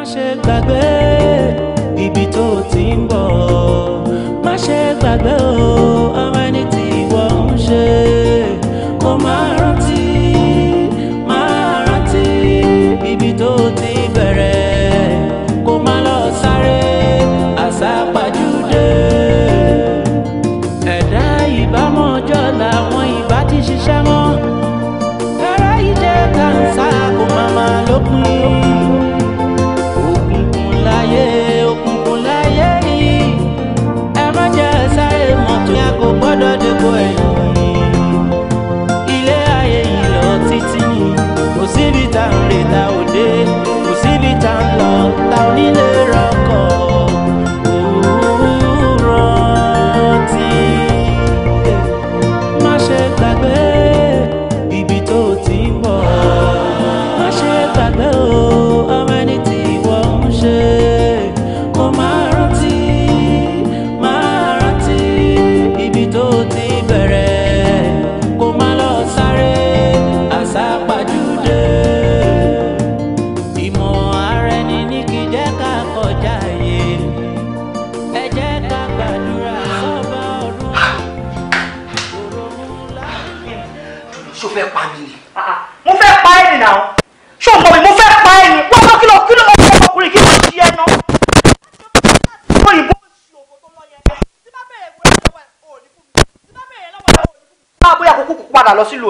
má ṣe gbàgbé ibi tó ti ń bọ̀ má ṣe gbàgbé o ọ̀rọ̀ ẹni tí.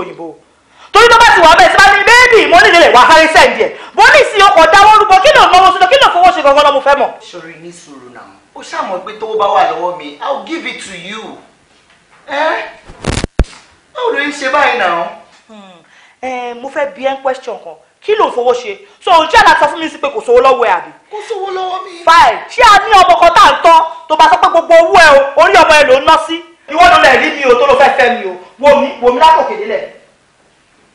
òyìnbó torí tó bá ti wà bẹ́ẹ̀ tí bá ní bébì mo nílé rẹ̀ wà sáré sẹ́ǹdì ẹ̀ mo ní ìsìn ọkọ̀ dáwọ́ rúbọ kí ló náwó sódò kí ló fowó ṣe gangan lọ́mọ fẹ́ mọ̀. sori ní sùúrù náà ó ṣàmọ̀ pé tó bá wà lọ́wọ́ mi i will give it to you. ẹ báwo ló ń ṣe báyìí náà. Hmm, ẹ mo fẹ́ bi ẹ́ question kan kí ló ń fowó ṣe so òun jẹ́ àlàsọ fún mi sí pé kò sówó lọ́wọ́ ẹ̀ àbí. kò sówó lọ́wọ́ mi. fine ṣé a ní ọmọ kan tá à ń tọ́ tó bá sọ pé gbogbo owó ẹ orí ọmọ ẹ ló ń ná sí. ìwọ ló lẹ̀ rí mi o tó ló fẹ́ fẹ́ mi o wò mí wò mí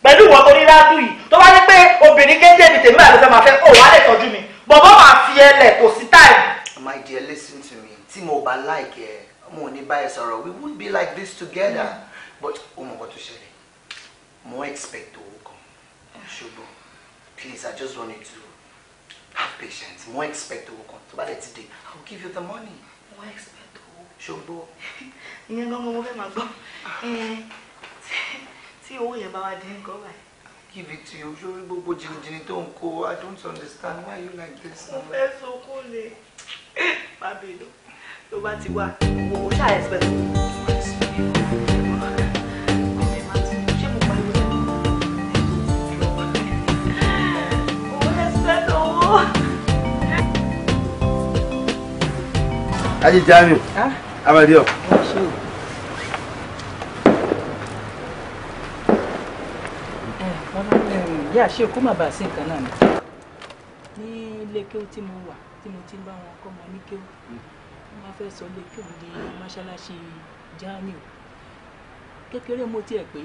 pẹ̀lú ìwọ tó ní ládùú yìí tó bá ní pé obìnrin kéńté mi tèmi àlọ́ máa fẹ́ ó wà lè tọ́jú mi bọ̀bọ́ máa fi ẹ kò sí táìmù. my dear listen to me tí mo bá like ẹ mo ní bá sọ̀rọ̀ we would be like this together mm. but ó mọ tó ṣẹlẹ̀ mo expect owó kan ṣùgbọ́n please i just wanted to have patience mo expect owó kan tó bá dẹ̀ ti dé i will give you the money. mo expect owó. ṣùgbọ́n. ìyẹn gan-an mo fẹ́ máa gbọ́. Eh, tí owó yẹn bá wá dín nǹkan báyìí. give it to you sórí gbogbo jìnnìjìnnì tó ń kó i don't understand why you like this. mo fẹ́ sunkún ni bàbá ìlú ló bá ti wá owó ṣáà expect. Aji Jamiu. Ah. How are you? ìyá ṣe kó má bàa sí nǹkan náà ni. ní ilé kéwú tí mo wà tí mo ti ń bá wọn kọ́ ọmọ ní kéwú wọ́n máa fẹ́ sọ ilé kéwú di mọ́ṣáláṣí jamiu kékeré mo tiẹ̀ pé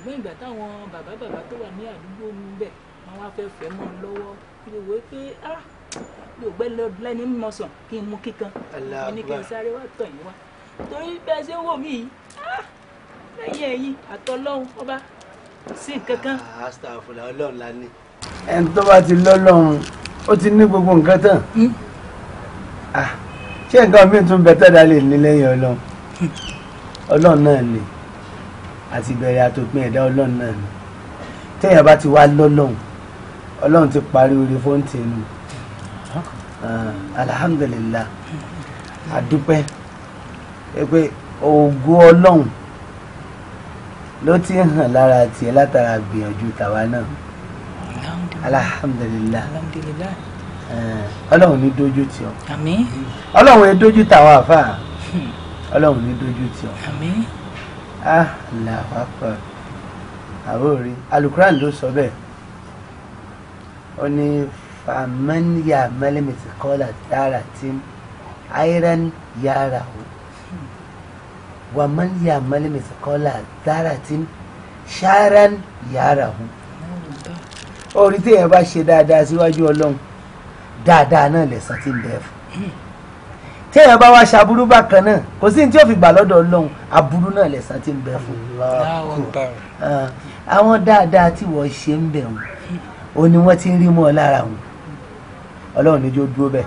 ṣùgbọ́n ìgbà táwọn bàbá bàbá tó wà ní àdúgbò mi bẹ̀ wọ́n wá fẹ́ fẹ́ mọ́ ọ lọ́wọ́ kí ló wọ́n pé ah yóò gbẹ́ lẹ́ni mọ̀ sàn kí n mú kíkan mo ní kí n sáré wá tọ̀ yín wá torí bẹ́ẹ̀ ṣe wò mí yìí ah lẹ́yìn ẹ̀yìn àtọ́lọ́hún ọba sí kankan. astagfurullah ọlọ́run la ní. ẹni tó bá ti lọ́lọ́run ó ti ní gbogbo nǹkan tán hmm? ah, ṣé nǹkan mi tún bẹ tẹ́lá lè ní lẹ́yìn ọlọ́run ọlọ́run náà ni àti ìbẹ̀rẹ̀ àtòpin ẹ̀dá ọlọ́run náà ni téèyàn bá ti wá lọ́lọ́run ọlọ́run ti parí orí fóńtì nù ah, alhamdulillah adúpẹ́ pé ògo ọlọ́run ló ti ń hàn lára tiẹ̀ látara gbìyànjú tàwa náà alhamdulilah eh, ọlọ́run ní dójú tì ọ́ ọlọ́run ní dójú tàwa àfà ọlọ́run ní dójú tì ọ́ ah Allahu akbar àwòrán alukuran ló sọ bẹ́ẹ̀ ó ní famaniya mẹlẹmẹtì kọ́lá dára tí ayran yára o wa man ya'mal mithqala dharratin sharan yarahu orí tí èèyàn bá ṣe dáadáa síwájú ọlọ́run dáadáa náà lẹ̀san tí ń bẹ fún tí èèyàn bá wá ṣàbúrú bákan náà kò sí ní tí yóò fi gbà lọ́dọ̀ ọlọ́run aburú náà lẹ̀san tí ń bẹ fún ah, àwọn dáadáa tí wọ́n ṣe ń bẹ̀ wọ́n o ni wọ́n ti ń rí mọ́ ọ lára wọn ọlọ́run ní jó dúró bẹ́ẹ̀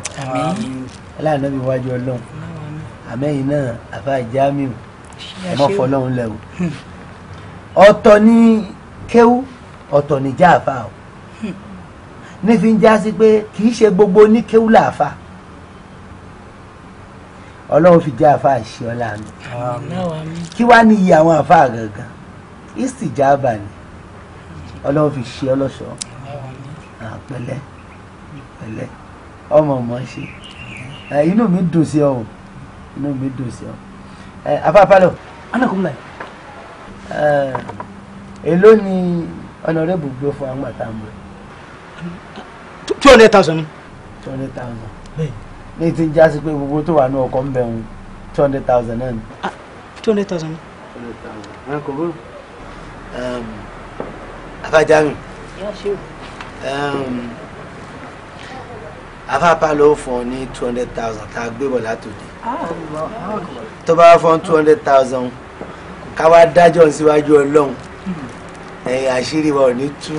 aláàánú mi wájú ọlọ́run àmẹ́yìn náà àfa Jamiu ẹ mọ fọlọ́run lẹ o hmm. ọ̀tọ̀ ni kéwú ọ̀tọ̀ ni jáàfà o hmm. nífi ń já sí pé kì í ṣe gbogbo ní kéwú làáfà ọlọ́run fi jáàfà ṣe ọ́ láàánú kí wàá ní iye àwọn àfà gangan ìsìjàbà ni ọlọ́run fi ṣe ọ́ lọ́ṣọ̀ọ́ àpẹlẹ pẹ̀lẹ́ ọmọ ọmọ ṣe inú mi dùn sí ọ inú mi dùn sí ọ afáfálọ̀ anakunmọ̀lá èló ni ọ̀nàrẹ́bù gbé fún àwọn àtàwọn rẹ̀. two hundred thousand ni. two hundred thousand ní ti já sí pé gbogbo tó wà ní ọkọ̀ ń bẹ̀ wọn two hundred thousand náà ni. Ah, two hundred thousand. two afajami um, um, afapa ló fọ ní two hundred thousand tá a gbé bọ̀ látòdì. Ah, tó bá fọ́n two hundred thousand ká wá dájọ́ síwájú ọlọ́run ẹ̀yìn àṣírí wa ò ní tú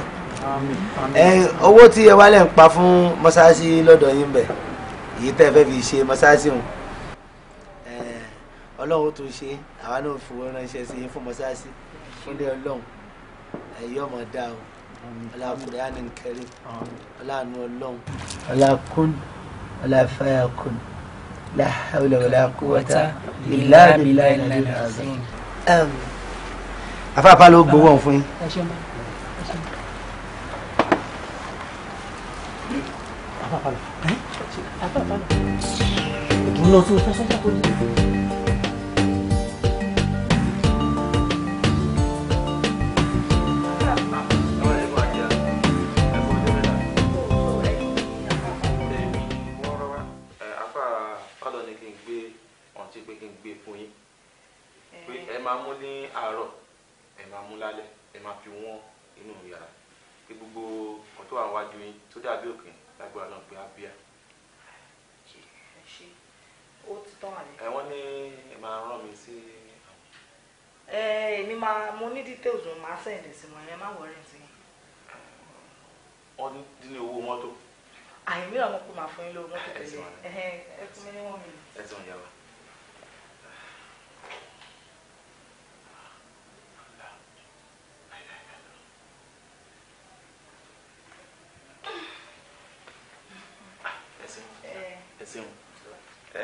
owó tí ẹ wálẹ̀ ń pa fún mọ́sáàsì lọ́dọ̀ yín bẹ̀ èyí tẹ́ fẹ́ fi ṣe mọ́sáàsì hùn ọlọ́run tó ṣe àwa náà fowó ránṣẹ́ sí yín fún mọ́sáàsì fúnlé ọlọ́run ẹ̀yọ́ mọ̀ dá o ọlákùnrin ànínkárí ọláàánú ọlọ́run ọlákùn ọláfáyàkùn la hawla wala quwwata illa billahi nàìjíríà azim. afáfá ló gbowó ọ̀hún fún yín. afáfá ló. afáfá ló. ìdùnnú tó fẹsẹ̀ jáde.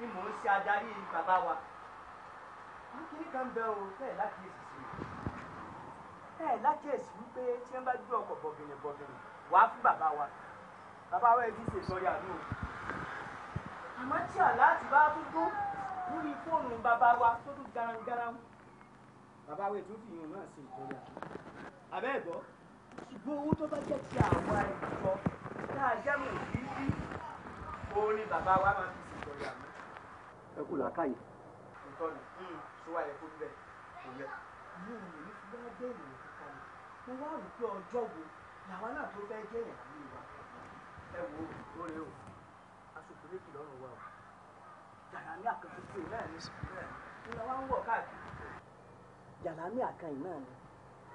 ni mò ń ṣe adarí bàbá wa wọn kí ní kan bẹ o bẹ́ẹ̀ lákìyèsí sí i bẹ́ẹ̀ lákìyèsí wípé tí wọn bá gbé ọkọ̀ bọ̀gìnì bọ̀gìnì wàá fún bàbá wa bàbá wa ẹbí ṣe sọrí àánú o àmọ́ tí àláàtì bá tún dún lórí fóònù bàbá wa tó dún garangaran bàbá wa ètò ìyún náà ṣe ìtọ́jú àbẹ́ ẹ̀gbọ́ ṣùgbọ́n owó tó bá jẹ́ ti àwa ẹ̀kọ́ tá a jẹ́ mọ̀ sí orin bàbá wa máa fi ṣètọ́jú àná ẹ kú làákàyè. ìtọ́ni hmm, ṣùgbọ́n ayẹ kó bẹ̀ kò lẹ. mi ò ní fi wá bẹ́ẹ̀ ní kíkà ni mo wá rò pé ọjọ́ wo làwa náà tó fẹ́ jẹ́ ìyàwó ìwà. ẹ wo lórí o aṣojú méjì lọ́rùn wa o jàlámì àkànṣe tí o náà ní sùn náà ni làwa ń wọ̀ káàkiri. jàlámì àkànṣe náà ni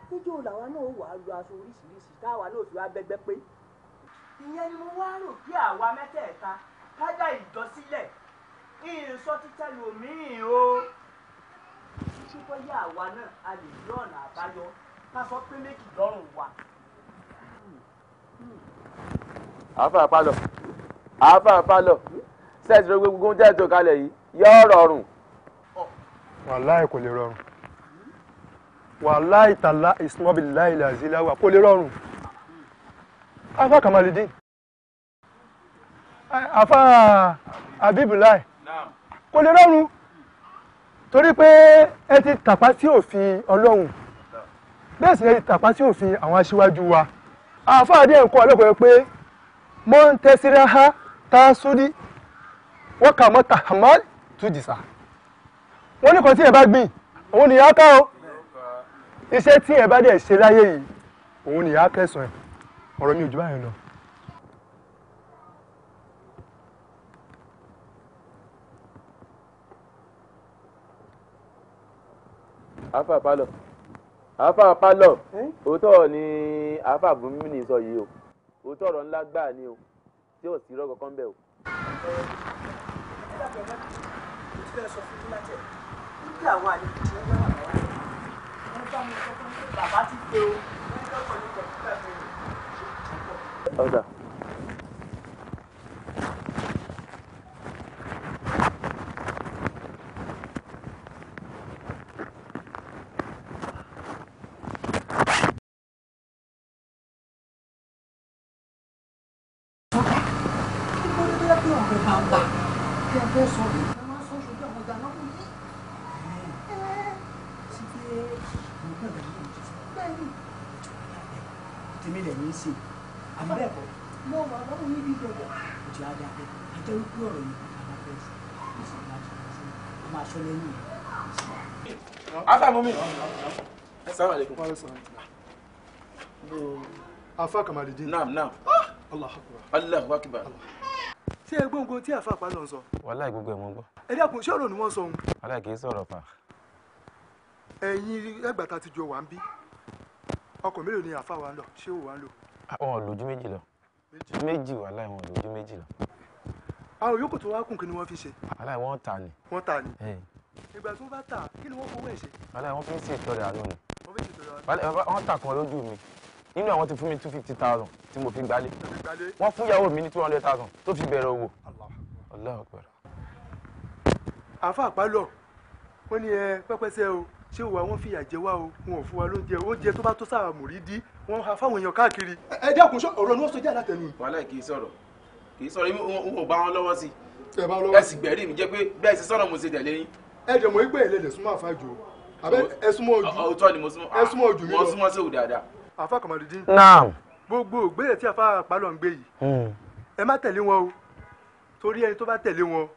níjó làwa náà wà á lo aṣọ oríṣiríṣi táwa náà fi wá bẹ́gbẹ́ pé. ìyẹn ni mo wá rò pé àwa mẹ́tẹ̀ẹ̀ta ká dá ìsọ títẹ lòmíì o ṣùgbọ́n yá àwa náà a lè rí ọ̀nà àbáyọ ká sọ pé méjì lọ́rùn wa. àáfàá palọ àáfàá palọ sẹ́ẹ̀tì ló gbogbo ohun tẹ́ẹ̀tì kalẹ̀ yìí yóò rọrùn. wàláì kò lè rọrùn wàláì tàlá ìsúnmọ́bì láìlẹ̀ àzíláwà kò lè rọrùn afa kamalidin afa abibulai kò lè rọrùn torí pé ẹ ti tàpá sí òfin ọlọ́run bẹ́ẹ̀ sì ẹ ti tàpá sí òfin àwọn aṣíwájú wa àfáàdé ẹ̀kọ́ ọlọ́pàá pé mo ń tẹ́síra ha tá a sórí wọ́n kà mọ́ tahamal tujisa wọ́n ní kan tí ẹ bá gbìn òun nìyá ká o iṣẹ́ tí ẹ bá dẹ̀ ṣe láyé yìí òun nìyá kẹsàn-án ọ̀rọ̀ mi ò jù báyìí lọ. afa palọ afa palọ òótọ́ ni afa bùnmí sọ yìí o òótọ́ ọ̀rọ̀ ńlá gbáà ni o tí ò sí rọ́gọ̀ kan bẹ́ẹ̀ o. ọ̀dà. mọ́mí. Assalamu alaikum. Wa alaikum salam. Afa Kamalidin. Naam naam. Ah! Allahu akbar. Allahu akbar. Ṣé ẹ gbóngbó tí àfa àpá lọ sọ? Wàláì gbogbo ẹ̀ mọ́ gbọ́. Ẹ dákun ṣé ọ̀rọ̀ ni wọ́n sọ òun? Wàláì kì í sọ̀rọ̀ fà. Ẹ̀yin ẹgbàá ti jọ wà ń bí. Ọkọ̀ mélòó ni àfa wa ń lọ? Ṣé òun wa ń lò? Àwọn ah, òlòjú méjì lọ. Méjì wàláì wọn òlòjú méjì lọ. Àwọn yòókù tó wá kùn kí ni wọ́n fi ṣe? Wàláì wọ́n ta ni. Wọ́n ta ni ìgbà tó bá tà kí ni wọ́n fowó ẹ̀ ṣe. wàhálà wọn fi ń ṣe ìtọrẹ àánú ni wọn tà kan lójú mi nínú àwọn ti fún mi two fifty thousand tí mo fi gbálé wọn fún ìyàwó mi ní two hundred thousand tó fi bẹ̀rẹ̀ owó. Allahu Akbar. àfa àpálọ̀ wọ́n ní ẹ pẹ́pẹ́sẹ́ o ṣé òwò àwọn fìyà jẹ wá o wọn ò fún wa lóúnjẹ oúnjẹ tó bá tó sáà mò rí dí wọn ha fáwọn èèyàn káàkiri. ẹ dákun sọ ọ̀rọ̀ ni wọ́n sọ jẹ́ alátẹnu. wàhálà kì í sọ̀rọ̀ kì í sọ̀rọ̀ n ò bá wọn lọ́wọ́ sí i ẹ sì gbẹ̀rí mi jẹ́ pé bẹ́ẹ̀ sì sọ̀rọ̀ mo ṣe tẹ̀lé yín ẹ jẹ́ mọ̀ wípé ẹ̀lẹ́dẹ̀ súnmọ́ àfájò àbẹ́ ẹ súnmọ́ ojú ọ̀tọ́ ni mo súnmọ́ ẹ súnmọ́ ojú mi lọ mo súnmọ́ sí òde àdá. àfa kọ̀mọ̀dídì. naam. gbogbo ògbéyè tí àfa àpálọ̀ ń gbé yìí hmm. ẹ má tẹ̀lé wọn o torí ẹni tó bá tẹ̀lé wọn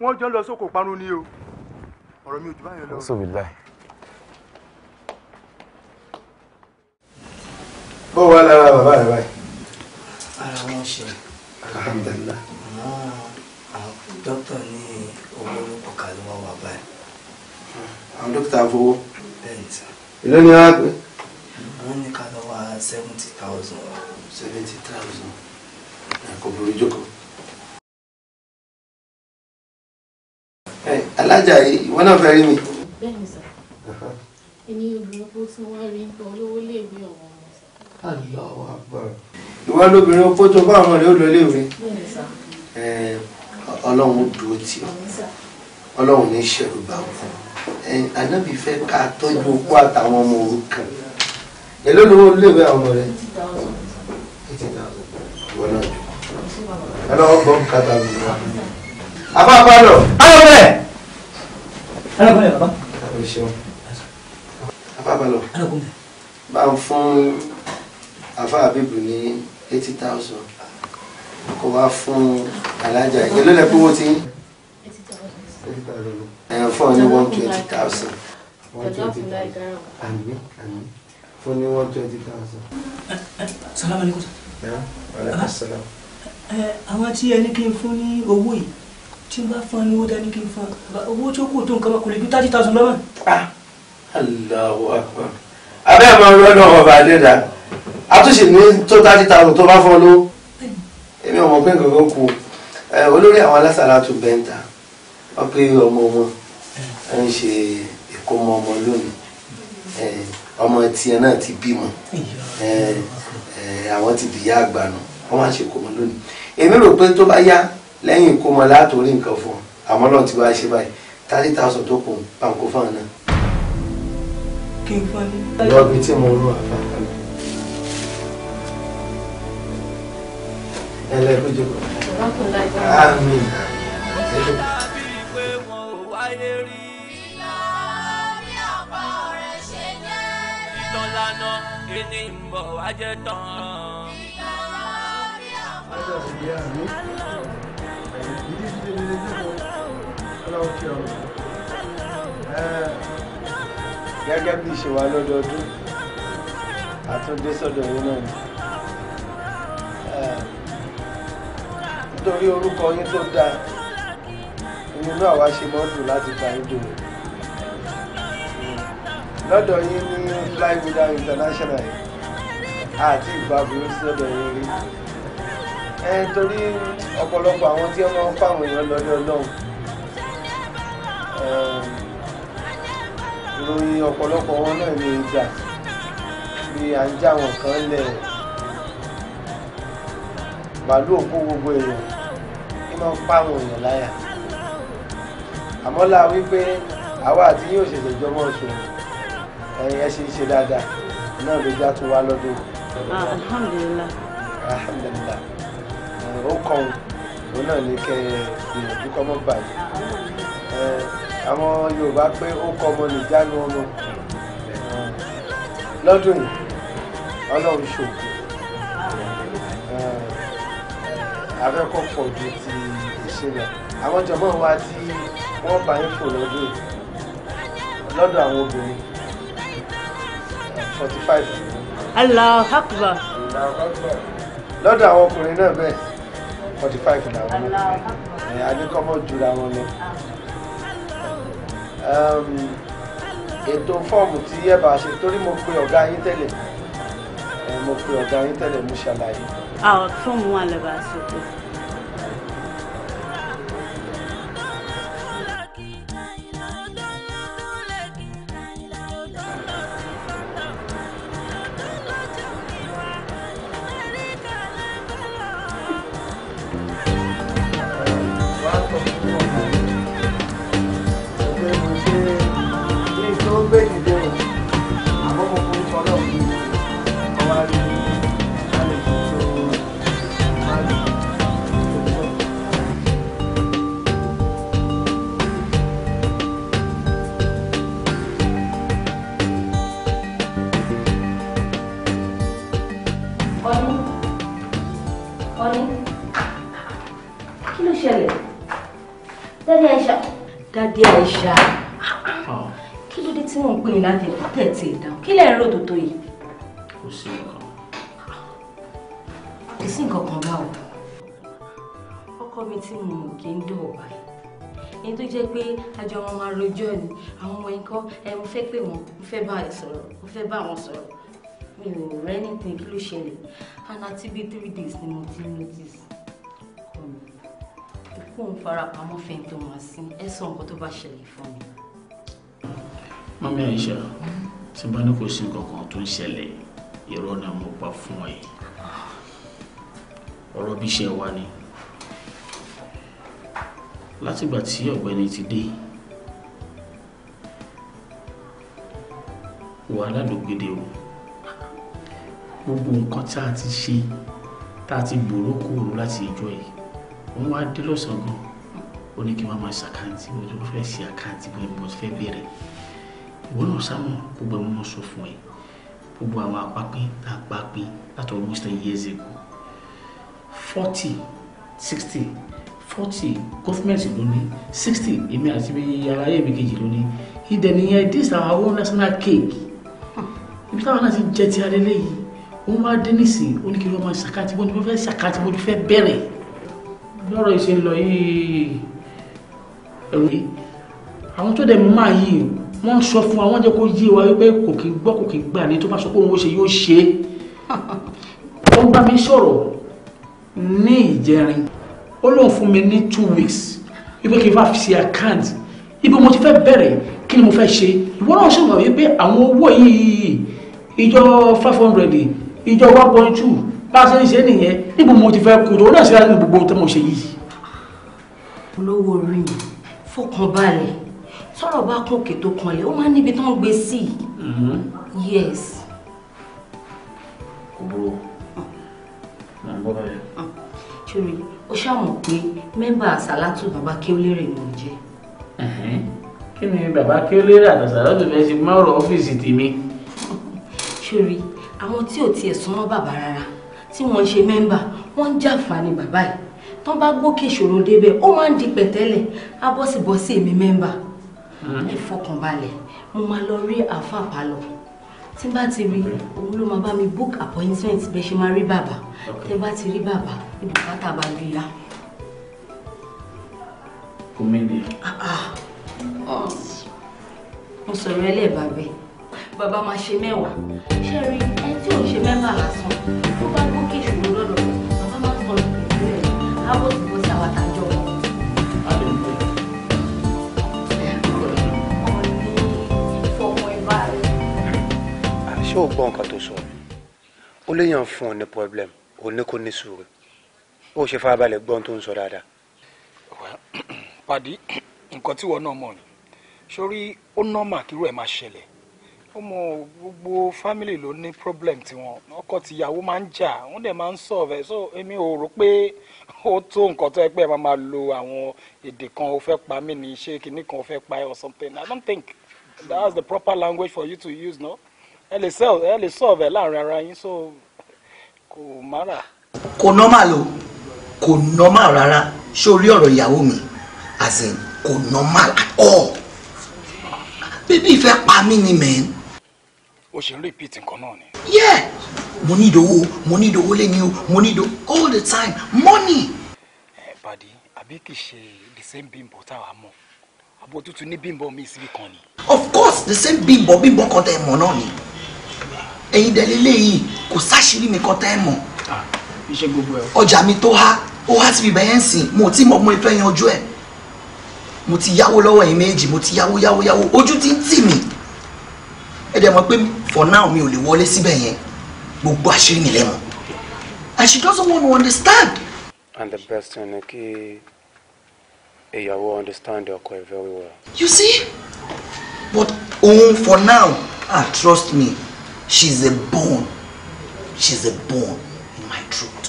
wọ́n jọ lọ sóko parun ni o ọ̀rọ̀ mi ò jù báyẹn lọ. bó wà lára bàbá rẹ báyìí. ara wọn ṣe. alhamdulilah. àwọn dókítà ní owó ló kọ kàlùwà wà báyìí àwọn dókítà fowó. èló ni wọ́n á pè. wọ́n ní ká lọ wá seventy thousand. seventy thousand kò burú jókòó. alájà yìí ìwọ náà fẹ́ rí mi. bẹ́ẹ̀ni sà ẹni obìnrin opó tí wọ́n rí nǹkan olówó lè gbé ọ̀wọ́ wọn. Allahu Akbar. ìwọ lóbìnrin opó tó bá àwọn rẹ̀ ó lọ léèwé. bẹ́ẹ̀ni sà. ọlọ́run dúró tì ọ́ ọlọ́run ní ṣẹ̀rù bá wọn ànábì fẹ́ ká tọ́jú okó àtàwọn ọmọ òrukàn èló ló ń léwé àwọn ọmọ rẹ ẹ lọ́wọ́ gbọ́ kàtà mi wá. àbá bá lọ. ayọ̀ bẹ́ẹ̀. ayọ̀ bẹ́ẹ̀ bàbá. o ṣeun. àbá bá lọ. ayọ̀ bẹ́ẹ̀. bá ń fún àfa àbíbù ní eighty thousand kó wá fún alájà èló lẹ́kọ́ wọ́n ti ń ẹ fún ọ ní one twenty thousand. one twenty thousand àmì àmì fún ní one twenty thousand. salamu aleykum. aleykum salaam. àwọn tí ẹni kí n fún ní owó yìí tí n bá fún ọ ní owó dání kí n fún ọ owó tí ó kù tó nǹkan kò lè ju thirty thousand lọ́wọ́. Ah, Allahu akbar abẹ́ ẹ̀ máa ń rọ́ọ̀dọ̀ ọba àdéhà àtúnṣe ní tó thirty thousand tó bá fún ọ lówó èmi ò mọ̀ pé nǹkan kan kù eh, olórí àwọn alásàlátù bẹ́ńtà wọ́n pé ọmọ wọn à ń ṣe ìkómọ ọmọ lónìí ọmọ tiẹ̀ náà ti bímọ àwọn ti dìyà àgbà nù wọ́n máa ń ṣe ìkómọ lónìí èmi rò pé tó bá yá lẹ́yìn ìkómọ látòrí nǹkan fún ọ àmọ́ náà ti wá ṣe báyìí thirty thousand tó kù pàǹkó fún àná. kí n fọ́n ní. lọ́ọ̀bì tí mo rú àfa. ẹlẹ́gbẹ́jọ́. ọ̀rọ̀ kò láyé. àmín láyé rí. ìlànà bí ṣe jẹ́rẹ́. lọ́dọọdún àtúndé sọ́dọ̀ yín náà ni. nítorí orúkọ yín tó dáa inú àwa ṣe mọ́ dùn láti gba ìdò lọ́dọ̀ yín ní fly without international àti ìgbà burúkú lọ́dọ̀ yín rí ẹ torí ọ̀pọ̀lọpọ̀ àwọn tí wọ́n ń fáwọn èèyàn lọ ní ọlọ́run ìròyìn ọ̀pọ̀lọpọ̀ wọn náà ní ìjà bí à ń já wọn kan lẹ̀ màálù òkú gbogbo èèyàn ní máa pa àwọn èèyàn láyà àmọ́ là wípé àwa àti yóò ṣèṣe ìjọba ọ̀ṣun ẹ̀yìn ẹ̀ ṣe ṣe dáadáa náà ló já tún wá lọ́dún. alhamdulillah. alhamdulillah ó kàn òun náà ní kẹ ìyànjú kọ́ mọ́ bàjẹ́ àwọn yorùbá pé ó kọ́ ọmọ nìjánu ọmọ lọ́dún yìí ọlọ́run ṣògo abẹ́kọ̀ pọ̀ ju ti ìṣe àwọn jọmọ wa tí wọn bá ń fò lọ́dún lọ́dọ̀ àwọn obìnrin forty five. Allahu Akbar. lọ́dọ̀ àwọn ọkùnrin náà bẹ́ẹ̀ forty five làwọn náà ẹ̀ adékọ́mọ́ jura wọn lọ. Ehm, ètò fọ́ọ̀mù tí ẹ bá ṣe torí mo pe ọ̀gá yín tẹ́lẹ̀ mo pe ọ̀gá yín tẹ́lẹ̀ mo ṣàlàyé. àwọn fọ́ọ̀mù wà lọ́ba àṣepọ̀. kò sí nǹkan. kò sí nǹkan kan báwo ọkọ mi tí mo mọ̀ kí n dọ̀ọ̀bà yìí èyí tó jẹ́ pé àjọ wọn máa rojọ́ ni àwọn ọmọ yìí kọ́ ẹ mo fẹ́ pè wọ́n mo fẹ́ bá sọ̀rọ̀ mo fẹ́ bá wọn sọ̀rọ̀ mi ò rẹ́ nìkan kí ló ṣẹlẹ̀ and àti bíi three days ni mo ti notice ọkọ mi farapamọ́ fẹ́ntọ́ wọn sí ẹ sọ nǹkan tó bá ṣẹlẹ̀ fún mi. mọ́mí àyíṣà tí bá ní kò sí nǹkan kan tó ń ṣẹlẹ̀ irọ́ ni mo pa fún ọ yìí ọ̀rọ̀ bí iṣẹ́ wa ni látìgbà tí ọ̀gbẹ́ni ti dé wàhálà ló gbèdè o gbogbo nǹkan tá a ti ṣe tá a ti gbòòrò kúrò láti ìjọ yìí wọ́n wá dé lọ́sàn-án gan ó ní kí wọ́n máa ṣàkáǹtì wọ́n fẹ́ ṣe àkáǹtì bó ṣe fẹ́ bẹ̀rẹ̀ ìwọ náà sáwọn gbogbo ẹ̀ mọ́ sọ fún ẹ gbogbo àwọn apapin tá a papin láti almost ten years ago forty sixty forty gọ́fìmẹ̀ntì ló ní sixty èmi àti aráyé mi kejì ló ní ìdẹ̀nìyẹn this is our own national cake ibi táwọn náà ti jẹ ti arẹlẹ yìí wọn wá dé nísìnyí ó ní kí wọn máa ṣàkàtì bójú wọn fẹ́ ṣàkàtì bójú fẹ́ bẹ̀rẹ̀ lọ́rọ̀ ìṣe lọ yìí ẹrù yìí àwọn tó dẹ máa yìí wọ́n sọ fún wa wọ́n jẹ́ kó yé wa wípé kò kí gbọ́ kò kí gbà ní tó bá sọ pé òun ó ṣe yóò ṣe é wọ́n bá mi sọ̀rọ̀ ní ìjẹrin ó lóun fún mi ní two weeks wípé kí n fà ṣe account ibi mo ti fẹ́ bẹ̀rẹ̀ kí ni mo fẹ́ ṣe ìwọ náà ṣèwọ̀n wípé àwọn owó yìí ìjọ five hundred ìjọ one point two bá a ṣe ń ṣe nìyẹn níbo mo ti fẹ́ kú tó náà ṣe láti gbogbo tó mo ṣe yìí. olówó orí fọkànbalẹ̀ sọ̀rọ̀ bá kún òkè tó kanlẹ̀ ó máa ń níbi tó ń gbé sí i mm-hmm. yes. kò burú mà ń bọ́ bẹ́ẹ̀. Mm. ṣòrí ó ṣàmọ̀ pé mẹ́mbà sàlátù bàbá kéolérè ló ń jẹ́. Mm-hmm. kí ni bàbá kéolérè àtàsàlátù fẹ́ ṣe máa rọ ọ́fíìsì tèmi. ṣòrí àwọn tí ò tiẹ̀ súnmọ́ bàbá rárá tí wọ́n ń ṣe mẹ́mbà wọ́n ń jàǹfààní bàbá yìí tán bá gbókè ìṣòro débẹ̀ ó máa ń di pẹ̀tẹ́lẹ̀ á bọ́sibọ́sí èmi mẹ́mbà. Mm. ẹ fọkànbalẹ̀ mo máa lọ rí àáfàá pálọ̀ tí bá ti rí òun ló máa bá mi book appointment bẹ́ẹ̀ ṣe máa rí bàbá tẹ́ bá ti rí bàbá ibùkátà bá gbé yá. kòmíndì. Ah, ah. mo sọ̀rọ̀ ẹlẹ́ẹ̀bà bẹ́ẹ̀ bàbá máa ṣe mẹ́wàá ṣé rí ẹ tí ò ń ṣe mẹ́fà lásán tó bá gbókè ìṣòro lọ́dọ̀ bàbá máa ń tọrọ ìgbésẹ̀ rẹ̀ ṣé o gbọ́ nǹkan tó sọ ó léèyàn fún ọ ní problem ò ní kó ní sùúrù ó ṣe farabalẹ̀ gbọ́n tó ń sọ dáadáa. pàdí nǹkan tí wọn náà mọ̀ ni sórí ó nọ́mà kírú ẹ̀ máa ṣẹlẹ̀ ó mọ gbogbo family ló ní problem tiwọn ọkọ tìyàwó máa ń jà wọn dẹ̀ máa ń solve so èmi ò rò pé ó tó nǹkan tó ẹ pé máa máa lo àwọn èdè kan ó fẹ́ pa mí ní ṣé kinní kan ó fẹ́ pa ẹ or something i don't think that's the proper language for you to use no ẹ lè sọ ẹ lè sọ ọbẹ láàrin ara yín so kò mara. kò normal o kò normal rárá sórí ọ̀rọ̀ ìyàwó mi as in kò normal at all bébí ìfẹ́ pa mí ni mẹ́rin o ṣe ń repeat nǹkan náà ni. yeah mo ní ìdòwò mo ní ìdòwò lé ní o mo ní ìdòwò all the time money. ẹ pàdé àbí kì í ṣe the same bimbo tá a mọ àbò tuntun ní bimbo mi síbi kan ni. of course the same bimbo bimbo kan tẹ ẹ mọ náà ni ẹ̀yin dẹ̀ lélẹ́yìí kò sáṣìírí mi kan tẹ́ ẹ mọ̀ ah, ọjà mi tó há ó há síbi bẹ́ẹ̀ ń sìn mo ti mọ̀ mo fẹ́ yanjú ẹ̀ mo ti yáwó lọ́wọ́ ẹ̀yin méjì mo ti yáwó yáwó yáwó ojú ti ń tì mí ẹ dẹ̀ mọ̀ pé for now mi ò lè wọlé síbẹ̀ yẹn gbogbo àṣírí mi lẹ́mọ̀ and she doesn't want to understand. and the best thing ni kí ìyàwó understand your ẹ̀ very well. you see but òun for now ah trust me she's a bone she's a bone in my throat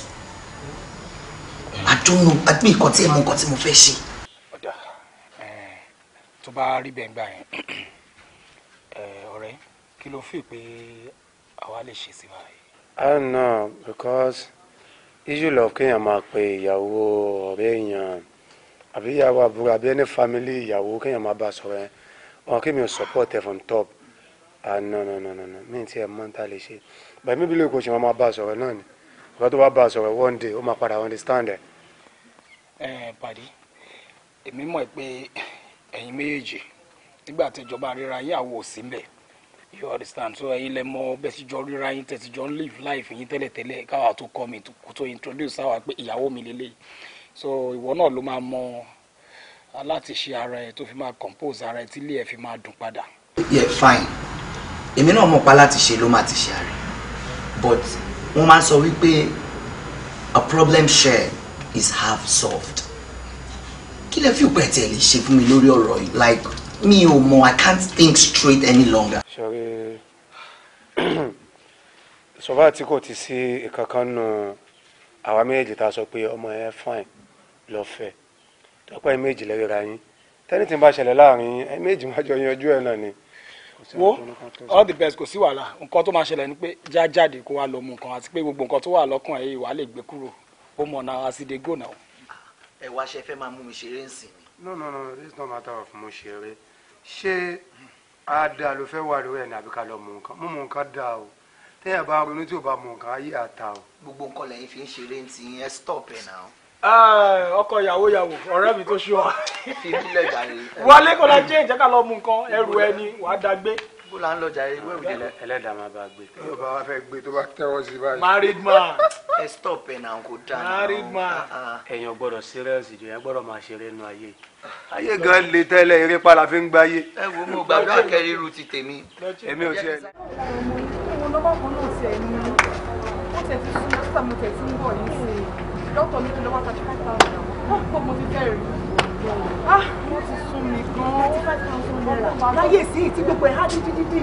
i don't know àti me tí I'm mọ nǹkan tí mo fẹ́ ṣe. ọ̀dà tó bá rí bẹ́ẹ̀ gbà yẹn ọ̀rẹ́ kí fi pé àwa lè ṣe i don't know because issue lọ kéèyàn máa pe ìyàwó ọ̀rẹ́ èèyàn àbí ìyàwó àbúrò àbí ẹni family ìyàwó kéèyàn máa bá sọ̀rọ̀ yẹn ọ̀hún kí mi support from top ah no no no no mi ti ẹ mọ ta lè mi bí lóye kò ṣe máa bá a sọ̀rọ̀ náà ni ìgbà one day ó máa padà understand ẹ. ẹ pàdé èmi mọ̀ pé ẹ̀yin méjèèjì nígbà tí ìjọba ríra yín àwọ̀ sí mbẹ̀ you understand so ẹ̀yin lẹ mọ̀ bẹ́ẹ̀ sì jọ ríra yín tẹ̀sí jọ ń live life yín tẹ́lẹ̀tẹ́lẹ̀ káwa tó kọ́ mi tó introduce àwa pé ìyàwó mi lélẹ̀ so ìwọ náà ló máa mọ láti ṣe ara ẹ tó fi máa compose ara ẹ tí ilé ẹ fi máa dùn padà. yeah fine èmi náà mọ̀ pa láti ṣe ló máa ti ṣe àárẹ̀ but wọ́n máa ń sọ wípé a problem shared is half solved kí lẹ fi òpin ẹ̀tẹ̀ lè ṣe fún mi lórí ọ̀rọ̀ yìí like mi ò mọ̀ i can't think straight any longer. sọrí sọfà tí kò ti sí ìkankan nù àwa méjèèjì tá a sọ pé ọmọ ẹ fine lọfẹ tọpẹ méjì lẹrẹ ra yín tẹni tí ń bá ṣẹlẹ̀ láàrin ẹ méjì má jọ yanjú ẹ náà ni wo all the best kò sí wàhálà nǹkan tó máa ṣẹlẹ̀ ni pé já jáde kó wá lọ mú nǹkan àti pé gbogbo nǹkan tó wà lọ́kàn ẹ̀ wà lè gbé kúrò ó mọ̀ náà as e dey go now. ẹ wá ṣe fẹ́ máa mú mi ṣeré nsìn ni. no no no this is matter of mo ṣeré ṣé ada ló fẹ́ wà lórí ẹ̀ ní àbí ká lọ mú nǹkan mú mú nǹkan dá o téèyàn bá ronú tí ò bá mú nǹkan ayé àta o. gbogbo nǹkan lẹ́yìn fi ń ṣeré nsìn ẹ stop ẹ̀ náà. Ah, ọkọ ìyàwó ìyàwó ọ̀rẹ́ mi tó ṣú ọ. wálé kó la jẹ́ ìjẹ́ká lọ mú nǹkan ẹrù ẹni wàá da gbé. bó la ń lọ jà ewé òde ẹlẹ́dàá máa bá gbé. yóò bá wa fẹ́ gbé tó bá tẹ́wọ́ sí báyìí. married man. ẹ stop ẹ̀ náà kò dáná. married man. Ah, ah. ẹ̀yàn gbọ́dọ̀ serious jù yẹn gbọ́dọ̀ máa ṣeré nínú ayé ayé gan le tẹ́lẹ̀ eré pàlà fi ń gba ayé. ẹ wo mo gbàdúrà kẹrin irú ti tèmi. èmi ò tiẹ̀. òun lọ́wọ́ dọ́tọ̀ thirty ah, ah! five thousand ó mo ti kẹ́rì ah mo ti sún mi thirty five thousand naira láyé sí ti gbogbo ẹ̀ há dídí dídí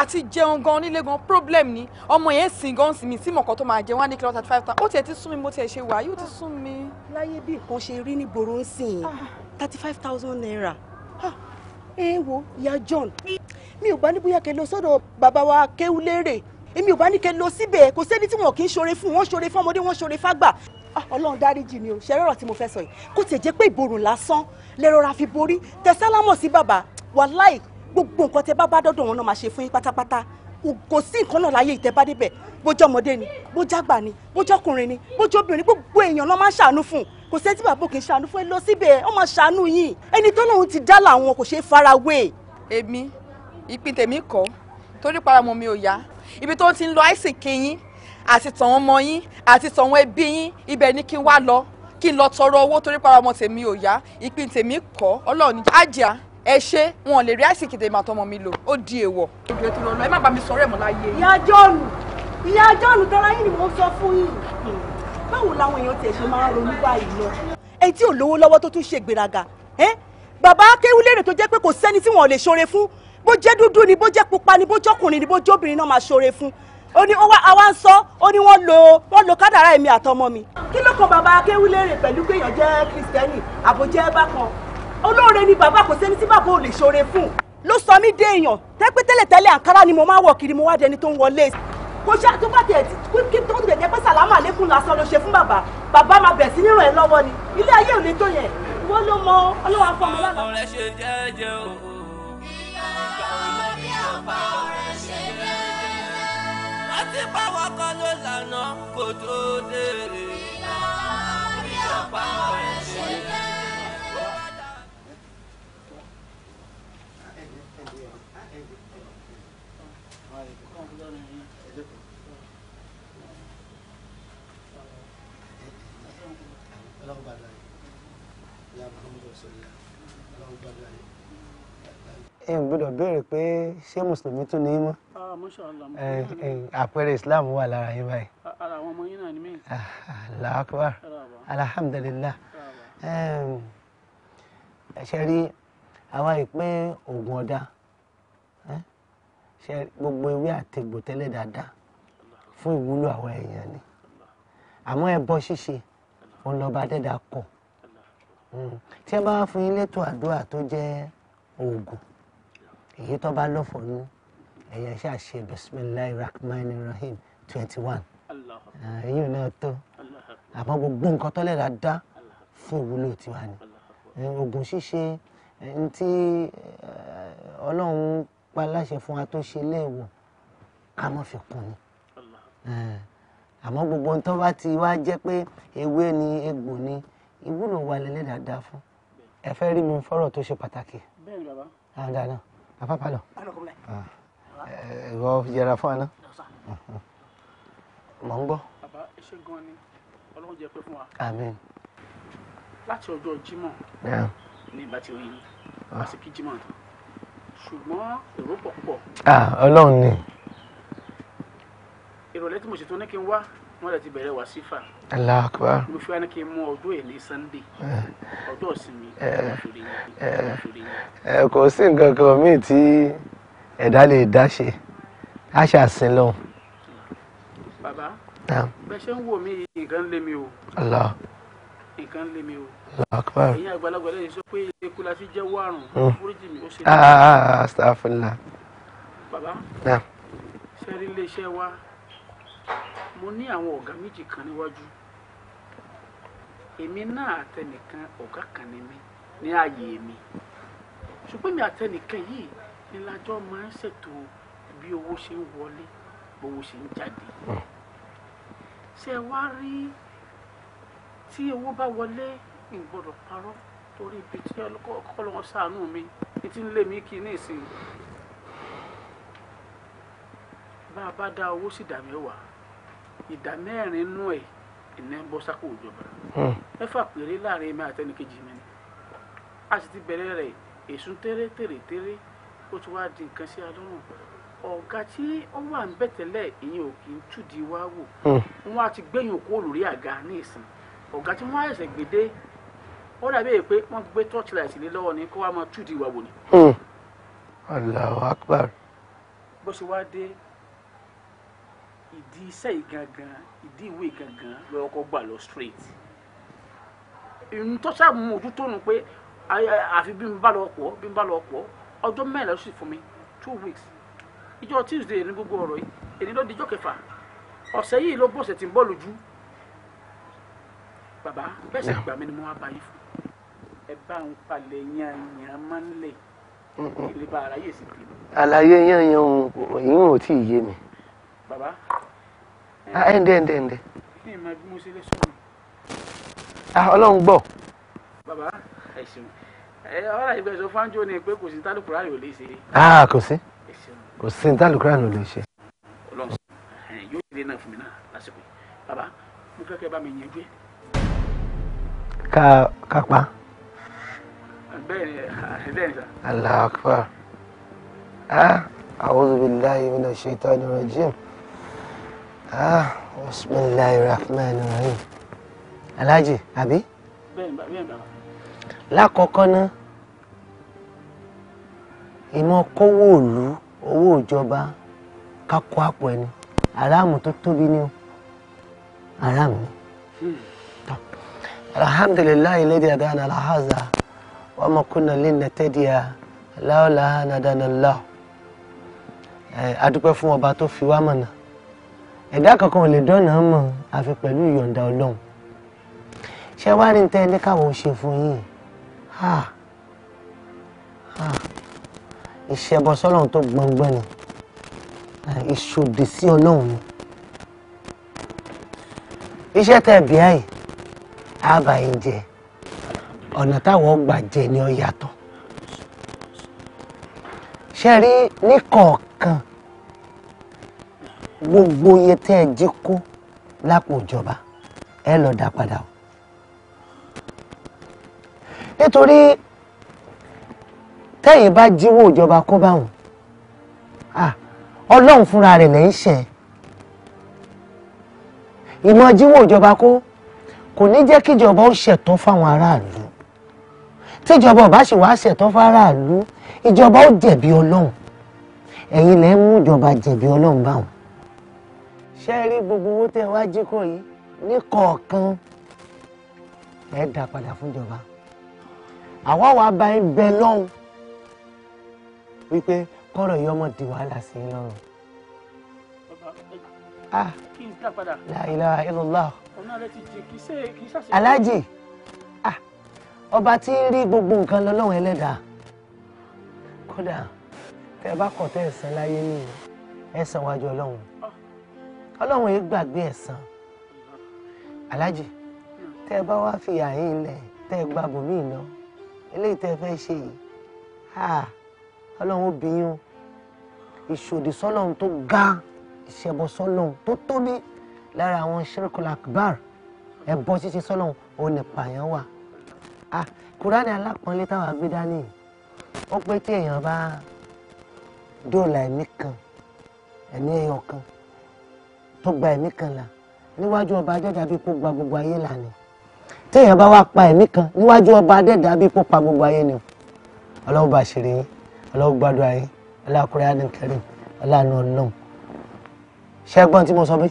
àti jẹun gan nílé gan problem ni ọmọ yẹn sìn gan sí mi sí mọ̀kàn tó máa jẹun wá ní kílọ̀ thirty five thousand ó tiẹ̀ ti sún mi mo tiẹ̀ ṣe wà yóò ti sún mi. láyé bí nǹkan ṣe rí nígboro ń sìn ah. thirty five thousand naira ẹ wo ìyá John mi ò bá ní bóyá kẹ lọ sọ́dọ̀ bàbá wa kéwú lérè èmi ò bá ní kẹ́ lọ síbẹ̀ kò sẹ́ni tí wọn kì í ṣoore fún wọn ṣoore fún ọmọdé wọn ṣoore fágbà ah, ọlọ́run dáríjì mi ò ṣe rọ̀rọ̀ tí mo fẹ́ sọ yìí kó tiẹ̀ jẹ́ pé ìborùn lásán lẹ́rọra fi borí tẹ sálámọ̀ sí bàbá wàláì gbogbo nǹkan tẹ bá bá dọ́dọ̀ wọn náà máa ṣe fún yín pátápátá kò sí nǹkan náà láyé ìtẹ́ bá débẹ̀ bójọ́ ọmọdé ni bójọ́ àgbà ni bójọ́ ọkùnrin ni bójọ́ obìnrin gbogbo èèyàn náà máa ń ṣàánú fún un kò sẹ́ni tí bàbá òkè ṣàánú fún ẹ lọ síbẹ̀ ọ máa ṣàánú yín ẹni tó lóun ti dá làwọn kò ṣeé fara wé. èmi ìpín tèmi kọ torí para mi ò yá ibi tó ti ń lọ àìsàn kìnyín àti tàwọn ọmọ yín àti tàwọn ẹbí yín ibẹ̀ ni kí n wá lọ kí n lọ tọrọ owó torí para ọmọ tèmi ò yá ìpín tèmi kọ́ ọlọ́run ajá ẹ ṣe wọn lè rí àìsàn kìtẹ̀ màtọ́ ọmọ mi lò ó di èèwọ̀. ìgbẹ́ tó lọ lọ ẹ má bá mi sọ̀rọ̀ ẹ̀ mọ́ láyé. ìyá jọ́ọ̀nù ìyá jọ́ọ̀nù tọ́lá yín ni mo sọ fún yín báwo làwọn èèyàn tẹ̀ ṣe máa ń ronú báyìí lọ. ẹ tí ò lówó lọ́wọ́ tó tún ṣe gbéraga bàbá akéwìlérè tó jẹ́ pé kò sẹ́ni tí wọ́n lè ṣoore fún bó jẹ́ dúdú ni bó jẹ́ pupa ni bó jọkùnrin ni bó jóbìnrin náà máa ṣoore fún ó ní àwa ń sọ ó ní wọ́n lo wọ́n lo kádàrá èmi àtọmọ mi. kí ló kan bàbá akéwìlérè pẹ̀lú pé èèyàn jẹ́ kristẹni àbójẹ́ bákan olóore ni bàbá kò sẹ́ni tí bàbá ò lè ṣoore fún. ló sọ mí dé èèyàn tẹ́pẹ́ tẹ́lẹ̀tẹ́lẹ̀ àǹkárá ni mo máa wọ̀ kiri mo wá dẹni tó ń wọlé. kò ṣe àtúbàtẹ̀ kí tó tẹ̀ jẹ́ pé sàlámà lẹ́kùn lásán ló ṣe fún bàbá bàbá máa bẹ̀ sí níràn ẹ̀ lọ́wọ́ ni ilé ayé ò lè tó yẹn wọ́n ló mọ ọlọ́wà fọmọ lánàá àti báwọn kan ló lànà kó tó dèrè. bí ọ̀pá ọ̀rẹ́ ṣe lẹ́. Allahu badai, ya Muhammadu Rasulullah, Allahu badai ẹ ǹ gbọ́dọ̀ béèrè pé ṣé mùsùlùmí tún ní í mọ́ ah, àpẹẹrẹ islam wà lára yín báyìí. ara ah, ah, àwọn ọmọ yín náà ni mí. Allahu akbar alhamdulillah ṣe rí àwa ìpín oògùn ọ̀dà ṣe gbogbo ewé àtegbò tẹ́lẹ̀ dáadáa fún ìwúlò àwọn èèyàn ni àmọ́ ẹbọ ṣíṣe òun lọ́ba dẹ́dà kọ̀ hmm, tí ẹ bá fún yín létò àdúrà tó jẹ́ oògùn èyí tó bá lọ́fọ̀ọ́ nú ẹ̀yẹ ṣáà ṣe bisimilahi rahman rahim twenty one èyí ah, ò náà tó àmọ́ gbogbo nǹkan tó lẹ́la dá fún ìwúlò tiwa ni oògùn eh, ṣíṣe eh, ntí eh, ọlọ́run pa láṣẹ fún wa tó ṣe léèwọ̀ ká má fi kún ni àmọ́ gbogbo ohun tó bá ti wá jẹ́ pé ewé ni egbò ni ìwúlò wa lẹ́lẹ́dàá dá fún ẹ fẹ́ rí mi fọ́rọ̀ tó ṣe pàtàkì dáa náà apá palọ. ìwọ yẹra fún ẹ náà. mọ̀ ń gbọ́. bàbá iṣẹ́ gan ni ọlọ́run jẹ́ pé fún wa. àmín. láti ọjọ́ Jímọ̀ ní ìgbà tí ó yí àsìkí Jímọ̀ tó ṣùgbọ́n èrò pọ̀ púpọ̀. ọlọ́run ni. ìrọ̀lẹ́ tí mo ṣètò ní kí n wá wọ́n lè ti Allah akbar. mo fi ní kí n mú ọjọ́ èlé sunday ọjọ́ ìsinmi eh, eh, eh, kò sí nǹkan kan míì tí ẹ̀dá lè dá ṣe á ṣàsìn lọ́hùn. bàbá bẹ́ẹ̀ ṣe ń wò mí nǹkan ń lé mi o. Allah. nǹkan ń lé mi o. Allah akbar. ẹ̀yin àgbàlagbà lẹ́yìn sọ pé eku la fi jẹ́wọ́ àrùn hmm. fúrújì mi ó ṣe. Ah, ah, ah, astaghfirullah. bàbá ṣe rí iléeṣẹ́ wa mo ní àwọn ọ̀gá méjì kan níwájú èmi náà àtẹnìkan ọ̀gá kan ni mí ní ààyè mi ṣùgbọ́n mi àtẹnìkan yìí ni lájọ́ máa ń ṣètò bí owó ṣe ń wọlé bówó ṣe ń jáde ah. ṣe wá rí tí owó bá wọlé n gbọ́dọ̀ parọ́ torí ibi tí ọlọ́wọ́ ṣàánú mi ní ń lé mi kí ní ìsìn bá a bá dá owó sí ìdá mẹ́wàá ìdá mẹ́rin nú ẹ̀ iná ń bọ́ sákò ìjọba mẹ́fà hmm. péré láàrin mi àtẹnikejì mi a sì ti bẹ̀rẹ̀ rẹ̀ èsùn tẹ́rẹ́ tẹ́rẹ́ tẹ́rẹ́ ó ti wá di nǹkan sí alọ́run ọ̀gá tí ó wà ń ìyẹn ò kì í túdi wá wò hmm. ti òkú àga ní ìsìn ọ̀gá tí á gbèdé ó dàbí èyí pé gbé ìdí iṣẹ́ yìí gangan ìdí ìwé yìí gangan ló kọ́kọ́ gbà lọ straight ìrùntọ́ sáà mú ojú tó nu pé àfi bí n bá lọ pọ̀ bí n bá lọ pọ̀ ọjọ́ mẹ́rin lọ́sùn fún mi two weeks ìjọ tuesday ní gbogbo ọ̀rọ̀ yìí èyí ló di ìjọ kẹfà ọ̀sẹ̀ yìí ló bọ̀sẹ̀ tí ń bọ̀ lójú bàbá bẹ́ẹ̀ sì gbà mí ni mo wá bá yìí fún ẹ bá ń palẹ̀ yan yan máa ń lẹ̀ ilé bá ara yìí sì bí. àlàyé yan yan òyìn ò tí ì yé mi. Ah, ẹ ǹdẹ ǹdẹ ǹdẹ. ọlọ́run gbọ́. bàbá ẹ ṣeun ọ̀rọ̀ àyẹ̀bẹ̀ sọ fáńjọ ni pé kò sí tálùkùrá rẹ̀ ò lè ṣe. Ah, kò sí kò sí tálùkùrá rẹ̀ ò lè ṣe. ọlọ́run yóò ṣe náà fún mi náà lásìkò yìí bàbá mo fẹ́ kẹ́ bá mi yanjú ẹ̀. ká ká pa. bẹ́ẹ̀ni bẹ́ẹ̀ni sà. Allahu akbar. Ah, a'udhu billahi minash shaitani rajim ah bisimilahi rahman rahim alhaji àbí. bẹ́ẹ̀ni bàbá yẹn bàbá. lákọ̀ọ́kọ́ ná ìmọ̀ kówó òlu owó ìjọba ká kó àpò ẹni aráàmù tó tóbi ni o aráàmù. alhamdulilayi lẹ́dí adana alhaza wa ma kunna lẹ́nà tẹ́díà láwọ́lá nadana lọ. adúpẹ́ fún ọba tó fi wá mọ̀nà ẹ̀dá kankan ò lè dọ́nà án mọ̀ àfi pẹ̀lú ìyọ̀ǹda ọlọ́run ṣé wàá rí tẹ́ ní káwọn ṣe fún yín ìṣẹ́bọ sọ́lọ́run tó gbọ̀ngbọ̀n ni ìṣòdì sí ọlọ́run ni iṣẹ́ tẹ̀ bí àyè àbà yín jẹ ọ̀nà táwọn gbà jẹ ni ó yàtọ̀ ṣe rí ní kọ̀ọ̀kan gbogbo iye tẹ́ ẹ jí kó lápò ìjọba ẹ lọ dá padà o nítorí tẹ́yìn bá jíwó ìjọba kó báwọn ọlọ́run fúnra rẹ̀ lẹ́yìn ṣẹ̀ ìmọ̀ jíwó ìjọba kó kò ní jẹ́ kíjọba ó ṣẹ̀tọ́ fáwọn aráàlú tíjọba ọba sì wá ṣẹ̀tọ́ fáráàlú ìjọba ó jẹ̀bi ọlọ́run ẹ̀yin lẹ́ ń mú ìjọba jẹ̀bi ọlọ́run báwọn ṣe rí gbogbo owó tẹ́ wá jí kó yìí ní kọ̀ọ̀kan ẹ dá padà fúnjọba àwa wàá bá ẹ bẹ lọ́hùn wípé kọ́rọ̀ yìí ọmọ di wàhálà sí i lọ́rùn. Ah. la ilaha illallah aláàjì ah. ọba tí ń rí gbogbo nǹkan lọ́lọ́run ẹlẹ́dàá kódà tẹ bá kọ̀ tẹ́ ẹ̀ láyé nìyẹn ẹ̀ wájú ọlọ́run ọlọ́run yìí gbàgbé ẹ̀san aláàjì tẹ́ ẹ bá wá fi àyín ilẹ̀ tẹ́ ẹ gba bòmíì lọ eléyìí tẹ́ ẹ fẹ́ ṣe yìí ọlọ́run bíyún ìṣòdì sọ́lọ́run tó ga ìṣẹbọ sọ́lọ́run tó tóbi lára àwọn ṣírkùlù akbar ẹbọ ṣíṣe sọ́lọ́run òun lè pààyàn wà kúránì alápọ̀nlé táwọn agbé dání ó pé tí èèyàn bá dóòlà ẹ̀mí kan ẹ̀mí ẹyọ kan tó gba ẹ̀mí kan là níwájú ọba adẹ́dà bíi kó gba gbogbo ayé là ni téèyàn bá wá pa ẹ̀mí kan níwájú ọba adẹ́dà bíi kó pa gbogbo ayé ni o ọlọ́run bá ṣe rèé ọlọ́run gbàdúrà yín ọlọ́kùnrin adìkẹrin ọlọ́run ọlọ́run ṣẹ́gbọ́n tí mo sọ bí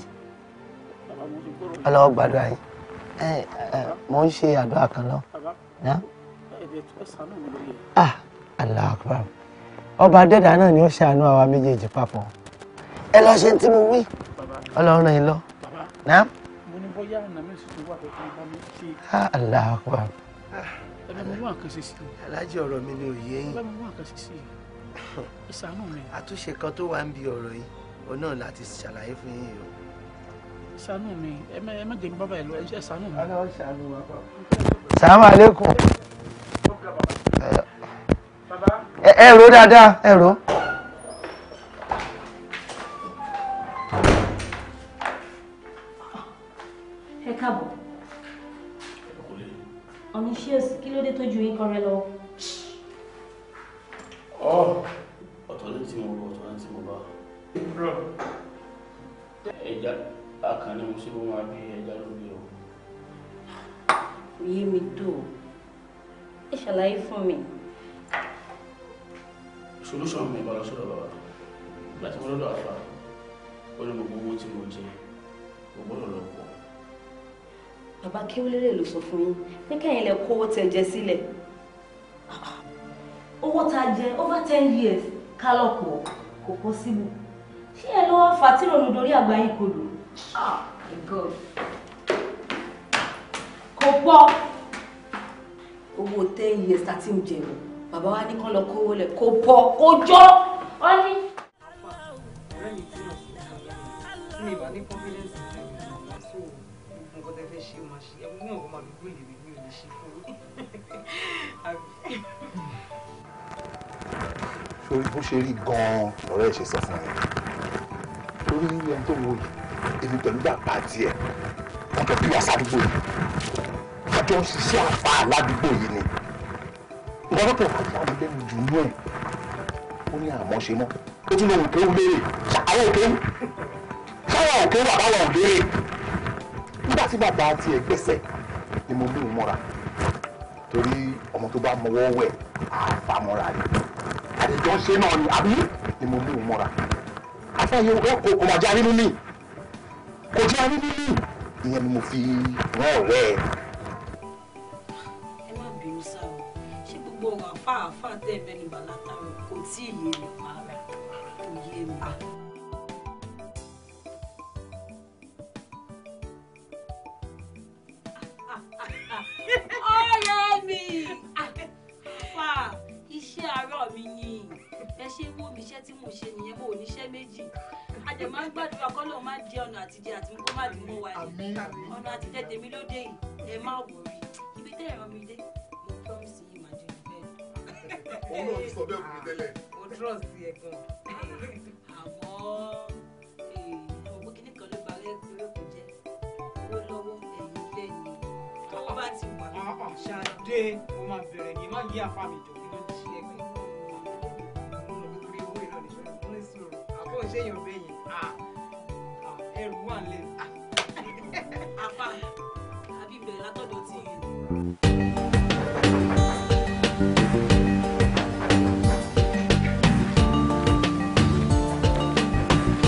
ọlọ́run gbàdúrà yín ẹ ẹ mò ń ṣe àdúrà kan lọ. ah Allah akbar ọba adẹ́dà náà ni ó ṣàánú àwa méjèèjì papọ̀ ẹ lọ ṣe tí mo wí ọlọ́run yìí lọ. bàbá naam. mo ní bóyá ọ̀nà mẹ́sì tó wà pẹ̀lú bá mi ṣe. aláàkú. ẹ̀rọ mi wà nǹkan ṣe sí i. aláàjì ọ̀rọ̀ mi ni òye yín. ẹ̀rọ mi wà nǹkan ṣe sí i. ìṣàánú mi. àtúnṣe kan tó wà ń bi ọ̀rọ̀ yìí òun náà láti ṣàlàyé fún yín o. ìṣàánú mi ẹ má jẹ́ mi bàbá ẹ̀ lọ ẹ ṣàánú mi. aláwọ̀ ṣàánú wa pa. sàmà lẹ́kùn. ẹ ẹ ro dáadáa ẹ ro. ṣe rí gan-an lọ́rẹ́ ṣe sọ fún mi torí ẹni tó wo yìí èmi pẹ̀lú bàbá tiẹ̀ wọ́n jọ bí wàá sádùúgbò yìí wọ́n jọ ń ṣiṣẹ́ àpá aládùúgbò yìí ni ìwọ́pọ̀ àjàmílẹ́nu jù ú ẹ̀ ó ní àmọ́ ṣe mọ́ ó tún lọ òkè wúlérè àwọn òkè sáwọn òkè wà báwọn òlérè nígbà tí bàbá tiẹ̀ gbẹ́sẹ̀ ni mo mú un mọ́ra torí ọmọ tó bá mọwọ́ wẹ̀ àfàmọ́ra rẹ̀ àdìjọ ṣe náà ni àbí ni mo mú un mọ́ra afáyé kò kò mà já nínú mi kò já nínú mi ìyẹn ni mo fi rán ọ̀rẹ́ ẹ. ẹ má bínú sáà ṣé gbogbo ọ̀rọ̀ àfáàfáà tẹ̀ mẹ́rin bàlátàrọ̀ kò tí ì yé mi pààrà kò yé mi. Ah. ọ̀rẹ́ mi iṣẹ́ àárọ̀ mi ni ẹ ṣe wó mi iṣẹ́ tí mo ṣe nìyẹn mo ò níṣẹ́ méjì a máa ń gbàdúrà kọ́ lóun máa jẹ ọ̀nà àtijẹ àti kó má dùn mọ́ wa ni ọ̀nà àtijẹ tèmi ló dé yìí ẹ má wò ibi tẹ́ ẹ̀rọ mi dé mo promise yìí máa jẹ ìbẹ́ ẹ̀. òun ti sọ bẹ́ẹ̀ mi tẹ́lẹ̀. Ah, mo trust yẹ gan. àmọ́ ọ̀pọ̀ kìíní kan ló parí ẹ̀kúrẹ́ kò jẹ́ ló lọ́wọ́ ẹ̀yìn lẹ́yìn tọ́wọ́ bá ti wà. Ah, ah. ṣàdé mo máa bẹ̀rẹ̀ ní má yí àfáà mi jọ. ń ṣèyàn fẹ́yìn ah, ah, ẹrù wà lẹ. apá àbí bẹ̀rẹ̀ látọ̀dọ̀ tí yẹn.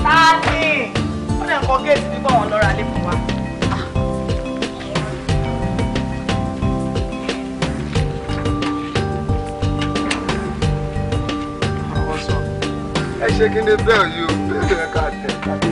tani ó lè kọ géètì nígbà wọn lọ́ra lé fún wa. ẹ ṣe kí ni bẹ́ẹ̀ yìí o.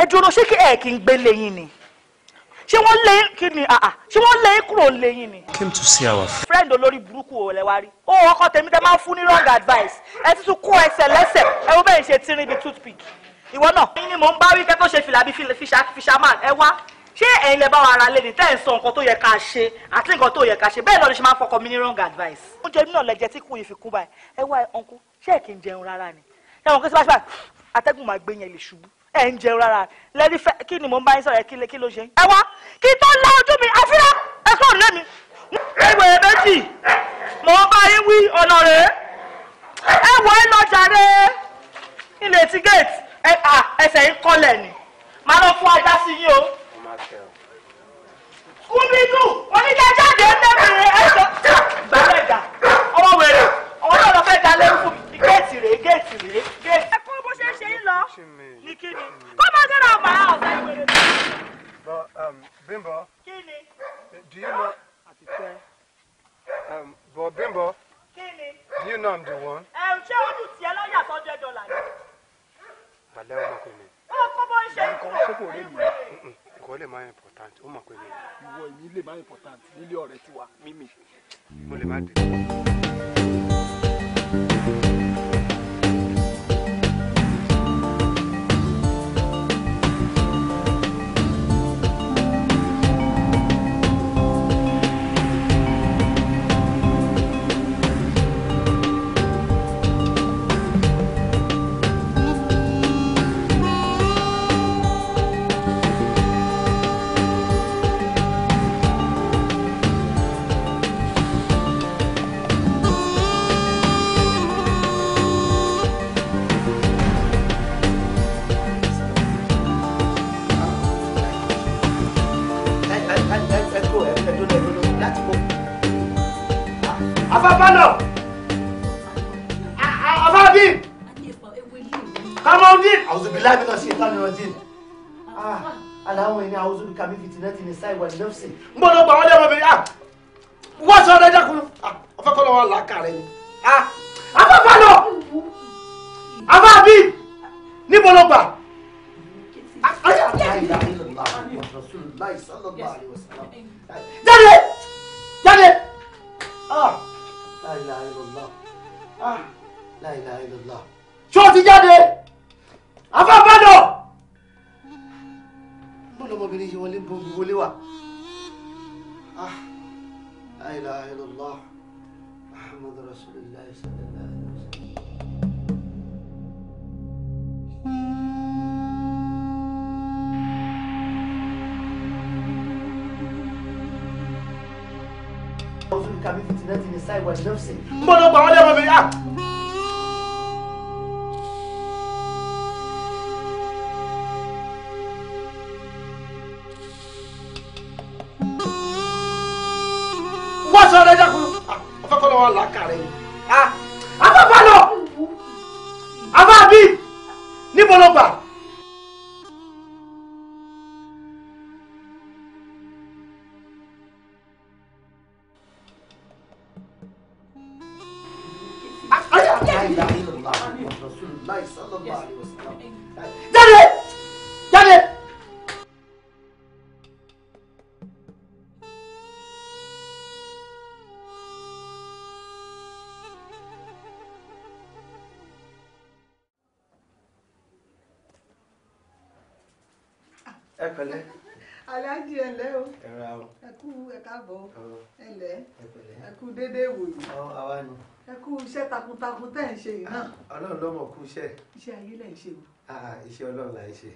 ẹ dúró ṣé kí ẹ kí n gbé lẹ́yìn ni ṣé wọ́n lé kí ni àà ah, ah. ṣé wọ́n lé kúrò lẹ́yìn ni. came to see our friend. friend olórí burúkú ò lẹ wá rí ó ọkọ tèmi tẹ máa ń fún ní wrong advice ẹ ti tún kó ẹsẹ̀ lẹ́sẹ̀ ẹ wọ bẹ́ẹ̀ ṣe tírín bíi toothpick ìwọ náà. ẹ̀yin ni mò ń bá wí kẹ́ tó ṣe fìlà bíi fisherman ẹ wá ṣé ẹ̀yin lẹ bá wa ara lé ní tẹ́ ẹ̀ ń sọ nǹkan tó yẹ ká ṣe àti nǹkan tó yẹ ká ṣe bẹ́ẹ̀ lọ́ọ́ ni ṣe máa ń fọkọ mi ní wrong advice. oúnjẹ náà lẹ jẹ tí kò yìí fi kú báyìí ẹ wá ẹ ọ̀nkú ṣé ẹ̀ kì í jẹun rárá ni ẹ wọn kí sábà ṣáà atẹ́gùn máa gbé yẹn lè ṣubú ẹ̀ ń jẹun rárá lẹ́ni fẹ́ kí ni mò ń bá yín sọ̀rọ̀ kí ló ṣe. ẹ wá kí n tó la ojú mi àfihàn ẹ kúrò nílé mi. ìwé méjì mò ń bá yín wí ọ̀nà rẹ̀ ẹ wọ ẹ lọ jàre ilé ti gate ẹsẹ̀ yín kọlẹ̀ ni màá lọ fún ajá sí yín o. kúndínlù oníjàjáde ẹ tẹ́lẹ̀ ẹ jọ gbàlẹ̀ dà ọwọ́ wẹ̀rẹ̀ ọwọ́ náà lọ fẹ́ dalẹ́ fún mi géètì rèé géètì rèé géètì lọ ní kí come on get out my house but um, Bimbo. kí do you know. àti tẹ. Um, but Bimbo. kí do you know I'm the one. ẹ ṣé ojú tiẹ̀ lọ́yà tó jẹ́ dọ́là ni. balẹ̀ ọmọ kò ní. ó kọ́ bó ń ṣe é kúrò ẹ wẹrẹ ìwọ lè máa important ó mọ̀ pé mi. ìwọ yìí lè máa important nílé ọ̀rẹ́ tiwa mímì. mo lè má dé. billahi mina shaitan rajim aláwọ̀ ẹni àwọn òṣèlú kàmí fìtì náà ti ní sáì wà nọ́ọ̀sì ń bọ́ lọ́gbà wọlé ọmọ mi ah! ah, wọ́n sọ ọ́dẹ́jà kún ọ̀fẹ́ kọ́ lọ́wọ́ làákà rẹ ni. afáfá ah, lọ afáàbí níbo ló gbà. jáde jáde. láìláìlọ́lá láìláìlọ́lá. ṣé o ti jáde afábàdọ̀ bọ́ọ̀lù ọmọbìnrin yìí wọlé bọ́ọ̀lù wọlé wà ah, la ilaha illallah muhammadu rasulillah sallallahu alaihi wa sallam. Ọ̀sùn kàmí fìtínà ti ní sáìwá ìjọ́sìn. Mbọ́dọ̀ gbà wọ́n lẹ́wọ̀n mi. Ah! kọ́lẹ́. aláàjì ẹ lẹ́ o ẹ kú ẹ káàbọ̀ ẹ lẹ́ ẹ kú déédéé wò yìí. àwa ni. ẹ kú iṣẹ́ takuntakun tẹ̀ ń ṣe yìí náà. ọlọ́run ló mọ̀ kú iṣẹ́. iṣẹ́ ayé lẹ̀ ń ṣe o. iṣẹ́ ọlọ́run là ń ṣe.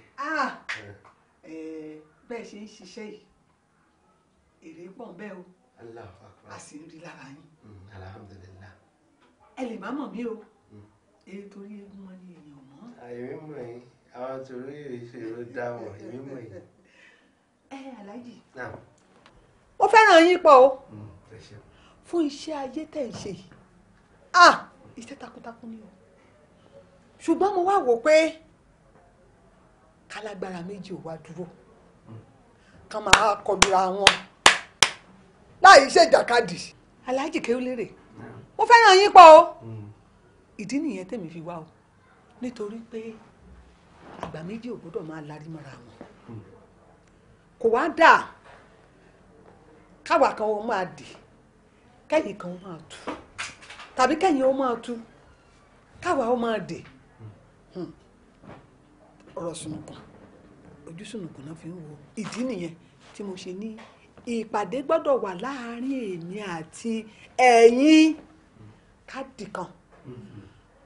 bẹ́ẹ̀ ṣe ń ṣiṣẹ́ yìí èrè pọ̀ bẹ́ẹ̀ o a sì ń rí lára yín. Mm, alhamdulillah. ẹ lè má mọ̀ mí o èyí mm. torí eégún wọn ni èèyàn yìí àwọn torí dáwọ̀ èmi mọ̀ yìí. Eh, aláàjì ó fẹ́ràn yín pọ̀ o mm, fún iṣẹ́ ayé tẹ̀ ń ṣe yìí ah iṣẹ́ takuntakun ni o ṣùgbọ́n mo wá wò pé kálágbára méjì ò wá dúró mm. kán máa kọlura wọn láì ṣe ìjàkadì aláàjì kéwú lérè mo fẹ́ràn yín pọ̀ o mm. ìdí nìyẹn tèmi fi wá o nítorí pé àgbà méjì ò gbọ́dọ̀ máa larí mọ́ra wọn kò wá dà káwa kan ó máa dì kẹ́yìn kan ó máa tú tàbí kẹ́yìn ó máa tú káwa ó máa dè hmm. ọ̀rọ̀ sùnùkùn ojú sùnùkùn náà fi ń wo ìdí nìyẹn tí mo ṣe ní ìpàdé gbọ́dọ̀ wà láàárín èmi àti ẹ̀yin káàdì kan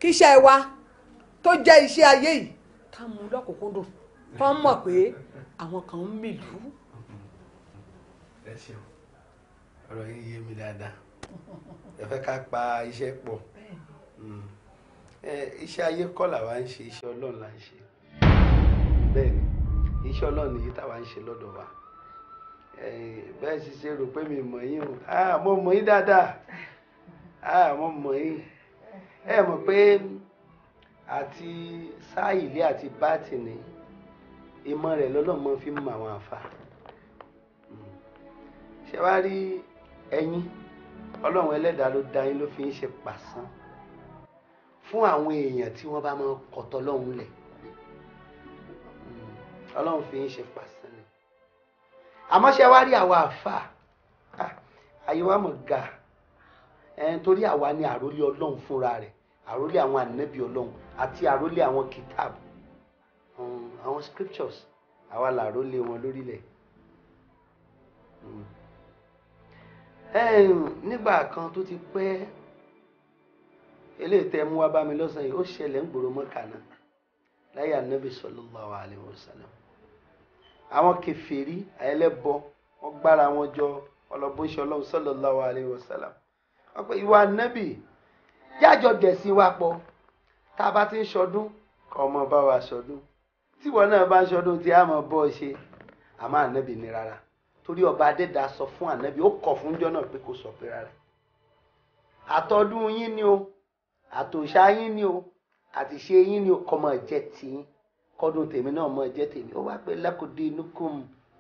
kí wa tó jẹ́ iṣẹ́ ayé yìí ká mú lọ́kùnkúndùn kán mọ̀ pé àwọn kan ń mìlú. ẹ ṣeun ọ̀rọ̀ yín yé mi dáadáa ẹ fẹ́ ká pa iṣẹ́ pọ̀ iṣẹ́ ayé kọ́ làwa ń ṣe iṣẹ́ ọlọ́run là ń ṣe bẹ́ẹ̀ ni iṣẹ́ ọlọ́run nìyí táwa ń ṣe lọ́dọ̀ wa bẹ́ẹ̀ sì ṣe rò pé mi mọ̀ yín o mo mọ̀ yín dáadáa mo mọ̀ yín ẹ mọ̀ pé àti sáà ilé àti bátìnì ìmọ̀ rẹ̀ lọ́lọ́mọ fi mọ àwọn àfa hmm. ṣé wàá rí ẹ̀yin ọlọ́run ẹlẹ́dàá ló dá yín ló fi ń ṣe pàṣán fún àwọn èèyàn tí wọ́n bá máa kọ̀tọ̀ lọ́hùn lẹ̀ hmm. ọlọ́run fi ń ṣe pàṣán ni àmọ́ ṣé wàá rí àwa àfa ah, àyè wa mọ̀ ga torí àwa ni àròlé ọlọ́run fúnra rẹ̀ àròlé àwọn ànábì ọlọ́run àti àròlé àwọn kìtàbù àwọn scriptures àwa làró lé wọn lórílẹ̀. Hmm. nígbà kan tó ti pẹ́ eléyìí tẹ́ mú wá bá mi lọ́sàn yìí ó ṣẹlẹ̀ ń gbòòrò mọ́kà láyé ànábì sallallahu alaihi wasallam àwọn kèfèrí ẹlẹ́bọ wọ́n gbára wọn jọ ọlọ́bùnṣe ọlọ́run sallallahu alaihi wasallam wọ́n pe ìwà ànábì jájọ dẹ̀sìn wa pọ̀ tá a bá ti ń ṣọdún kọ́ ọmọ bá wa ṣọdún tíwọ náà bá ṣọdún tí a mọ bọ ṣe àmọ́ ànábì ni rárá torí ọba adẹ́dà sọ fún ànábì ó kọ̀ fún jọ náà pé kó sọ pé rárá àtọdún yín ni o àtòṣà yín ni o àtìṣe yín ni o kọ́ mọ̀ jẹ́ tiyín kọ́dún tèmi náà mọ̀ jẹ́ tèmi ó wá pé lákòdé nukum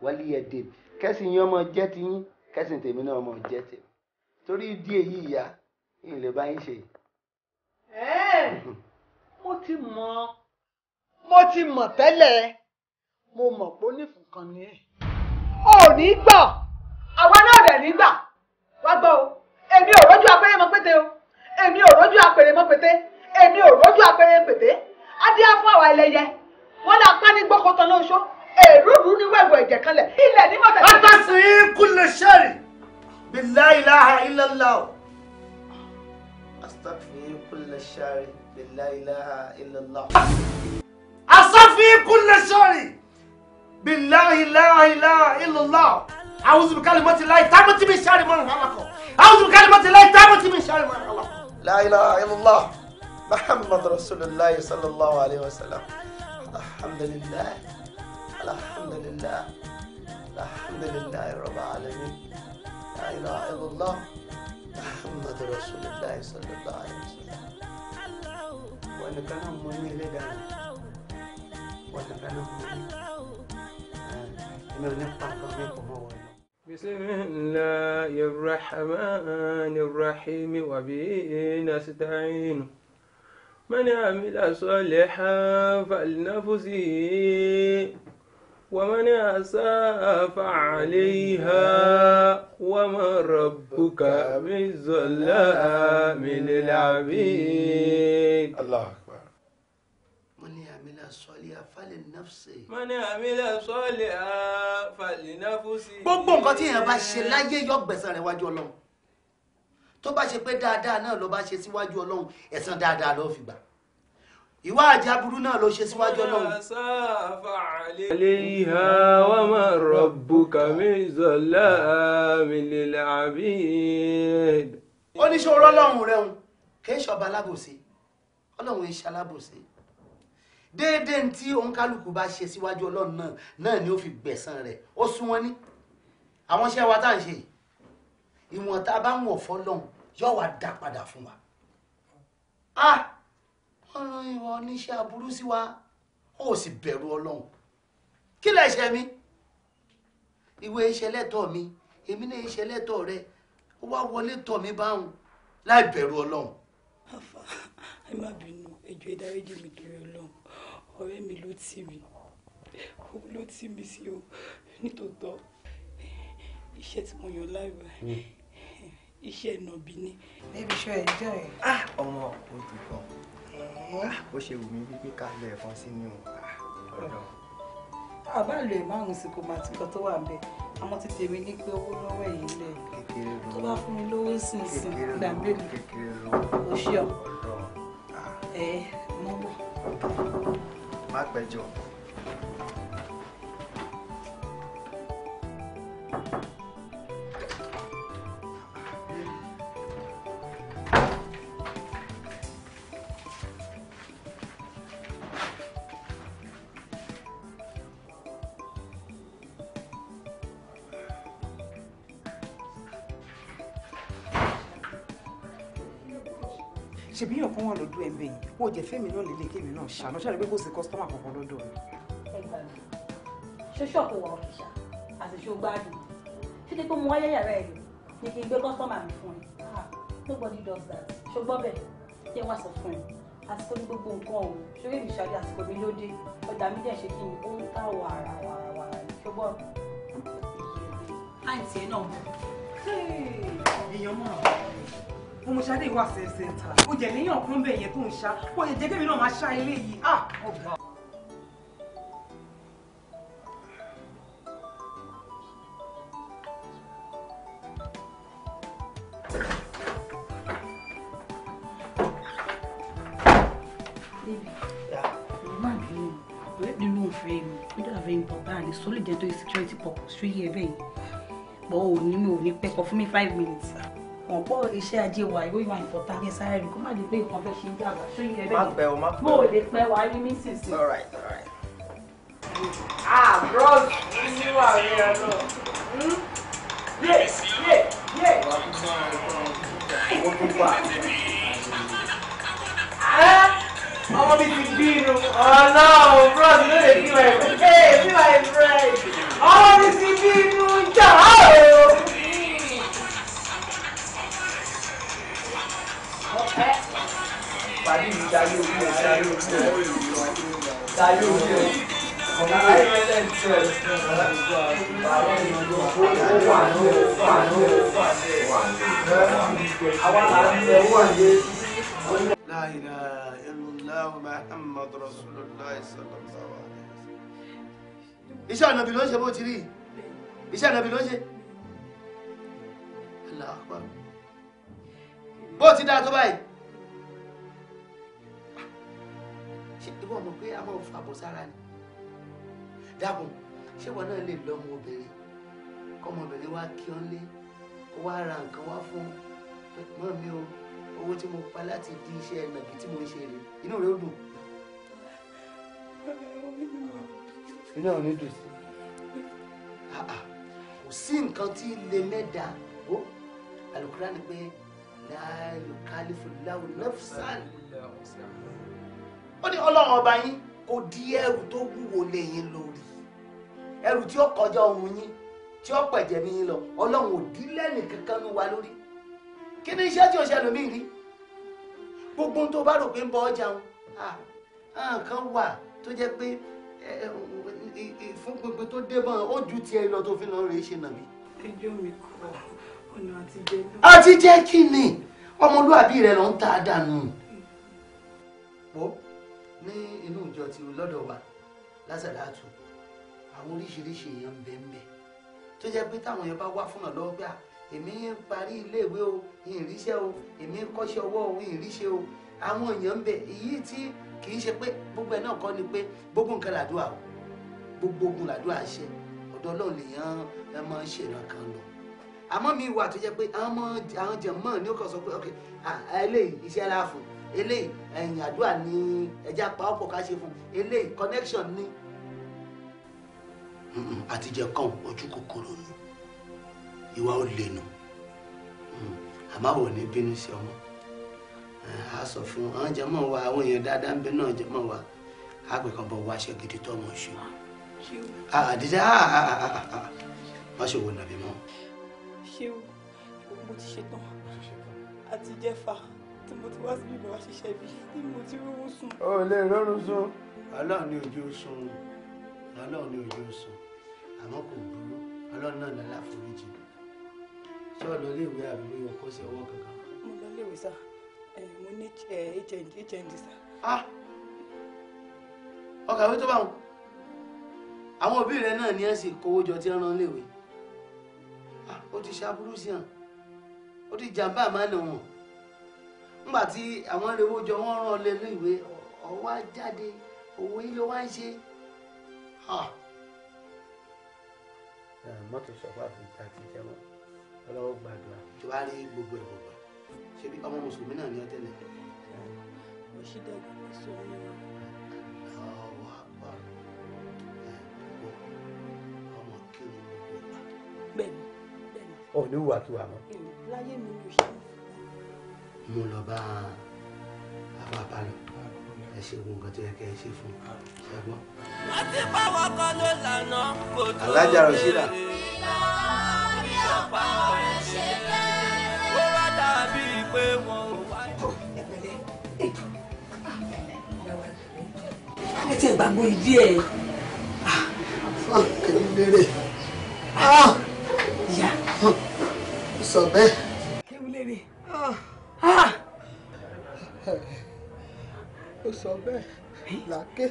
wálíyẹ̀dẹ̀ kẹ́sìn yín ọmọ jẹ́ tiyín kẹ́sìn tèmi náà mọ̀ jẹ́ tèmi torí ìdí èyí ìyá ìlẹ̀ bá ṣe. ẹ ẹ mo ti mọ. mo ti mọ̀ tẹ́lẹ̀ mo mọ̀ pé nífun kan ni ẹ̀. o ò ní gbọ́ àwa náà dẹ̀ nígbà wá gbọ́ o èmi ò rójú pete mọ pété o èmi ò rójú apẹrẹ mọ pété èmi ò rójú apẹrẹ pété adíá fún àwa ẹlẹ́yẹ wọn náà pẹ́ ní gbọ́kọ̀tàn lóṣó èrúurú ní wẹ̀wẹ̀ ẹ̀jẹ̀ kanlẹ̀ ilẹ̀ ní mọ̀tẹ́. o. اصفي كل شيء بالله لا اله الا الله اعوذ بكلمات الله تعبت من شر من خلقه اعوذ بكلمات الله تعبت من شر من خلقه لا اله الا الله محمد رسول الله صلى الله عليه وسلم الحمد لله الحمد لله الحمد لله رب العالمين لا اله الا الله محمد رسول الله صلى الله عليه وسلم وانا كان مني لدى بسم الله الرحمن الرحيم وبه نستعين من عمل صالحا فلنفسه ومن أساء فعليها وما ربك بالظلام للعبيد الله amila sọ́líà falẹ̀ nafsi. mọ́ni amila sọ́líà falẹ̀ nafsi. gbogbo nǹkan tí èèyàn bá ṣe láyé yọ gbẹ̀san rẹ̀ wájú ọlọ́run tó bá ṣe pé dáadáa náà ló bá ṣe síwájú ọlọ́run ẹ̀san dáadáa ló fi gbà ìwà àjàburú náà ló ṣe síwájú ọlọ́run. àléhà wà máa rọ̀bù kàmíìzọ̀lá mílíọ̀lá àbí. oníṣòro ọlọ́run rẹ̀ ń kí alábòsí ọlọ́run ń alábòsí déédéé tí òǹkálùkù bá ṣe síwájú ọlọ́run náà náà ni ó fi gbẹ̀san rẹ̀ ó sún wọn ní àwọn iṣẹ́ wa tá à ń ṣe ìwọ̀n tá a bá ń wọ̀ fọlọ́run yóò wá dá padà fún wa wọ́n ran ìwọ oníṣẹ́ aburú sí wa ó sì bẹ̀rù ọlọ́run kí lè ṣe mí ìwé ìṣẹlẹ́tọ̀ mi èmi náà ìṣẹlẹ́tọ̀ rẹ ó wá wọlé tọ̀ mí báwọn láì bẹ̀rù ọlọ́run. àfà ẹ má bínú ẹjọ́ ìdáríjì mi torí ọlọ́run ọ̀rẹ́ mi ló tì mí òun ló tì mí sí o nítòótọ́ iṣẹ́ tí mo yàn láìwá hmm. iṣẹ́ ìnàbí ni. níbi iṣẹ́ ẹjọ́ ẹ̀. Ah! ọmọ odò gan ó ṣe wù mí wípé ká lọ ẹ̀fọn sí ni o ah! ọ̀dọ̀. àbá lo ẹ̀ márùn-ún sí kò máa ti lọ tó wà ń bẹ àmọ́ ti tèmi ní pé owó lọ́wọ́ ẹ̀yìn lẹ̀ tó bá fún mi lówó sìn sìn gbàgbé mi ò ṣe ọ ẹ mọ́ bọ̀ má pẹ́ jọ. wọn ò jẹ́ fẹ́mi náà lélẹ̀ kémi náà ṣàánú ṣàlẹ́ pé kò sí kọ́sítọ́mà kankan lọ́dọ̀ mi. ẹ gbà mí ṣé ṣọ́ọ̀kì wà ọ̀fìṣà àti ṣó gbádùn ṣé ti pé mo wáyé yàrá ẹ̀ ni kí n gbé kọ́sítọ́mà mi fún ẹ ah, nobody does that ṣùgbọ́n bẹ́ẹ̀ jẹ́ wá sọ fún ẹ àsìkò ní gbogbo nǹkan ọ̀hún ṣórí èmi ṣáájú àsìkò mi lóde ọjà mi dẹ̀ ṣe kí ni ó ń ká wàrà wàrà wàrà ṣùgbọ́n àǹtí ẹ ọmọṣadé ìwà ṣẹ̀ṣẹ̀ ta ó jẹ̀ léyàn kan bẹ̀ yẹn tó ń ṣá kó lè jẹ́ kébì náà máa ṣá eléyìí ah ọ̀gá. nínú òfin very important ní sólì jẹ́ tó yẹ security purpose ṣó yẹ bẹ́ẹ̀ yìí bọ́ òní mi ò ní pẹ́kọ̀ fún mi five minutes mọ̀ pọ̀ iṣẹ́ ajé wa ìwé ìwà ìfọ̀tà yẹn sáré rí kó má lè pé nǹkan fẹ́ ṣe ń dàgbà ṣó yẹ bẹ́ẹ̀ má mo ò lè pẹ́ wa rí mí sì ah bros ní wà rí ẹ lọ. yé yé yé. ọmọ mi ti bí inú. ọ̀nà o ló lè bí my friend. ọmọ mi ti bí inú jà o. لا إله إلا الله محمد رسول الله صلى الله عليه وسلم iṣẹ́ ànàbì ló ń ṣe bó ti rí iṣẹ́ ànàbì ló ń ṣe Allahu Akbar bó ti dáa tó báyìí ṣé ìwọ mọ̀ pé a máa fàbọ̀ sára ni dábùn ṣé ìwọ náà lè lọ ọmọ obìnrin kọ́mọbìnrin wá kí ọ́n lé kó wá ra nǹkan wá fún mọ́ mi o owó tí mo pa láti di iṣẹ́ nàbí tí mo ń ṣe rè inú rẹ ó dùn. inú àwọn onídùn sí kò sí nǹkan tí lè mẹ́ta ó alukura ni pé láàyò kálífù láwù nafsan ó ní ọlọ́run ọba yín kò di ẹrù tó wúwo lé yín lórí ẹrù tí ó kọjá ohun yín tí ó pẹ̀jẹ̀ mi yín lọ ọlọ́run ò dí lẹ́nì kankan nu wa lórí kí ni iṣẹ́ tí o ṣe lómi rí gbogbo tó bá rò pé ń bọ ọjà ń nǹkan wà tó jẹ́ pé fún gbogbo tó dé bọ́n ó ju tiẹ̀ lọ tó fi lọ rèé ṣe nàbí. ẹjọ́ mi kọ ọ̀nà àtijẹ́ náà. àtijẹ́ kí ni ọmọlúwàbí rẹ̀ ló ń ta dànù ní inú ìjọ ti lọ́dọ̀ wa lásàlátù àwọn oríṣiríṣi èèyàn ń bẹ ń bẹ tó jẹ́ pé táwọn èèyàn bá wá fúnra lọ́wọ́ pé à èmi ń parí iléèwé o ìrìnsẹ́ o èmi ń kọ́ṣẹ́ ọwọ́ o ìrìnsẹ́ o àwọn èèyàn ń bẹ èyí tí kì í ṣe pé gbogbo ẹ̀ náà kọ́ ni pé gbogbo nǹkan làdúrà o gbogbo ogun làdúrà ṣe ọ̀dọ̀ Ọlọ́run lèèyàn ẹ máa ń ṣèràn kan lọ àmọ́ mi wà tó jẹ́ pé àwọn jẹ̀mọ́ ni ó kàn sọ pé ok eléyìí iṣẹ́ láàfún eléyìí ẹ̀yìn àdúrà ni ẹ̀jẹ̀ apá ọ̀pọ̀ ká ṣe fún eléyìí connection ni. àtijọ́ kan ojú kòkòrò ni ìwà ò lè nù àmọ́ àwọn ò ní bínú sí ọmọ a sọ fún àwọn jẹmọ wa àwọn èèyàn dáadáa ń bẹ náà jẹmọ wa a pè kàn bọ wá aṣọ gidi tó ọmọ ṣù ah, ah, àdìdá ah, má ṣe wò nàbí mọ. ṣé o mo ti ṣetán àti jẹ́fà tí mo ti wá síbí mo wá ṣiṣẹ́ ibi tí mo ti rówó sùn. o ò lè rọrùn sùn. ọlọ́run ní ojú sùn ọlọ́run ní ojú sùn àmọ́ kò burú ọlọ́run náà lọ́la foríjì sọ lọ léèwé àbúrò yóò kó sí ọwọ́ kankan. mo lọ léèwé sá mo ní hnd sá. ọkàwé tó bá wọn àwọn òbí rẹ náà ní ẹ sì kówó jọ tí ń rán léèwé ah, ó ti ṣàbúrú sí hàn ó ti jàǹbá àmàlà wọn nígbà tí àwọn rewó jọ wọ́n rán lé ní ìwé ọwọ́ jáde òwò yìí ló wá ń ṣe. mọ́tò sọ́kọ́ àfìgbà ti jẹun ọlọ́wọ́ gbàdúrà. tí wàá rí gbogbo ẹ̀ gbogbo ṣe bí ọmọ mùsùlùmí náà ní ọtẹ́lẹ̀. mo ṣì dẹ́gun mi sọ ọ́. ọwọ́ àgbà ọmọ kí ni mo gbé bẹ́ẹ̀ni bẹ́ẹ̀ni. ò ní wàá tu àmọ́. láyé mi ló ṣe é mo lọ bá bàbá parí ẹ ṣe ogun nǹkan tó yẹ kẹ ẹ ṣe fún ṣẹgbọn. wọ́n ti bá wọn kọ́ ló lànà kò tó lè rí. alájà rọ̀ṣílà. ó wá dàbí pé wọn wá. ẹ ti gbàgbọ́ ìdí ẹ̀. fún akẹ́lẹ́ lérè. Ah. Ah. ìyá. sọ bẹ́ẹ̀. bẹ́ẹ̀ làáké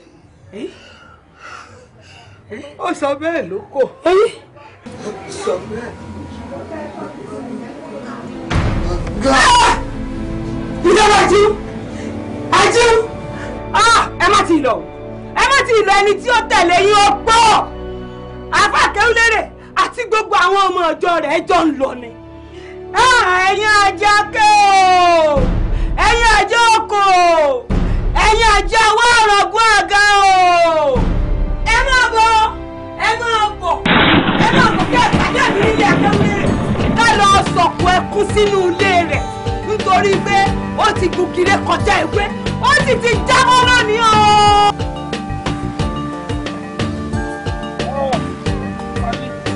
ó sọ bẹ́ẹ̀ ló kò ó sọ bẹ́ẹ̀. ìjọba ajú ajú ẹ má ti lọ ẹ má ti lọ ẹni tí ó tẹ̀lé yín ó pọ̀ afákẹ́wúlérè àti gbogbo àwọn ọmọ ọjọ́ rẹ̀ jọ ń lọ ni ẹ̀yin ajá kẹ́ o ẹ̀yin ajá ọkọ̀ o ẹ̀yin àjọ wa ọ̀rọ̀gún àga o ẹ máa bọ̀ ẹ máa bọ̀ ẹ máa bọ̀ kí ẹ̀ka mi nílé akéwìlérè ká lọ sọ̀kò ẹkún sínú ilé rẹ̀ nítorí pé ó ti gùgìrè kọjá ìwé ó sì ti jábọ́ lónìí o.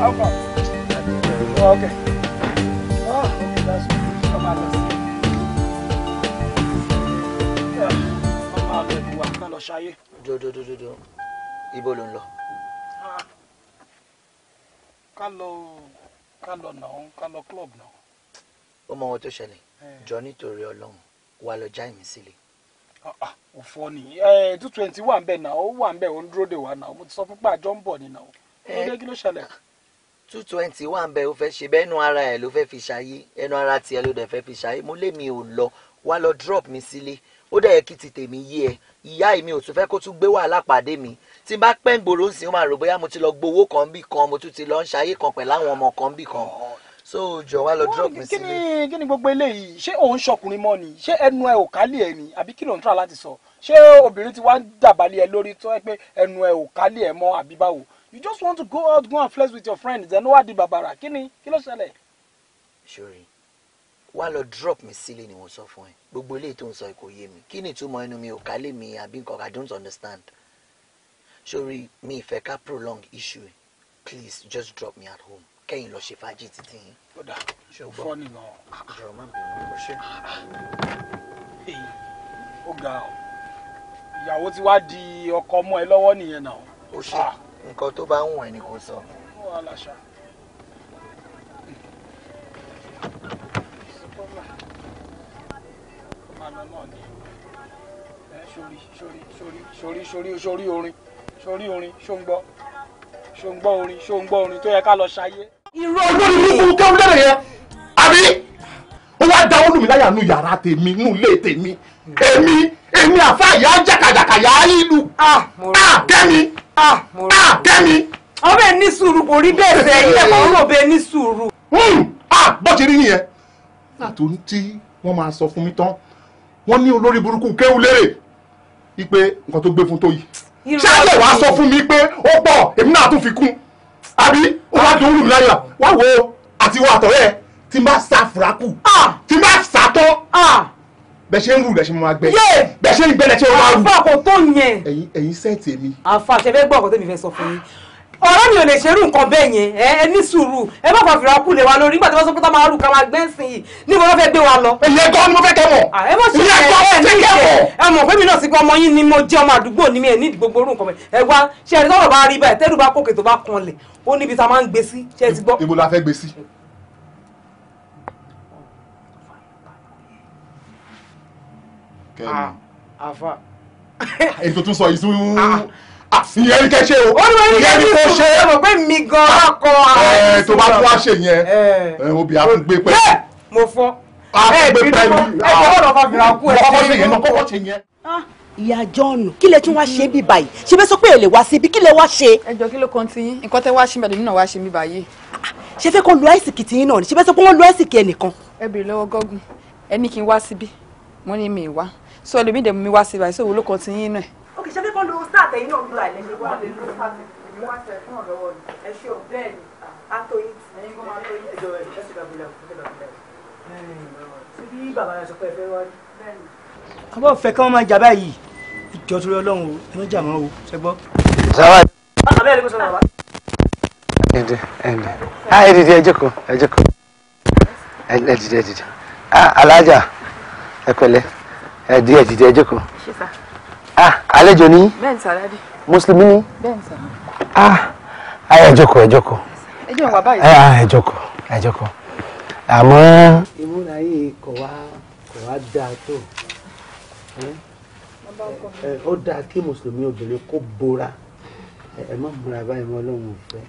Oh, okay. ṣayé. do ibo ló ń lọ. Ah, ká lọ ká lọ nà án ká lọ club nà án. ó mọ ohun tó ṣẹlẹ̀ jọ nítorí ọlọ́run wà lọ já ìmí sílẹ̀. Ah, ah, òfò ni two twenty wà ń bẹ̀ nà ó wà ń bẹ̀ ó ń dúró de wà nà ó mo ti sọ fún pé ń bọ̀ ni nà ó. ó kí ló ṣẹlẹ̀ two twenty wà ń bẹ o fẹ́ ṣe bẹ́ẹ̀ ẹnu ara ẹ̀ ló fẹ́ fi ṣayé ẹnu ara tiẹ̀ ló dẹ̀ fẹ́ fi ṣayé mo lé mi ò lọ wá lọ drop mi sílé ó dẹ̀ yẹ kí ti tèmi yé ẹ ìyá èmi ò tún fẹ́ kó tún gbé wàhálà pàdé mi tí n bá pẹ́ ń gbòòrò ń sìn ó máa rò bóyá mo ti lọ gbowó kan bì kan mo tún ti lọ ń ṣayé kan pẹ̀lú àwọn ọmọ kan bì kan so jọ wá lọ drop mi sílé. kí ni gbogbo eléyìí ṣé òun ṣọkùnrin mọ́ ni ṣé ẹnu ẹ ò kálí ẹ ni àbí kí ló ń tra láti sọ ṣé obìnrin ti wá ń dàbálẹ̀ ẹ lórí tó ẹ pé ẹnu ẹ ò kálí ẹ mọ́ àbí báwo you just want to go out go and flex with your friends ẹ̀ ló wá di bàbàrà kí ni kí ló ṣẹlẹ̀. sori wá lọ drop mi sílé ni mo sọ fún ẹ gbogbo eléyìí tó ń sọ kò yé mi kí ni ìtumọ̀ ẹnu mi ò ká mi àbí nǹkan i don't understand sórí mi ìfẹ́ ká prolong issue please just drop me at home kẹ́yìn lọ ṣe fàájì títí yín. kódà ṣe ò fọ́ nìyàn. ìjọba máa ń bẹ̀rẹ̀ ló ṣe. èyí ó ga ọ ìyàwó ti wá di ọkọ ọmọ ẹ lọ́wọ́ nìyẹn náà. ó ṣe ah. nǹkan tó bá ń wọ̀ ẹ́ ni kò sọ. ó wà láṣà. máa lọ náà ni sórí sórí sórí sórí sórí orin sórí orin ṣóńgbọ́ ṣóńgbọ́ orin ṣóńgbọ́ orin tó yẹ ká lọ ṣayé. irọ́ lórí fífún kẹ́mílẹ́rẹ̀ yẹn àbí ó wá da olùmí láyà nu yàrá tèmi nù lé tèmi èmi èmi àfa ìyá jàkàjàkà yà á ìlú àkẹ́mi àkẹ́mi. ọbẹ̀ ní sùúrù kò rí bẹ́ẹ̀ fẹ́ ilé kan rò bẹ́ẹ̀ ní sùúrù. bó ṣe rí nìyẹn látòun tí wọ́n máa sọ fún mi tán wọ́n ní olórí burúkú kéwù lérè ipe nǹkan tó gbé fún tó yìí ṣáájú wàá sọ fún mi pé ó pọ̀ èmi náà tún fi kún àbí ó wá dùn lù láyà wá wo àti wọ àtọ̀rẹ́ ẹ tí n bá sa furaku tí n bá sa tọ́ bẹ́ẹ̀ ṣe ń rù lẹ́ ṣe máa gbẹ bẹ́ẹ̀ ṣe ń gbẹ lẹ́ ṣe máa rù àfa kò tó yẹn ẹ̀yin sẹ́ẹ̀tì mi. àfa ṣe fẹ́ gbọ́ ọ̀kọ́ sọ fún yín ọ̀rọ̀ mi ò lè ṣerú nǹkan bẹ́ẹ̀ yẹn ẹ ẹ ní sùúrù ẹ má kàn fìrà kú lè wa lórí nígbà tí wọ́n sọ pé táwọn arúgbó máa gbẹ́ sìn yìí ní mo fẹ́ gbé wa lọ. ilé ẹ̀kọ́ ni mo fẹ́ kẹ́ mọ̀. ẹ mọ̀ sí ẹ ẹ ní ìṣe ẹ mọ̀ pé mi náà sì pé ọmọ yín ni mo jẹ́ ọmọ àdúgbò ni mi ẹ̀ ní gbogbo orú nǹkan ẹ wá ṣe ẹ̀rí tọ́rọ̀ bá rí báyìí tẹ́rù bá kókè tó bá kanlẹ̀ ó níbi tá a máa ń gbé sí ṣe é ti ah, ètò tún sọ ìsún ìyẹn ni kẹ ṣe o ìyẹn ni kò ṣe é mọ̀ pé mi gan akọ ààrẹ tó bá tún wá ṣe yẹn obì á tún gbé pẹ́. mo fọ ẹ bí ló ẹ gbọ́dọ̀ fà fìrà kú ẹ ṣe é mọ̀ kọ́kọ́ ṣe yẹn. Ah, ìyá john kí lẹ tún wá ṣe bí báyìí ṣe fẹ́ sọ pé èlé wá sí ibi kí lẹ wá ṣe. ẹ jọ kí ló kan ti yín nǹkan tẹ wá ṣe mẹ́rin náà wá ṣe mí báyìí. ṣe fẹ́ kó lu àìsìkì tiyín náà ni ṣe fẹ́ sọ pé wọ́n lu àìsìkì ẹnìkan. ẹ bèrè lọ́wọ́ gọ́gùn ẹ ní kí n wá síbí mo ní mi wá so ẹlòmíì dẹ̀ mú mi wá síbí àìsàn òwúlò kan ti yín náà ok ṣe fẹ́ kọ́ lo sáàtẹ̀ yìí náà gbúra ilẹ̀ wọ́n lè lo sáàtẹ̀ èmi wá sẹ̀ fún ọ̀dọ́wọ́ ni ẹ ṣe ò bẹ́ẹ̀ ni àtọyìn ẹ̀yin kọ́ máa ń lóyún ẹjọ́ ẹ̀ ẹ̀ ṣe dàbílẹ̀ ẹ̀ dàbílẹ̀ ṣe bí bàbá yẹn sọ pé ẹ fẹ́ wá rí bẹ́ẹ̀ ni. àbọ̀ fẹ́ kí wọ́n máa jà báyìí ìjọ torí ọlọ́run ẹ má jà mọ́ o ṣe gbọ́. sáwà ah, ah, ẹ̀dẹ̀ ẹ̀dẹ̀ ah, ẹ̀ ẹ jókòó ẹ dìde ẹ̀ alájà ẹ pẹ̀lẹ́ ẹ̀ dìde ẹ jókòó ah àlejò ni. Ben ni sàrẹ́dì. mùsùlùmí ni. bẹ́ẹ̀ ni ah ayé ẹ jókòó ẹ jókòó. ẹ jẹ́ ìwà báyìí. Ah, ẹ jókòó ẹ jókòó àmọ́. ìmúra yìí kò wá kò wá dáa tó ó dáa kí mùsùlùmí obìnrin kó bora ẹ má múra báyìí mọ́ ọlọ́run fẹ́.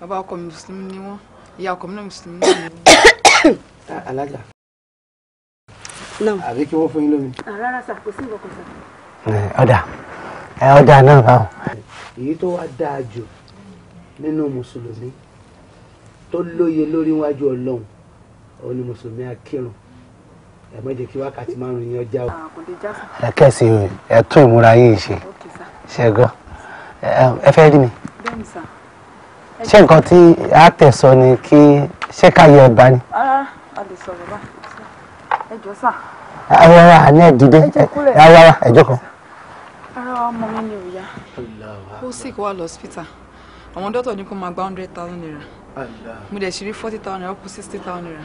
bàbá ọkọ mi mùsùlùmí ni wọn ìyá ọkọ mi náà mùsùlùmí ni wọn. Ah, alájà àbí kí wọ́n fún yín lómi. Ah, rárá sà kò sí ìwọ̀kọ̀ sà ọ̀dà ọ̀dà náà báwọn. èyí tó wá dáa jù nínú mùsùlùmí tó lóye lórí wájú ọlọ́run òun ni mùsùlùmí akírun ẹ má jẹ́ kí wákàtí márùn-ún yẹn ọjà ah, o. ẹ kẹ́sì ẹ tún ìmúra yìí ṣe ṣẹ́gun ẹ fẹ́ rí mi ṣé nǹkan tí a tẹ̀ sọ ni kí ṣé ká yẹ ẹ bá ni. Ah, a lè sọ̀rọ̀ bá ẹ jọ sáà àwọn ará àná ẹ̀dídé ara wa ẹ̀jọ́ kan. ara ọmọ mi ni òòyà ó sì kó wa lọ hospital àwọn dọ́tọ̀ ní kó máa gba hundred thousand naira mo dẹ̀ ṣe rí forty thousand naira ó kù sixty thousand naira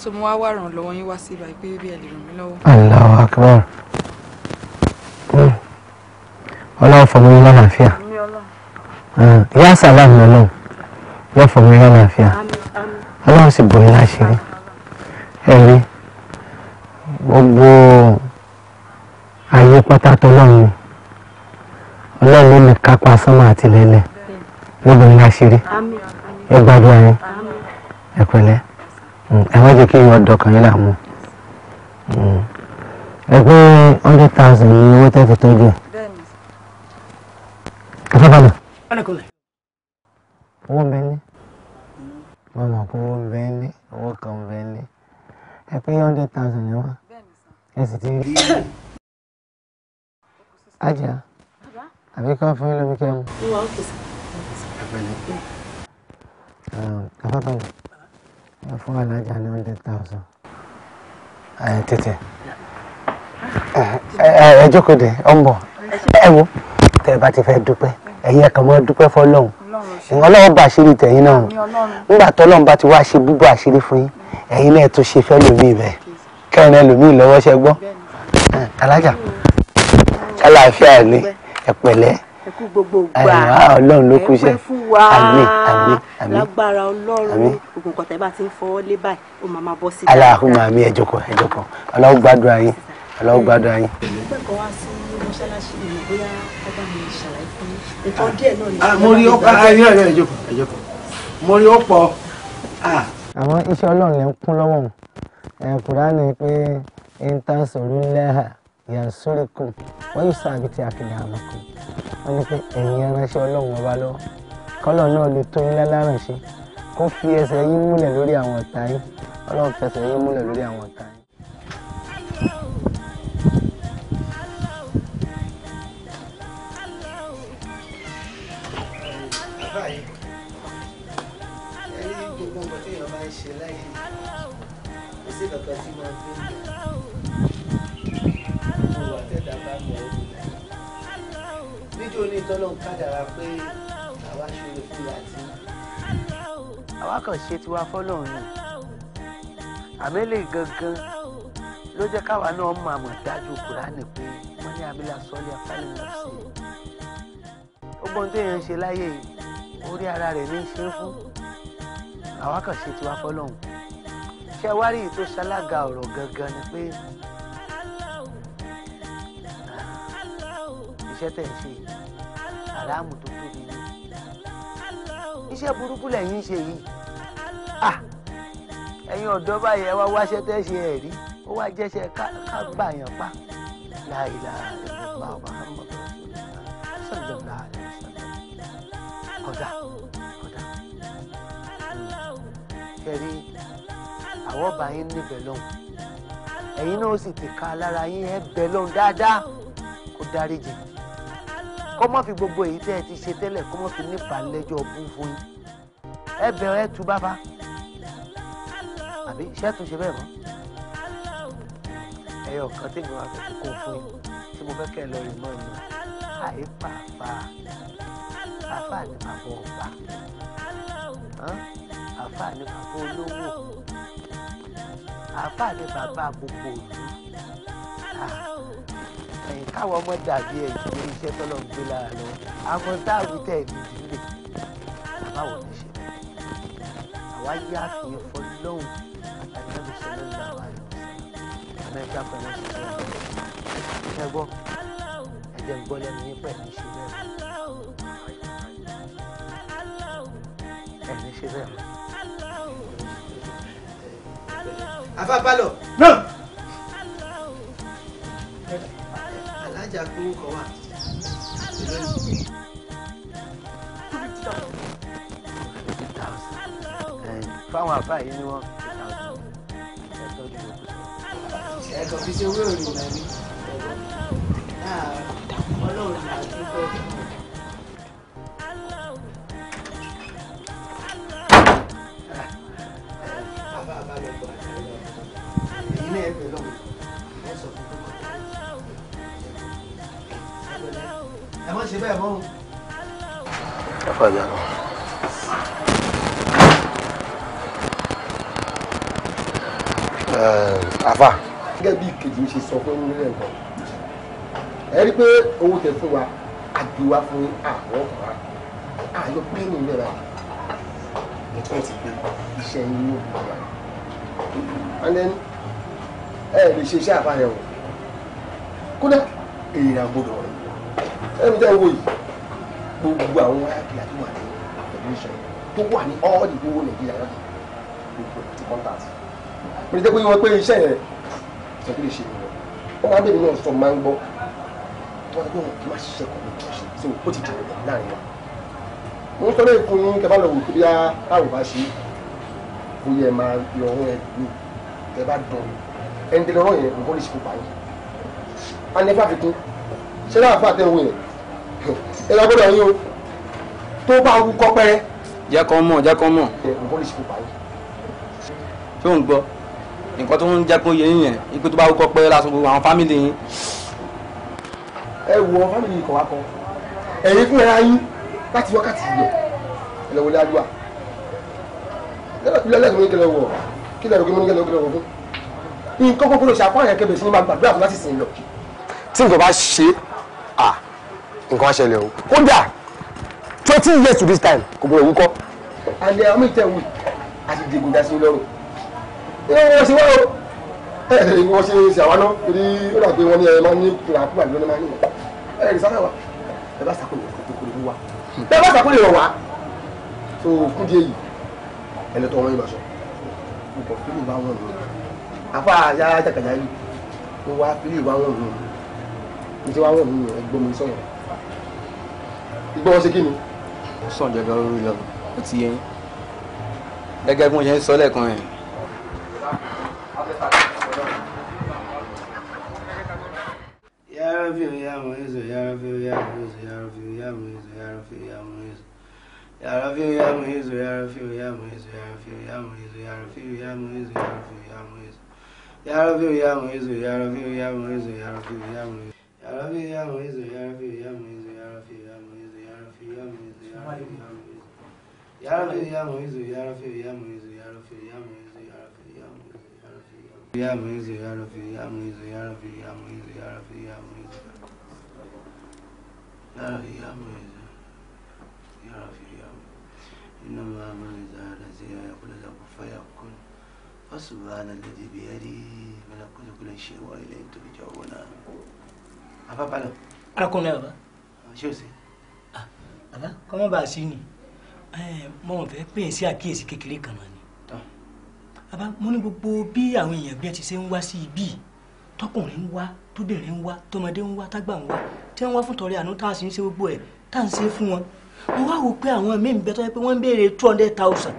so mo wá wá ràn lọ́wọ́ yín wá sí ibà pé bí ẹ lè ràn mí lọ́wọ́. Allahu akbar hmm. ọlọ́run fọmọ yín lálàáfíà yá sàlámù ọlọ́run yóò fọmọ yín lálàáfíà ọlọ́run sì bò yín láṣìírí ẹ̀rí. gbogbo ayé pátá tó lọ́run ọlọ́run ní kápá sánmà àtìlẹ́lẹ̀ gbogbo ńlá ṣeré ẹ gbàdúrà yẹn ẹ hmm, ẹ má jẹ́ kí ọdọ dọkàn yín làmú hmm. ẹ pé hundred thousand ní owó tẹ́ tọ́jú ẹ sì ti rí ajá àbí kan fún ilé mi kẹ́ mu. afábàlẹ̀ ẹ fún alájà ní hundred thousand ẹ tètè ẹ jókòó dé ọ ń bọ̀ ẹ wo tẹ́ ẹ bá ti fẹ́ dúpẹ́ ẹ̀yin ẹ̀kan mọ́ dúpẹ́ fọlọ́hún ìwọ lọ́wọ́ bá àṣírí tẹ̀yìn náà nígbà tọ́lọ́run bá ti wá ṣe búbọ̀ àṣírí fún yín ẹ̀yin náà tún ṣe fẹ́ lómi bẹ́ẹ̀ kẹrin ẹlòmíì lọ́wọ́ ṣe gbọ́ alájà ṣàlàáfíà ni ẹ̀pẹ̀lẹ́ ẹkú gbogbo gbà Ọlọ́run ló kú iṣẹ́ àmín àmín àmín lágbára Ọlọ́run ogun kọtẹ bá ti ń fọwọ́ lé báyìí ó máa máa bọ́ sí. aláhùnmá mi ẹ jókòó ẹ jókòó Ọlọ́run gbàdúrà yín Ọlọ́run gbàdúrà yín. ìgbẹ́kọ̀ wá sí mọ́ṣáláṣí mi bóyá ọba mi ṣàlàyé fún mi nǹkan ah. díẹ̀ náà ni. Ah, mo rí ọ̀pọ̀ ẹ ní ẹ̀rọ ẹ jókòó ẹ jókòó mo rí ọ̀pọ̀. Ah. àwọn iṣẹ́ Ọlọ́run lè ń kún lọ́wọ́ Qur'an pé in tansurullaha yansurkum wa yusabbit aqdamakum wọ́n ní pé ẹ̀yin aránṣẹ́ ọlọ́run ọba lọ kọ́lọ̀ náà lè tó yín láláránṣẹ́ kó fi ẹsẹ̀ yín múlẹ̀ lórí àwọn ọ̀tá yín ọlọ́run fẹsẹ̀ yín múlẹ̀ lórí àwọn ọ̀tá yín. báyìí ẹni gbogbo nǹkan tí èèyàn bá ń ṣe láyé sí kankan tí wọ́n fi mo wà tẹ́tà bá mọ̀ ọ́ níjó ní tọ́lọ́n kádàrá pé àwa ṣe lè fún kàn ṣe tiwa fọlọ́run ni àmẹ́lẹ̀ gangan ló jẹ́ káwa náà máa mọ̀ dájú kúránì pé wọ́n ní abilà sọ́ọ́lì afáàlì náà sí i. ó gbọ́n tó yẹn ń ṣe láyé orí ara rẹ̀ ní í ṣe fún àwa kàn ṣe tiwa fọlọ́run ṣẹwárí tó ṣalága ọ̀rọ̀ gangan ni pé iṣẹ́ tẹ̀ ń ṣe àràmù tó tóbi ni iṣẹ́ burúkú lẹ́yìn ṣe yìí ah! ẹ̀yin ọ̀dọ́ báyìí ẹ wá wáṣẹ́ tẹ́ ṣe ẹ̀ rí ó wá jẹ́ṣẹ́ ká gbà yàn pa láìla ìgbà ọba sọ̀dọ̀dọ̀ àlẹ́ sọ̀dọ̀ kọ̀dà kọ̀dà kẹ́rí àwọn ọba yín níbẹ̀ lọ́hùn ẹ̀yin náà sì ti lára yín ẹ lọ́hùn dáadáa kó dáríjì kó má fi gbogbo èyí tẹ́ ẹ ti ṣe tẹ́lẹ̀ kó má fi nípa lẹ́jọ́ bú fún yín ẹ ẹ tú bàbá àbí iṣẹ́ tún ṣe bẹ́ẹ̀ mọ́ ẹyọ kan tí mi wà fẹ́ kó fún yín tí mo fẹ́ kẹ́ ẹ lọ rí mọ́ ẹ̀yìn àyè pàápàá àfáà ní bàbá ọ̀gbà àfáà ní bàbá olówó àáfà ni bàbá gbogbo òdu ẹ̀yìn káwọn ọmọ dàbí ẹ̀jẹ̀ lórí iṣẹ́ tọ́lọ̀ ń gbé lára lọ àwọn táàwí tẹ̀ ní ìdílé bàbá wọn ní ṣe àwa yá fi ẹ̀fọ́ lọ́hùn àtàkùn ẹ̀mí ṣẹlẹ̀ ń dàgbà lọ amẹ́ríkà pẹ̀lú ṣẹlẹ̀ ń dàgbà ẹ̀gbọ́n ẹ̀jẹ̀ ń gbọ́ lẹ́nu yín pẹ̀lú ṣe bẹ́ẹ̀ ẹ̀mí ṣe bẹ́ẹ̀. àfa pálọ̀. náà. alájà kó kọ wà. fáwọn àfa yìí ni wọ́n ẹ̀kọ́ fi ṣe owó ìrìnà mi ah, ọlọ́run àti ìfẹ́. ẹ̀yin náà ẹ bẹ̀ lọ́wọ́ ẹ sọ fún kókó ẹ má ṣe bẹ́ẹ̀ mọ́ o. ẹ fà jà lọ. àfà. gẹ́gẹ́ bí ìkejì ṣe sọ fún mi lẹ́ẹ̀kan ẹ rí i pé owó tẹ fún wa àgbéwá fún àwọn ẹ lè ṣe iṣẹ́ àfàyẹ̀ o kódà èyí ra gbọdọ̀ rẹ̀ ẹni tẹ́ wo yìí gbogbo àwọn ayákìlá tó wà ní federation tó wà ní all the gbogbo nàìjíríà láti gbogbo ti contact mo ti jẹ́ pé wọ́n pé iṣẹ́ yẹn sọ pé lè ṣe ìwọ̀n wọn máa bẹ̀rẹ̀ náà sọ máa ń gbọ́ wọn gbọ́ wọn kí má ṣiṣẹ́ kọ́ ní ìjọsìn so ó ti dùn wọn láàrin wa mo sọ lẹ́yìn fún yín kẹ́ bá lọ wò kí bí a ò bá ṣe é bóyá ẹ máa yọ ọ̀hún ẹ ní kẹ́ bá dùn ẹni tẹ́lẹ̀ ọ̀rọ̀ yẹn nǹkan lè ṣe pupa yìí a ní fàfi kún ṣé láàfà tẹ̀ ń wò yẹn ẹ lọ gbọ́dọ̀ yín o tó bá wú kọ́pẹ́rẹ́. jẹ́ kán mọ̀ jẹ́ kán mọ̀. nǹkan lè ṣe pupa yìí. ṣé ò ń gbọ́ nǹkan tó ń jẹ́ kó yẹ yín yẹn ipò tó bá wú kọ́pẹ́rẹ́ lásán gbogbo àwọn fámìlì yín. ẹ wo fámìlì yìí kọ̀ wá kan ẹ̀yin fún ẹ̀rá yín láti wákàtí yìí ẹ lọ wọlé adúlá lẹ́yìn lẹ́yìn kí lẹ wọ̀ kí lẹ kí mo kí lẹ fún nǹkan kókó ló ṣe apá yẹn kébè sí ní máa gbàdúrà fún láti sìn lọ. tí nǹkan bá ṣe à nǹkan á ṣẹlẹ̀ o kódà twenty years to this time kò gbọdọ̀ wúkọ́. and ọmọ ìtẹ̀wé àti dìgùn dá sí lọ́rùn. ẹ ẹ ṣe wá o ẹ ẹ wọ́n ṣe ṣe àwa náà torí ó dà pé wọ́n ní ẹ máa ní kúrà kúrà lónìí máa ń yìnbọn ẹ ẹ sára wa ẹ bá sàkóyè kòkòrò wá ẹ bá sàkóyè rọ̀ wá so kúndìí èyí ẹni tó ọmọ yìí bá sọ nǹkan tó lè bá wọn lò afa ya jàkàjà yìí ó wá fílì wá wọn òun ní tí wá wọn òun ẹ̀gbọ́n mi sọ̀rọ̀ ìgbọ́ wọn ṣe kí ni. ó sàn jẹ́ gan-an lórí lọ́nà ó ti yẹn gẹ́gẹ́ bí wọ́n ṣe ń sọ lẹ́ẹ̀kan yẹn. yàrá fi yàrá mọ̀ ẹ́ sọ yàrá fi yàrá mọ̀ ẹ́ sọ yàrá fi yàrá mọ̀ ẹ́ sọ yàrá fi yàrá mọ̀ ẹ́ sọ yàrá fi yàrá mọ̀ ẹ́ sọ yàrá fi yàrá mọ̀ ẹ́ sọ yàrá fi yàrá mọ̀ ẹ́ sọ yàrá fi yàrá mọ̀ ẹ́ sọ yàrá fi yàrá mọ̀ ẹ́ sọ yàrá fi. Ya Rabbi ya Muizu ya Rabbi ya Muizu ya Rabbi ya Muizu Ya Rabbi ya Muizu ya Rabbi ya Muizu ya Rabbi ya Muizu ya Rabbi ya Muizu ya Rabbi ya Muizu Ya Rabbi ya Muizu ya Rabbi ya Muizu ya Rabbi ya Muizu ya Rabbi ya Muizu ya Muizu ya Rabbi ya Muizu ya Rabbi ya Muizu ya Rabbi ya Muizu Ya Rabbi ya Muizu ya Rabbi ya Muizu إنما أمر إذا هذا زيادة كل ذا كفاية وسبحان الذي بيده ملكوت كل شيء وإليه ترجعون àbá balọ̀. arákùnrin bàbá. ṣé o ṣe. bàbá kọ́ mọ́ bá a sí ni mo mọ̀ fẹ́ pè é sí àkíyèsí kékeré kan náà ni. bàbá mo ní gbogbo bí àwọn èèyàn bí ẹ ti ṣe ń wá sí ibí tọkùnrin ń wá tóbìnrin ń wá tọmọdé ń wá tágbà ń wá tí wọ́n wá fún tọrẹ àánú tá à ń ṣe gbogbo ẹ̀ tá à ń ṣe fún wọn mo wá wò pé àwọn míì ń bẹ tó yẹ pé wọ́n ń béèrè two hundred thousand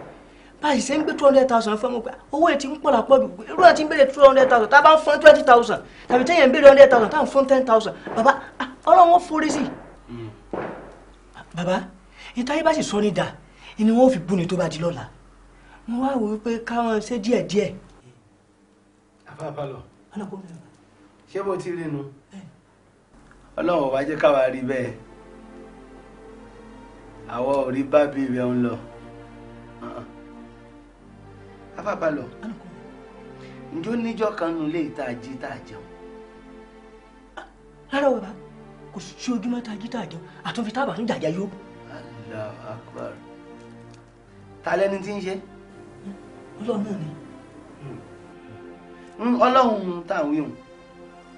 báyìí ṣe ń gbé two hundred thousand fún ọmọ pé owó ẹ̀ ti ń pọ̀lá pọ̀ dùn irú ẹ̀ ti ń béèrè two hundred thousand tá a bá ń fún twenty thousand tàbí téèyàn ń béèrè hundred thousand tá à ń fún ten thousand bàbá ah, ọlọ́run ó forí sí. bàbá ìtayé bá sì sọ ní dà ni wọn ò fi bú ni tó bá di lọ́la mo wá wò wípé káwọn ṣe díẹ̀ díẹ̀. àbá àbálọ ṣé bó ti rí nu ọlọ́run ò wá jẹ́ káwa rí bẹ́ẹ̀ àwa ò rí bá bí ìrẹ̀ afábàlọ̀ njó níjọ́ kan nu lè tá a jí tá a jẹun. rárá o bàbá kò sí ojúmọ́ tá a jí tá a jẹun àtúnfi tábà ń jàjà yó. Allahu Akbar ta lẹni tí ń ṣe. ọlọ́run náà ni. Hmm. Hmm, ọlọ́run tá à ń wí hùn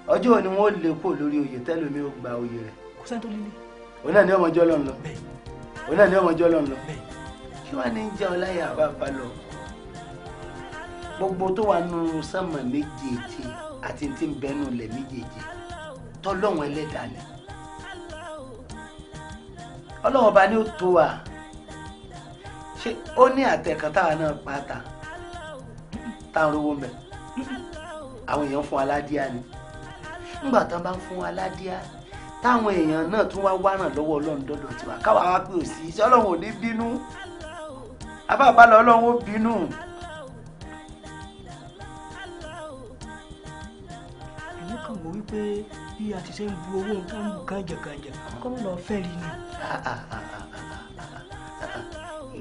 ọjọ́ òní wọn ò lè kó lórí oyè tẹ́lómi ó gba oyè rẹ̀. kò sẹ́ni tó lé lé. òun náà ni ọmọ ọjọ́ lọ́n lọ. òun náà ni ọmọ ọjọ́ lọ́n lọ. kí wàá ní jẹun láyà bàbá lọ. gbogbo tó wà nù sánmà méjèèjì àti tí ń bẹnu lẹ̀ méjèèjì tọ́lọ́wọ́n ẹlẹ́dàá ni ọlọ́wọ́n ọba ni tó wa ṣé ó ní àtẹ̀kàn náà pátá táwọn rówó mẹ́ àwọn èèyàn fún aládìá ni ńgbà tán bá ń fún aládìá táwọn èèyàn náà tún wá wárán lọ́wọ́ ọlọ́run dọ́dọ̀ tiwa káwa wá pé òsì ìṣọ́lọ́run ò ní bínú abáàbá lọ́lọ́run ó bínú. wípé bí a ti ṣe ń bu owó nǹkan bù kànjàkànjà kọ́ ló lọ́ọ́ fẹ́ rí ni.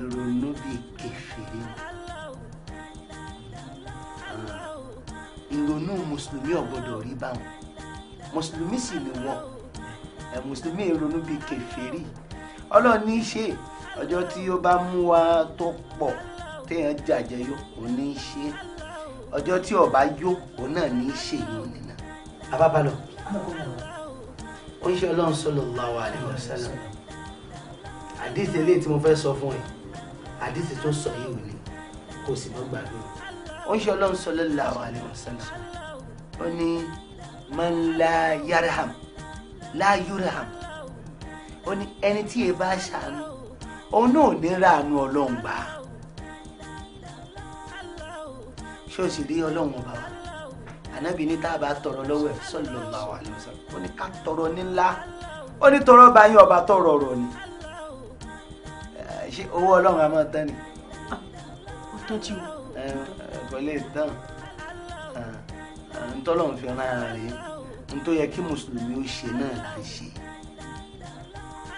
ìrònú bíi kẹfìrí ah, ìrònú mùsùlùmí ò gbọ́dọ̀ rí báwọn mùsùlùmí sì ni wọn ẹ mùsùlùmí ìrònú bíi kẹfìrí ọlọ́run ní ṣe ọjọ́ tí ó bá mú wa tó pọ̀ téèyàn jàjẹyó kò ní ṣe ọjọ́ tí ọba yó òun náà ní í ṣe yìí nìyẹn àbábalọ ó ń ṣe ọlọ́run sallallahu alaihi wasallam àdìsí eléyìí tí mo fẹ́ sọ fún ẹ àdìsí tó sọ yìí wòlé kò sì mọ́ gbàgbé ó ṣe ọlọ́run sallallahu alaihi wasallam ó ní man la yarham la yurham ó ní ẹni tí ẹ bá ṣàánú òun náà ní ráàánú ọlọ́run gbà ṣé o sì rí ọlọ́run ọba wa ànábì ní tá a bá tọrọ lọ́wọ́ ẹ̀ sallallahu alaihi wasallam ó ní ká tọrọ ní ńlá tọrọ bá yín ọba tọrọ ọ̀rọ̀ ni ṣé owó ọlọ́run a tán ni. ó tán tí o. kò lè tán ntọ́lọ́run fi rán rẹ̀ ntọ́ yẹ kí mùsùlùmí ó ṣe náà là ń ṣe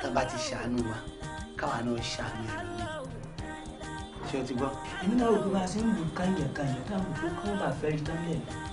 tá bá ti ṣàánú wa káwa náà ṣàánú ẹlòmíì ṣé o ti gbọ́. èmi náà ò gbé wa sí ń bù kányàkányà táwọn òkú kọ́ bá fẹ́ rí tán lẹ́yìn.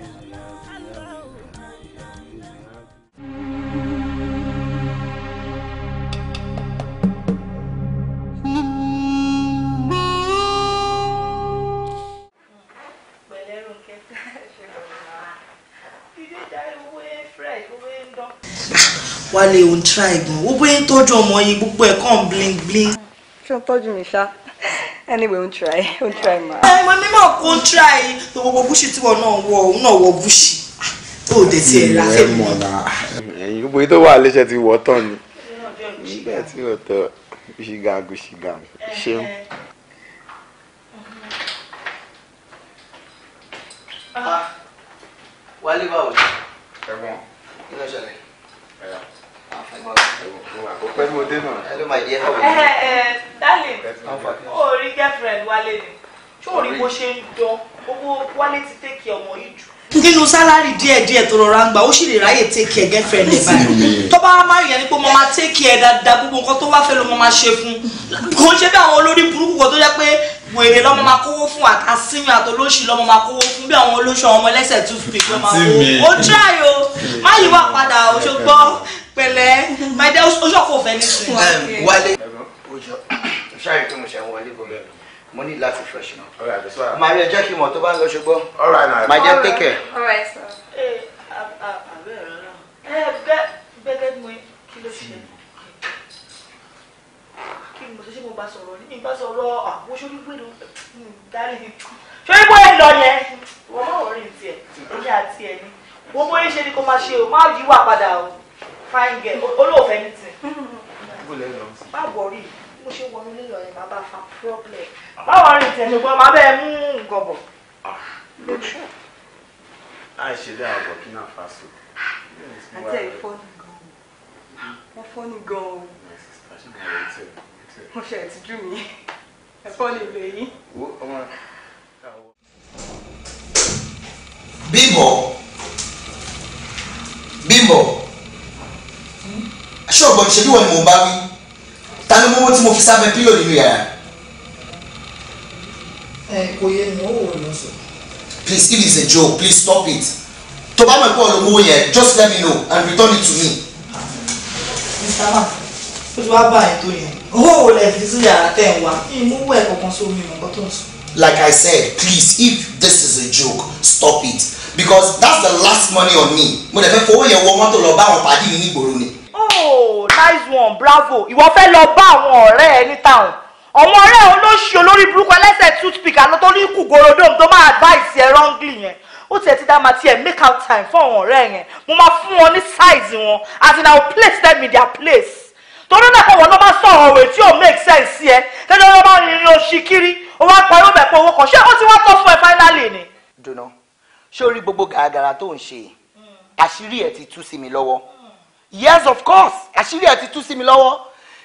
wà lè òun try gan wọ́n bóyá ń tọ́jú ọmọ yìí gbogbo ẹ̀ kàn bling bling. ṣé o tọ́jú mi ṣá anyway òun try òun try ma. ẹ mo ní mọ̀ kó ń try tó gbogbo búṣì tí wọn náà wọ òun náà wọ búṣì tó o dé sí ẹ láfẹ́ mi. ẹ̀yin gbogbo yìí tó wà léṣẹ́ ti wọ́ tán ni nígbà tí o tọ́ ṣìgàgù ṣìgàgù ṣeun. Ah, wálé báwo ni. ẹ̀wọ̀n. kí ló ṣẹlẹ̀ ọpẹ́ ni mo dé náà. hello my eh, eh, eh, darling o girlfriend wálé ni ṣé o rí bó ṣe ń dán gbogbo wálé ti tẹ́kì ọmọ yìí jù nínú sálárì díẹ̀ díẹ̀ tó rọra ń gbà ó sì lè ráyè take care girlfriend ẹ̀ báyìí tó bá máa yẹ ni pé mo máa take care dáadáa gbogbo nǹkan tó wá fẹ́ ló mo máa ṣe fún kò ń ṣe bí àwọn olórí burúkú kan tó jẹ́ pé wèrè lọ́mọ máa kówó fún àtàsíyàn àtolóṣì lọ́mọ máa kówó fún bí àwọn olóṣù àwọn ọmọ ẹlẹ́sẹ̀ tún fi pé máa wò ó try yo. má yí wà padà òṣogbọ́ pẹ̀lẹ́ máa jẹ́ oṣù ọ̀fọ̀ fẹ́ nísìnyí. wálé. ọjọ́ ṣáà yìí tó mo mo ní láti freshen up. alright that's why. màá rí ẹjọ́ kí mọ̀ tó bá ń lọ ṣùgbọ́n. alright na. màá jẹ́ pẹ́kẹ̀. alright sir. ẹ àbẹ̀ rẹ náà ẹ bẹ́ bẹ́gẹ́ mi kí ló ṣe kí ni mo ṣe ṣe mo bá sọ̀rọ̀ ní ìbá sọ̀rọ̀ àwọn ṣorí gbèrò dárí mi. ṣorí bóyá lọ yẹn wọ́n máa wọ̀rí ní tiẹ̀ ní àti ẹ̀ ni wọ́n bóyá ṣe ni kò máa ṣe o máa yíwà padà o fine girl olóòfẹ́ ní tiẹ̀. báwo rí i bó ṣe wọnú lílọ yẹn bàbá fa problem báwọn rìn tẹ̀mí gbọ́ máa bẹ́ẹ̀ mú nǹkan bọ̀. àìṣe dáa Burkina Faso. àti ẹ̀ fọ́nì gan-an wọ́n fọ́nì gan-an mo ṣe ìtìjú mi ẹ̀ fọ́nì ìlú èyí. Bímbọ́ Bímbọ́ ṣé o gbọ́ ṣe bí wọ́n ni mo bá wí ta ló mọ́wọ́ mo fi sábẹ́ pílò nínú yàrá. ẹ kò yé mi ó lọ sọ. please if it's a joke please stop it tó bá mọ̀ pé ọ̀nà owó yẹn just let me know and return it to me. mr ma ó ti wá bá ètò yẹn owó wo lẹ fi sí yàrá tẹ̀ ń wá ìmúwẹ̀ kankan sí omi ìmọ̀kọ́ tó ń sọ. like i said please if this is a joke stop it because that's the last money on me mo dẹ̀ fẹ́ fowó yẹn wọ mọ́tò lọ bá àwọn pàdé mi nígboro ni nice one bravo ìwọ fẹ́ lọ bá àwọn ọ̀rẹ́ ẹ ní town àwọn ọ̀rẹ́ ẹ olóṣì olórí burúkú ẹlẹ́sẹ̀ toothpick àlọ́tọ́rí kùgòròdòm tó máa advice ẹ wrongly yẹn ó tiẹ̀ ti dá ma tiẹ̀ make out time fún àwọn ọ̀rẹ́ yẹn mo máa fún wọn ní size wọn as in our place them in their place torí náà kọ̀ wọ́n ló máa sọ̀rọ̀ òwe tí ò make sense yẹ tẹ́jọ́ ló máa rìnrìn oṣì kiri ó wá parí ó bẹ̀ pé owó kan ṣé ó ti wá tọ́ fún ẹ finally ni. dùnà ṣé orí gbogbo gàràgàrà tó ń ṣe hmm. àṣírí ẹ ti tú sí mi lọ́wọ́. Hmm yes of course àṣírí ẹ ti tú sí mi lọ́wọ́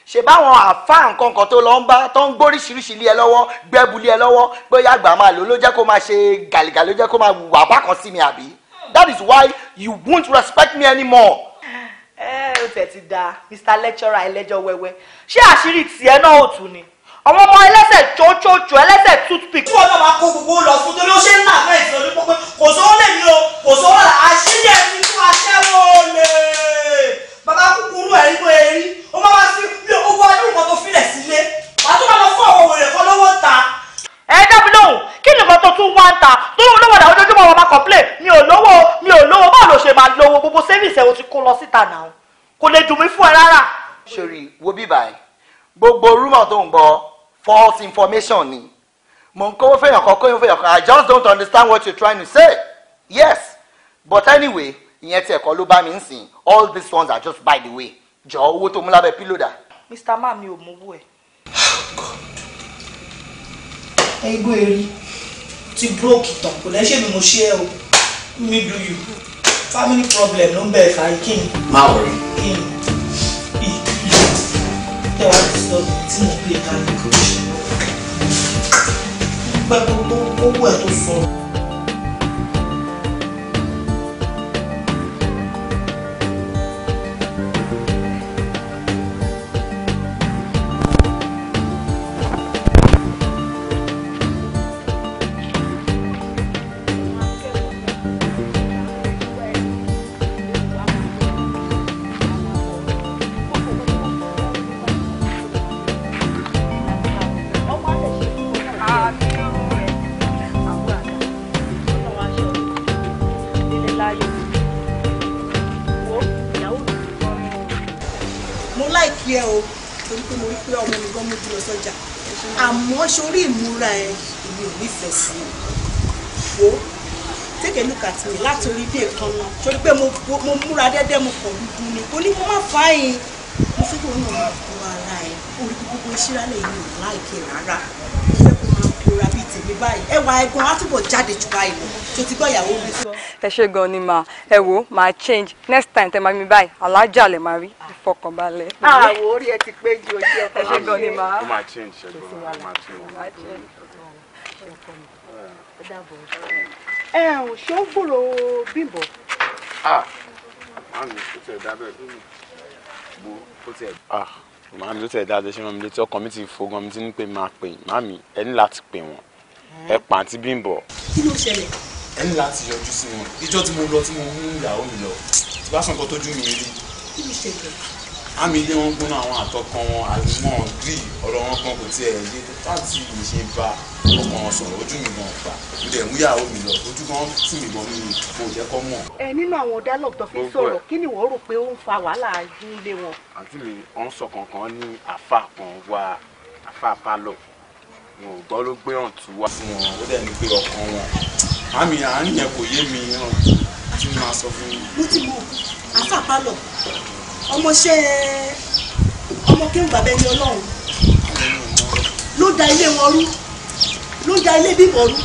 ṣe báwọn àfa nǹkan kan tó lọ ń bá tó ń gbóríṣiríṣi lé ẹ lọ́wọ́ gbẹ́bu lé ẹ lọ́wọ́ bóyá àgbà máa lò ló jẹ́ kó máa ṣe gàlìgà ló jẹ́ kó máa wà bákan sí mi àbí that is why you won't respect me anymore. ẹ eh, ẹ o tẹ̀ ti da mr lecturer ẹlẹ́jọ́ wẹ́wẹ́ ṣé àṣírí tiẹ̀ náà ò tù ni àwọn ọmọ ẹlẹ́sẹ̀ tsotsotsò ẹlẹ́sẹ̀ toothpick. kó o lọ máa kó gbogbo lọ fún torí ó ṣe ń nà ìsọ̀rí pé kò sówó lè mi o kò sówó là àṣírí ẹni fún aṣẹ́wó lè. bàbá kúkúrú ẹ̀rí pé erí ó máa fi bí owó ọdún nǹkan tó filẹ̀ sílé wàá tó máa lọ fún ọ̀wọ̀ wèrè kan lówó ta. ẹ dábì lóhùn kí ni nǹkan tó tún wá ń ta tó ń lówó dà ojoojúmọ́ wọn máa complain gbogbo rúmọ̀ tó ń gbọ́ false information ni mo ń kówó fẹ́yàn kan kówó fẹ́yàn kan I just don't understand what you're trying to say yes but anyway ìyẹn tí ẹ̀kọ́ ló bá mi ń sìn all these ones are just by the way jọ owó tó mú lábẹ́ pílòdà. Mr. Man mi ò mówó ẹ. ẹgbẹ́ eri ti búrókì tán kò lẹ́sẹ̀ mi mo ṣe ẹ o mi do you family problem ló ń bẹ̀rẹ̀ fà kí n. má wọrí tẹ́ wá ti sọ tí mo gbé kalẹ̀. mo gbà gbogbo owó ẹ̀ tó sọ. láìkí ẹ o torí pé mo rí pé ọmọ mi gan mú jùlọ sọ́jà àmọ́ sórí ìmúra ẹ èmi ò nífẹ̀ẹ́ sí i wo take a look at me láti orí bí èèkan náà torí pé mo múra dẹ́dẹ́ mo kàn dúdú ni kò ní mo má fà á yín mo fẹ́ kí òun náà máa fún ara ẹ orí gbogbo ìṣírálẹ̀ yìí ò láìkí rárá tèmi báyìí ẹwà ẹ̀gbọ́n á túbọ̀ ẹ ṣe gan ni màá ẹ wò màá change next time tẹ máa mi báyìí alájà lè máa rí ìfọkànbalẹ̀. àwọ̀ ah, orí ẹ ti pé ju ojú ẹ ṣe gan ni màá. change ṣẹgbọn ó máa change. ẹ ò ṣó ń gbòòrò bímbọ. Ah, màámi ó tẹ̀ dábẹ́ gbó ó tẹ̀ ah, màámi ló tẹ̀ dáadé ṣé wọn mi létí ọkàn mi ti fo gan mi ti ní pé máa pè màámi ẹ ní láti pè wọn ẹ pa àǹtí kí ló ṣẹlẹ̀. ẹ ní láti yọjú sí wọn ìjọ tí mo lọ tí mo mú ìyàwó mi lọ tí bá sọ tójú mi rí. kí ló ṣẹlẹ̀. àmì ilé wọn gbóná àwọn àtọkàn wọn àlùmọ́ gírì ọ̀rọ̀ wọn kan kò tiẹ̀ yé láti ìṣe bá ọkàn wọn sọ̀rọ̀ ojú mi gan gbà mo mú ìyàwó mi lọ ojú kan tì mí gan mi kò jẹ́ kọ́ mọ̀. ẹ nínú àwọn dialogue tó fi sọ̀rọ̀ kí ni wọ́n rò pé ó ń fa wàhálà ilé wọn. àǹtí mi ọ̀n sọ ní àfa kan wá àfa pálọ̀ wọn ò gbọ́ ló gbé hàn tú wá fún wọn ó dẹ̀ ní pé ọkàn wọn àmì àárín kò yé mi hàn tí mo máa sọ fún yín. mo ti mọ àáfà pálọ̀ ọmọọṣẹ́ ọmọ kéwù bàbá ẹni ọlọ́run ló da ilé wọn rú ló da ilé bíbọ̀ rú.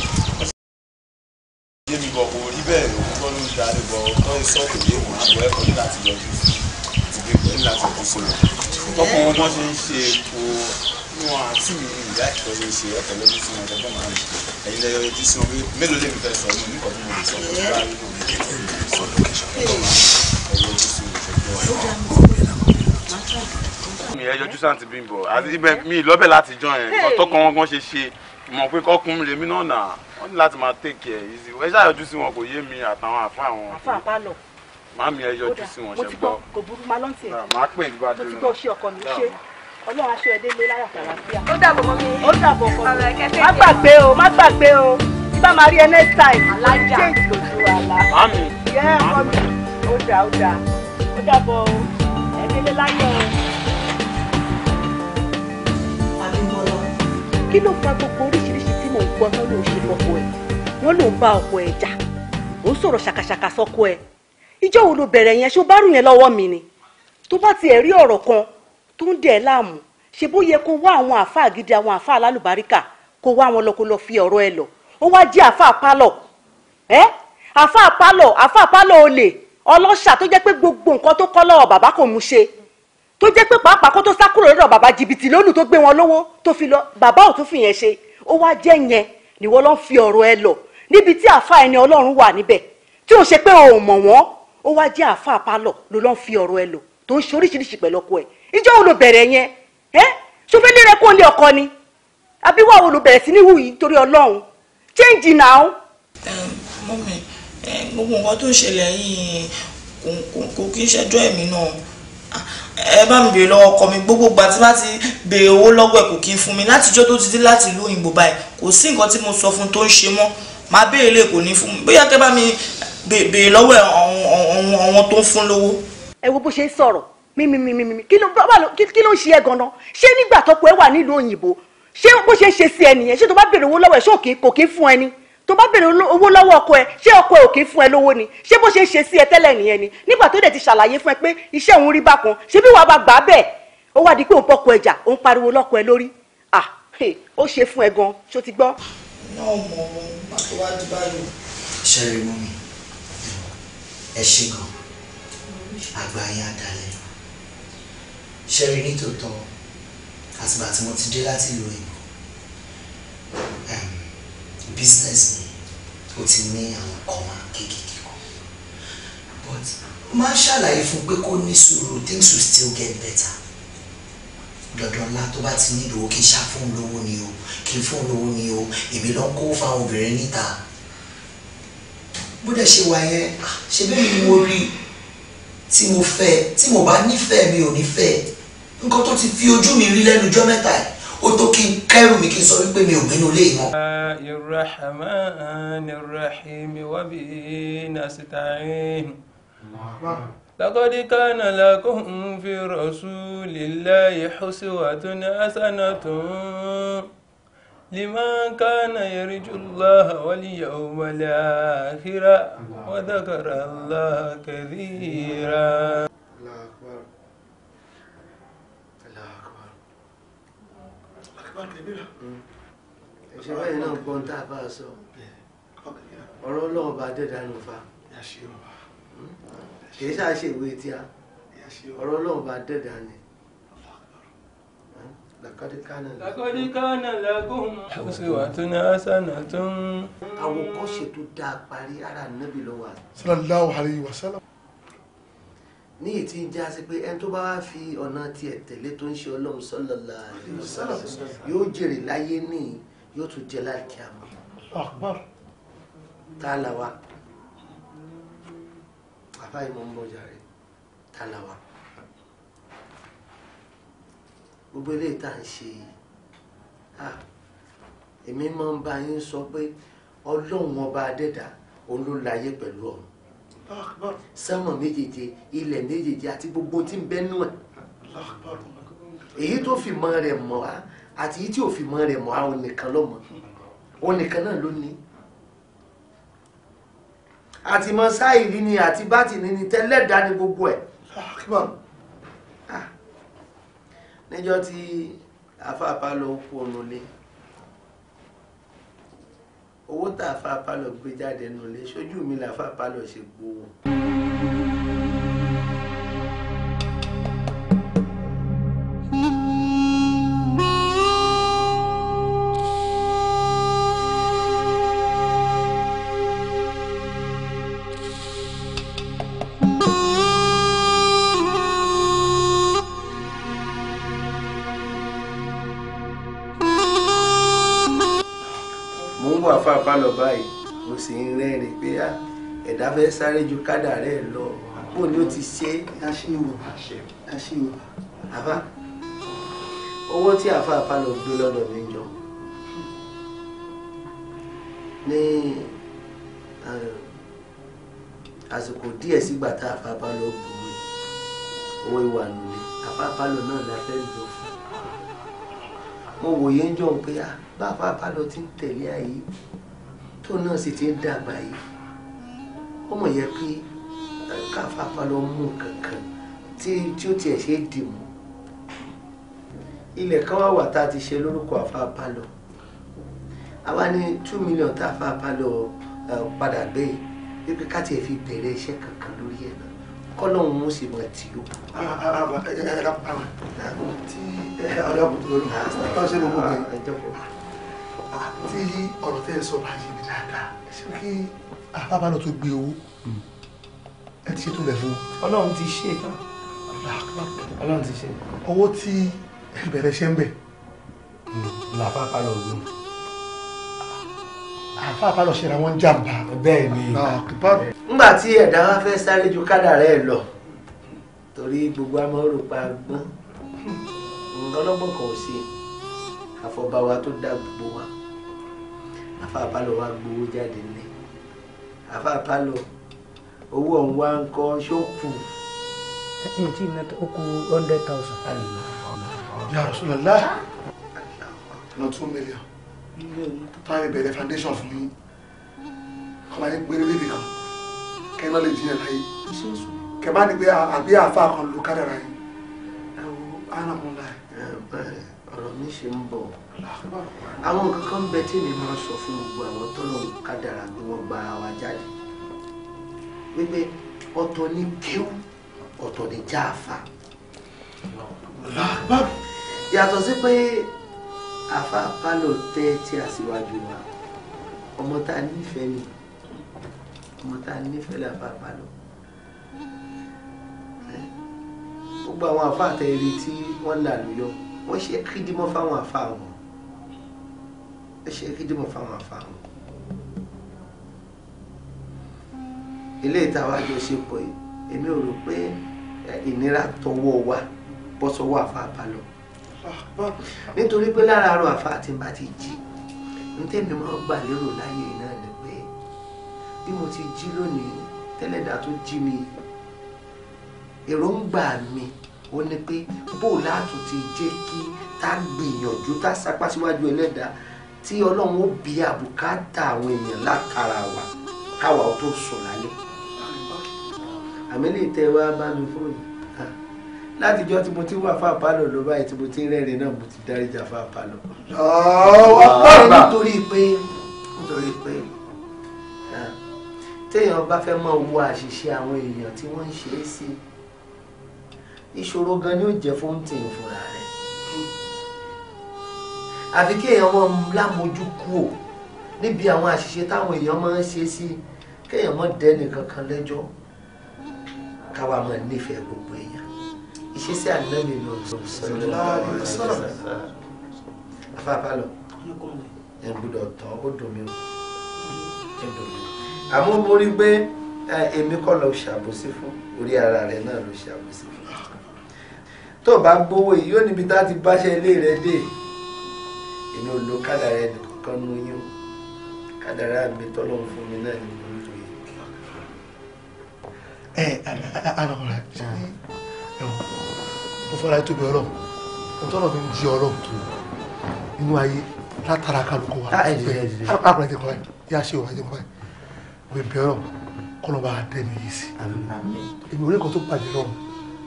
débi bọ̀ kò rí bẹ́ẹ̀ òun kọ́ ló ń darí bọ̀ ọ̀tọ́ ìsọ́kù lé wọn àbọ̀ ẹ̀kọ́ ní láti yọjú sí bí pẹ̀lú láti ọkọ̀ fún wọn. ọkọ̀ wọn ṣe ń ṣe epo wọn àti mi ní ìyá ìkọ́ ló ṣe ọ̀tọ̀ lọ́dún fún wọn ọ̀dọ́gbọ́n máa ń ẹ̀yin lẹ́yọ ojú sí wọn pé mélòó lèmi fẹ́ sọ mi nípa bí mo lè sọ wọn bá rí lómi sọ lókèṣọ ẹ̀yin ojú sí mi fẹ́ gbọ́ ẹ̀. mi mi lọ́bẹ̀ láti jọ ẹ̀ nǹkan tó kàn wọ́n gan ṣe ṣe mọ̀ pé kọ́kùn lèmi náà nà wọ́n ní láti máa tèkì ẹ̀ yìí sí ẹ ṣàyọjú sí wọn kò yé mi àtàwọn àfa àwọn. àfa àpá lọ màámi ẹ yọjú sí wọn ṣe gbọ́. kò burú ma lọ́ntì ẹ̀. màá pè é gbàdúrà. mo ti gbọ́ ṣe ọkọ mi ṣe ọlọ́run aṣọ ẹdẹ lé láyà kàlàfíà. ó dàbọ̀ mọ́ mi. ó dàbọ̀ fọ́ mi. má gbàgbé o má gbàgbé o bá máa rí ẹ next time. alájà ṣé ìtòjú àlá. mami. yẹ ọkọ mi ó dà ó dà ó dàbọ̀ o ẹdẹ lé láyà o. àbímọ́lá. kí ló fa gbogbo oríṣiríṣi tí mò ń gbọ́ tó ló ń ṣe fọ́kọ ẹ̀ wọ́n ló ń bá ọkọ ẹ̀ jà ó ń sọ̀rọ̀ ṣàkàṣàkà sọ́kọ ẹ̀ ìjọ́ wo ló bẹ̀rẹ̀ yẹn ṣó bá rù yẹn lọ́wọ́ mi ni tó bá tiẹ̀ rí ọ̀rọ̀ kan tó ń dẹ̀ láàmú ṣe bó yẹ kó wá àwọn àáfàá gidi àwọn àáfàá alálùbáríkà kó wá wọn lọ kó lọ fi ọ̀rọ̀ ẹ lọ ó wá jẹ́ àáfàá pálọ̀ ẹ́ àáfàá pálọ̀ àáfàá pálọ̀ olè ọlọ́ṣà tó jẹ́ pé gbogbo nǹkan tó kọ́ lọ́wọ́ bàbá kò mú ṣe tó jẹ́ pé pàápàá kó tó sá kúrò lọ́dọ̀ bàbá jìbìtì lónìí tó gbé wọn lówó tó fi lọ bàbá ò tún fi yẹn ṣe ó wá jẹ́ yẹn nìwọ ló fi ọ̀rọ̀ ẹ lọ níbi tí àáfàá ẹni ọlọ́run wà níbẹ̀ tí ò ṣe pé ò mọ̀ wọ́n ó wá jẹ́ àáfàá pálọ̀ ló ló fi ọ̀rọ̀ ẹ lọ tó ń ṣe oríṣiríṣi pẹ̀lú ọkọ ẹ̀ ìjọ wo ló bẹ̀rẹ̀ yẹn ẹ́ ṣọfẹ́ lérẹ́ kó lé ọkọ ni àbí wà wo ló bẹ̀rẹ̀ sí ní wù yìí torí ọlọ́run change now. mọ́mi gbogbo nǹkan tó ṣẹlẹ̀ yìí kò kí ń ṣẹjọ́ ẹ̀mí náà ẹ bá mi bèrè lọ́wọ́ ọkọ mi gbogbo ìgbà tí bá ti bèrè owó lọ́wọ́ ẹ̀ kò kí ń fún mi látijọ́ tó ti dé láti ìlú òyìnbó báyìí kò sí nǹkan tí mo sọ fún tó ń ṣe mọ́ màá bèrè lè kò ní fún mi bóyá kẹ́ bá mi bèrè lọ́wọ́ ẹ̀ àwọn tó ń fún lówó. ẹ wo bó ṣe ń sọ̀rọ̀ mímímímí kí ló ń ṣe ẹ ganan ṣé nígbà tọ́pọ̀ ẹ wà nílùú òyìnbó ṣé bó ṣe ń ṣe sí ẹ nìyẹn ṣé tó bá béèrè owó lọ́wọ́ ẹ ṣé kò kí fún ẹ ni tó bá béèrè owó lọ́wọ́ ọkọ ẹ ṣé ọkọ ẹ ò kí fún ẹ lówó ni ṣé bó ṣe ń ṣe sí ẹ tẹ́lẹ̀ nìyẹn ni nígbà tó dẹ̀ ti ṣàlàyé fún ẹ pé iṣẹ́ òun rí bákan ṣé bí wàá bá gbà á bẹ́ẹ̀ ó wá di pé òun pọkọ ẹjà òun pariwo lọ́kọ ẹ lórí ah ó ṣe fún ẹ gan ṣó ti gbọ́. náà mọ àtúwájú báyìí. ṣẹ́rí mú mi ẹ ṣe gan àgbà yẹn adalẹ̀ ṣẹ́rí nítòótọ́ àtìgbà tí mo ti dé láti ìlú òyìnbó ehm, business ni ó ti ní àwọn kọ́má kéékèèké kan but máa ṣàlàyé fún pé kó ní sùúrù things will still get better dandan ńlá tó bá ti nílò kí n ṣá fún lówó ni o kí n fún lówó ni o èmi lọ kó fáwọn obìnrin níta bó dẹ̀ ṣe wà yẹn ṣe bẹ́ẹ̀ ni mo rí tí mo fẹ́ tí mo bá nífẹ̀ẹ́ mi ò nífẹ̀ẹ́ nǹkan tó ti fi ojú mi rí lẹ́nu ọjọ́ mẹ́ta yìí ó tó kí n kẹ́rù mi kí n sọ wípé mi ò gbénu lé mọ́. irrahman irrahim wabi nasitain. لقد كان لكم في رسول الله حسوة حسنة لمن كان يرجو الله واليوم الآخر وذكر الله كثيرا ṣe báyìí náà gbọ́n tá a bá a sọ ọ̀rọ̀ ọlọ́run bá dé dànù fa kì ṣáà ṣe ìwé tí a ọ̀rọ̀ ọlọ́run bá dé dànù. لقد كان لقد كان لكم أسوة حسنة àwòkọ́ṣe tó dáa parí ara Ànábì ló wà. sallallahu alayhi wa sallam ní ìtí já sí pé ẹni tó bá wá fi ọ̀nà tiẹ̀ tẹ̀lé tó ń ṣe ọlọ́run sọ́lọ́lá yóò jèrè láyé ní yóò tún jẹ láìkí àmọ́ tá a là wá bàbá ìmọ̀ ń bọ̀ jàre tá gbogbo eléyìí tá à ń ṣe èmi máa ń bá yín sọ pé ọlọ́run ọba adẹ́dà òun pẹ̀lú ọ̀run sẹ́wọ̀n méjèèje ilẹ̀ méjèèje àti gbogbo tí ń bẹ́nu ẹ̀ èyí tó fi mọ rẹ̀ mọ́ á àti èyí tí ò fi mọ rẹ̀ mọ́ á òun nìkan ló mọ̀ òun nìkan náà ló ní àti mọ sáìrí ni àti bátìní ni tẹ́lẹ̀dá ni gbogbo ẹ̀ ah. níjọ́ tí afáfá ló kú ònú lé tá àfa pálọ̀ gbé jáde nulẹ̀ sójú mi làfa pálọ̀ ṣe gbowó. sì ń rẹ́rìn pé ah, ẹ̀dá fẹ́ sáré ju kádà rẹ̀ lọ bó ni ó ti ṣe aṣíwò aṣíwò àbá owó tí àfa àfa lọ gbé lọ́dọ̀ mi jọ ní eh, àsìkò díẹ̀ sígbà tá àfa bá lọ gbòwe owó ìwà nílé àfa àfa lọ náà la fẹ́ lò fún mo wòye ń jọ pé ah, bá àfa àfa lọ ti ń tẹ̀lé àyè tó náà sì ti ń dàgbà yìí ọmọ yẹ pé káfáfá lọ mú kankan tí tí ó tiẹ̀ ṣe dì mú ilẹ̀ kan wá wà tá a ti ṣe lórúkọ àfáàpá lọ àwa ní two million tá àfáàpá lọ padà bẹ́ẹ̀ wípé ká tiẹ̀ fi bẹ̀rẹ̀ iṣẹ́ kankan lórí ẹ̀ náà kọ́lọ́hún mú sí mọ̀ tí ó. tí ọ̀rẹ́ ọkùnrin ló ń ẹ̀ tí ọ̀rọ̀ tẹ́ ẹ sọ báyìí ṣé kí bàbá lọ tó gbé owó ẹ ti ṣètò rẹ̀ fún. ti ṣe é tán ọlọ́run ti ṣe é. owó tí ẹ bẹ̀rẹ̀ ṣe ń bẹ̀. làfàfà a gbé wọn. àfàfà lọ ṣera wọn jàǹbá. bẹ́ẹ̀ ni. nígbà tí ẹ̀dá wa fẹ́ sáré ju kádà rẹ̀ lọ torí gbogbo amọ́rò pa gbọ́n nǹkan lọ́gbọ̀n kan ò ṣe àfọ̀bá wa tó da gbogbo wa àfáà pálọ̀ gbowó jáde nílé àfáà owó ọ̀hún wá ń kọ́ ṣókù. ẹ̀yìn tí iná ó kú hundred thousand. ya Rasulullah ọ̀nà two million táwọn ìbẹ̀rẹ̀ foundation fún yín kọ́má yín gbére bíbí kan kẹ́ńtà lè jiyàn láyé kẹ́ bá ní pé àbí àfáà kan ló kádàrá yín àwọn ànàkùn láyé ọ̀rọ̀ mi ṣe ń bọ̀ àwọn nǹkan kan bẹ tí mi máa sọ fún gbogbo àwọn tọ́lọ̀ kádàrà bí wọ́n gba wa jáde wípé ọ̀tọ̀ ni kéwù ọ̀tọ̀ ni jáàfà yàtọ̀ sí pé àfa pálọ̀ tẹ́ tí aṣíwájú wa ọmọ tá a nífẹ̀ẹ́ ni ọmọ tá a nífẹ̀ẹ́ làfa pálọ̀ gbogbo àwọn àfa àtẹ̀rí tí wọ́n là lóyún wọ́n ṣe kídìmọ́ fáwọn àfa wọn wọ́n ṣe kídìmọ́ fáwọn àfa wọn. ilé ìtawà àjọṣepọ̀ èmi ò rò pé ìnira tọwọ́ wa bọ́ sọ́wọ́ àfa àbálọ nítorí pé láràárọ̀ àfa àti bá ti jí ní tèmi máa gbà lérò láyé náà ni pé bí mo ti jí lónìí tẹ́lẹ̀dá tó jí mi èròǹgbà mi ó ní pé bó láàtún ti jẹ́ kí tá a gbìyànjú tá a sapá síwájú ẹlẹ́dàá tí ọlọ́run ó bí àbùkátà àwọn èèyàn látara wa káwa ó tó sùn lálẹ́ àmì lè tẹ wá bá mi fóònù látijọ́ tí mo ti wà fáà pálọ̀ ló báyìí tí mo ti rẹ́rìn náà mo ti dáríjà fáà pálọ̀. ọ̀ọ́ ọ̀pọ̀ nítorí pé nítorí pé téèyàn bá fẹ́ mọ̀ wo àṣìṣe àwọn èèyàn tí wọ́n ń ṣe é sí i ìṣòro gan ni ó jẹ́ fóńtì ìfúnra rẹ̀ àfi kéèyàn mọ́ lámojú kú ò níbi àwọn àṣìṣe táwọn èèyàn máa ń ṣe sí kéèyàn mọ́ dẹ́ni kankan lẹ́jọ́ káwa máa nífẹ̀ẹ́ gbogbo èèyàn ìṣesí ànábì ló ń sọ afáfá lọ ẹ gbọ́dọ̀ tọ́ ó dùn mí o ẹ dùn mí o àmọ́ mo rí pé èmi kọ́ lọ ṣàbòsí fún orí ara rẹ̀ náà ló ṣàbòsí fún tó o bá gbowó yìí yóò níbi tá a ti báṣẹ́ ilé rẹ dé èmi ò lo kádàrá ẹni kankan nu yín o kádàrá mi tọ́lọ́ fún mi náà ni mo ń lò yìí. ẹ ànàmọ̀ra ṣe ní ẹ̀wọ̀n mo fara tóbi ọ̀rọ̀ mo tọ́lọ̀ mi ń di ọ̀rọ̀ tó inú ayé látara kálukú wa ah, ah, àpẹẹrẹ ti kọ́ ẹ yá ṣe òwò àti kọ́ ẹ mo bẹ̀rọ̀ kọ́nà bá dẹ́nu yìí sí èmi ò ní kó tó bàjẹ́ lọ́rùn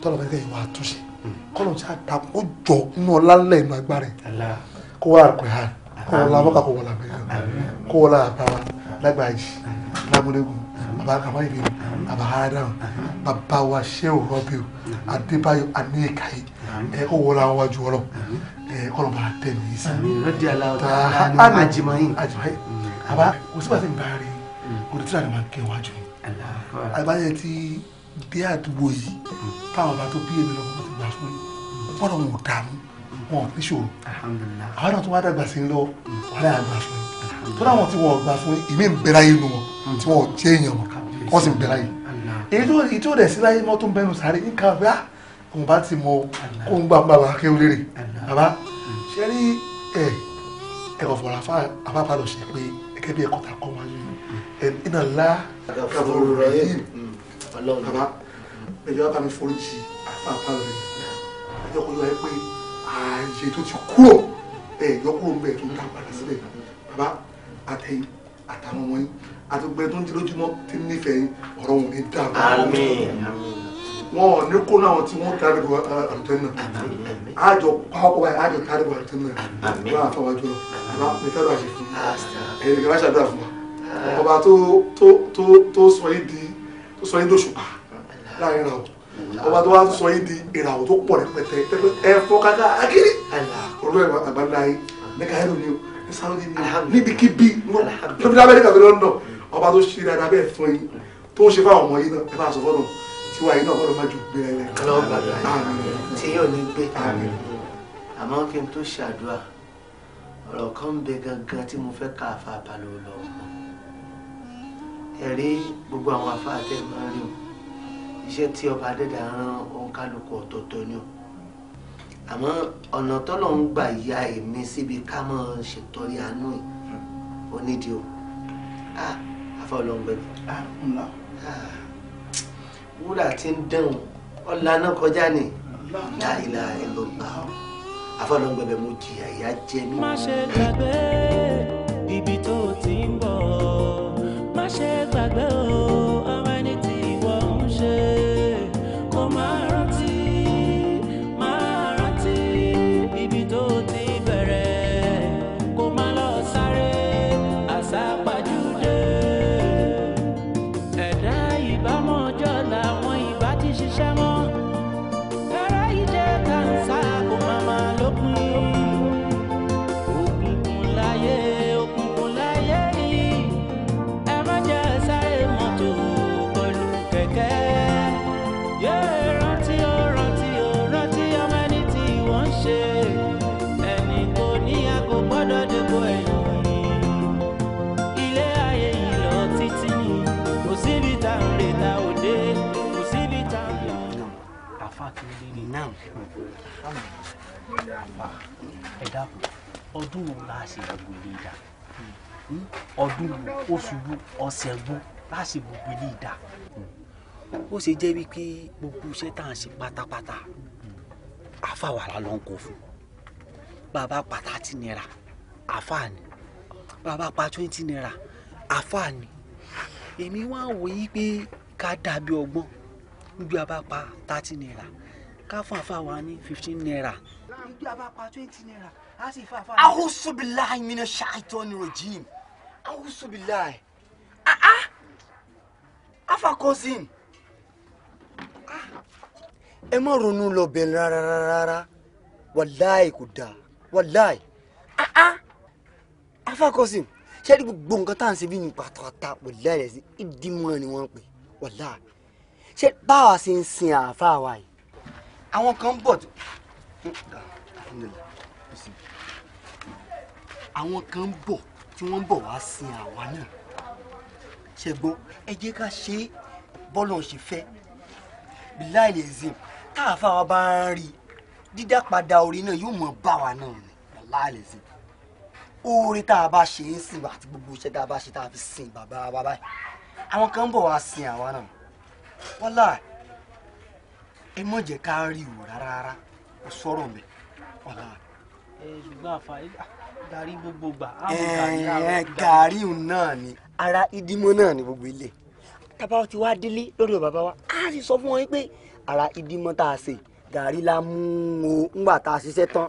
tọ́lọ̀ mi ń tẹ̀yìn wá túnṣe kọ́lọ̀ tí a ta kó jọ inú ọlá ńlẹ̀ inú agbára ẹ̀ kó wọ́n àrùkọ̀ ẹ̀ kó wọ́n lábọ́kà kó wọ́n làbẹ́ kó wọ́n làbàrà lágbàájì lámúlégùn àbákàmá ìbéèrè àbáhádàn bàbá wa ṣéwù rọ́bì adébáyọ̀ aníyèkáyé ẹ̀ kó wọ́n làwọn wájú ọlọ́ ẹ̀ kọ́lọ̀ bá tẹ̀ ní ìsìn. rẹ́dí aláwọ̀ tá a ní àjìmáyìn àbá kò síbàtí ń bá rí kò dé àdúgbò yìí táwọn bá tó bí èmi lọ́kọ́ ti gbà fún yín bọ́dọ̀ wọn ò dààmú wọn ò níṣòro àwọn náà tó wá dàgbà sí lọ wọn náà gbà fún yín tó dáwọn tí wọn ò gbà fún yín ìmí ń bẹ láyé nu wọn tí wọn ò jẹ́ èèyàn mọ̀ wọ́n sì ń bẹ láyé èyí tó dẹ̀ sí láyé mọ́ tó ń bẹnu sáré nǹkan àbá òun bá ti mọ kó ń gbà bàbá kéwìlérè bàbá mm. ṣe rí ẹ ẹ̀rọ fọ̀rọ̀ afáfà lọ ṣe pé gẹ́gẹ́ bí ẹ̀kọ́ kọ́ wájú ẹ̀ iná ńlá ẹ̀fọ́ rẹ̀ yìí mm bàbá ẹjọ́ bá mi foríjì àfààfà rẹ̀ ẹjọ́ kò yọ ẹ pé ààyè tó ti kúrò ẹ yọ kúrò ń bẹ̀ tó ń ta padà síbẹ̀ bàbá àtẹ̀yìn àtàwọn ọmọ yín àtọ̀gbẹ́ tó ń di lójúmọ́ tí nífẹ̀ẹ́ yín ọ̀rọ̀ wọn ní dàbà wọn ò ní kó náà tí wọ́n tàbí bọ̀ àlùtẹ́nà àjọ pàápọ̀ báyìí àjọ tàbí bọ̀ àlùtẹ́nà bá àfọwájú lọ bàbá mi tàbí àṣẹ fún mi ẹ̀yìn kí wọ́n ṣàdúrà fún wa ọba tó sọ yìí di sọ yín dòṣùpá ah, láàrin ìràwọ̀ ọba tó wá sọ yín di ìràwọ̀ tó pọ̀ rẹpẹtẹ tẹpẹ ẹ̀fọ́ kaka akiri olóyè àgbàlá yín níka ẹ̀rù ni o ní sáwọ́dì ni níbikíbi lóbi lábẹ́ nígbà tó lọ́nà ọba tó ṣe dáadáa bẹ́ẹ̀ fún yín tó ń ṣe fáwọn ọmọ yín náà ẹ bá sọ fọ́nà tiwa yìí náà fọ́nà má ju gbé ẹlẹ́ tí yóò ní gbé àmọ́ kí n tó ṣàdúrà ọ̀rọ̀ kan ń bẹ gangan tí mo fẹ́ ká ẹ̀rí gbogbo àwọn afáà tẹ́ ẹ máa rí o iṣẹ́ tí ọba adẹ́dà rán òǹkálùkù ọ̀tọ̀ọ̀tọ̀ ni o àmọ́ ọ̀nà tọ́lọ̀ ń gbà ya èmi síbi ká máa ṣètọ́rí àánú yìí ó nídìí o ah, àfa ọlọ́ngbẹ́ mi ah, ah, wúrà tí ń dẹ̀hùn ọ̀la náà kọjá ni láìla ẹ̀ ló gbà ọ́ àfa ọlọ́ngbẹ́ mi mo jìyà ìyá jẹ́ mi. má ṣe gbàgbé ibi tó ti ń bọ̀ má ṣe gbàgbé o. àfà ẹ dákun ọdún wo la ṣe gbogbo ilé ìdá hmm? ọdún wo oṣù wo ọ̀sẹ̀ wo la ṣe gbogbo ilé ìdá hmm. ó ṣe jẹ́ wípé gbogbo iṣẹ́ tá à ń ṣe pátápátá àfà wà lálọ́ ń kó fún bàbá pa thirty naira àfà ni bàbá pa twenty naira àfà ni èmi wá wò yí pé ká dàbí ọgbọ́n níbi bàbá pa thirty naira ká fún àfà ní fifteen naira rí pé a bá pa twenty naira a sì fa àfàlà. ahosubilayi mina ṣáìtọ́ ni rojim ahosubilayi ah ah afa cousin ah. ẹ má ronú lọ bẹ́ẹ̀ rárá rárá wàláì kò dáa wàláì ah ah afa cousin ṣé ẹni gbogbo nǹkan tá à ń ṣe bí ní pátápátá wàláì rẹ̀ sí ìdímọ̀ ni wọ́n ń pè wàláì báwa ṣe ń sin àáfàá wa yìí àwọn kan bọ̀ tó. Hmm, ah alhamdulilah àwọn kan ń bọ̀ tí wọ́n ń bọ̀ wá sin àwa náà ṣe gbọ́ ẹ jẹ́ ká ṣe bọ́lọ̀ ṣe fẹ́ bíláì lè zim káàfà wa bá ń rí dídá padà orí náà yóò mọ̀ bá wa náà ni bíláì lè zim oore tá a bá ṣe ń sìn àti gbogbo iṣẹ́ tá a bá ṣe tá a fi sin bàbá wa báyìí àwọn kan ń bọ̀ wá sin àwa náà wọ́lá ẹ mọ̀ jẹ́ ká rí o rárá ó sọ̀rọ̀ mẹ́ẹ̀ ṣùgbọ́n àfààní gàrí gbogbo gbà. gàrí náà ni ara ìdímọ̀ náà ni gbogbo ilé tábà ti wá délé lọ́dọ̀ bàbá wa á sì sọ fún wọn pé ara ìdímọ̀ tá a ṣe gàrí la mú o ńgbà tá a ṣiṣẹ́ tán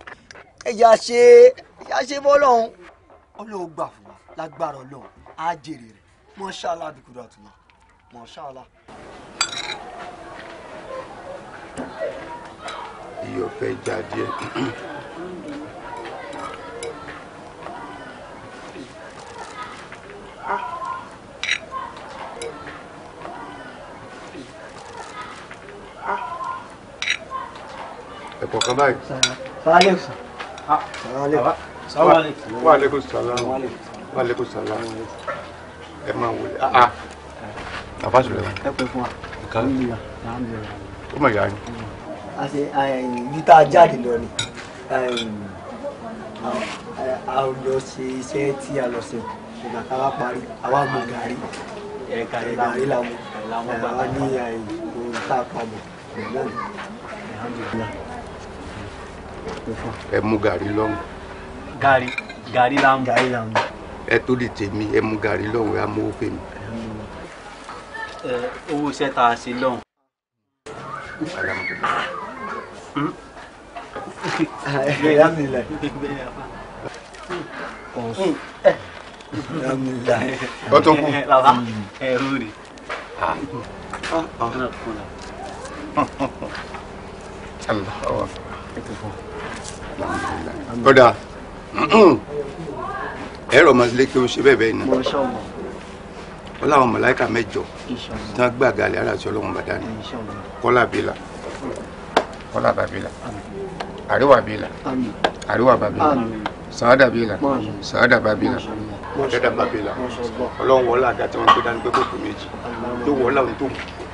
ẹ yà ṣe yà ṣe bọ́lọ́hún ọlọ́wọ́ gbà fún wa lágbára ọlọ́run á jèrè rẹ̀ mọ́ṣáláà dùkúrò iyọ̀ fẹ́ já díẹ̀. Ah. ẹ̀kọ́ kan báyìí. sàlálẹ̀ sàn. sàlálẹ̀. wa aleykum salaam wa aleykum ẹ máa wọlé ah ah àbá sọ̀rọ̀ ẹ. ẹ pẹ fún wa. ó mà yà á ni ibi um, tá a jáde lọ ni um, a lọ ṣe iṣẹ́ tí a lọ ṣe ìgbà tá a bá parí àwa mú gàrí gàrí la mú àwa ní um, ohun tá a pa mọ̀ náà ẹ mú gàrí lọ́hùn. gàrí gàrí la gàrí la ẹ tó di tèmi ẹ mú gàrí lọ́hùn ẹ amówó fè mí. owó iṣẹ́ tá a ṣe lọ́hùn ọ tó kù. baba ẹ rú rè. bọ́dà ẹ̀rọ ọmọdé kí o ṣe bẹ́ẹ̀ bẹ́ẹ̀ náà wọ́n láwọn mọ̀láìkà mẹ́jọ tí wọ́n gbàgàlẹ̀ ara tí ọlọ́run bàdá ni kọ́lá bílà kọ́lá babila, àríwá babila, àríwá babila, sàádà babila, sàádà babila, ọ̀dẹ́dà babila, ọlọ́run wọlé àga tí wọ́n gbé dání pé kó kú méjì tó wọlé àwọn tó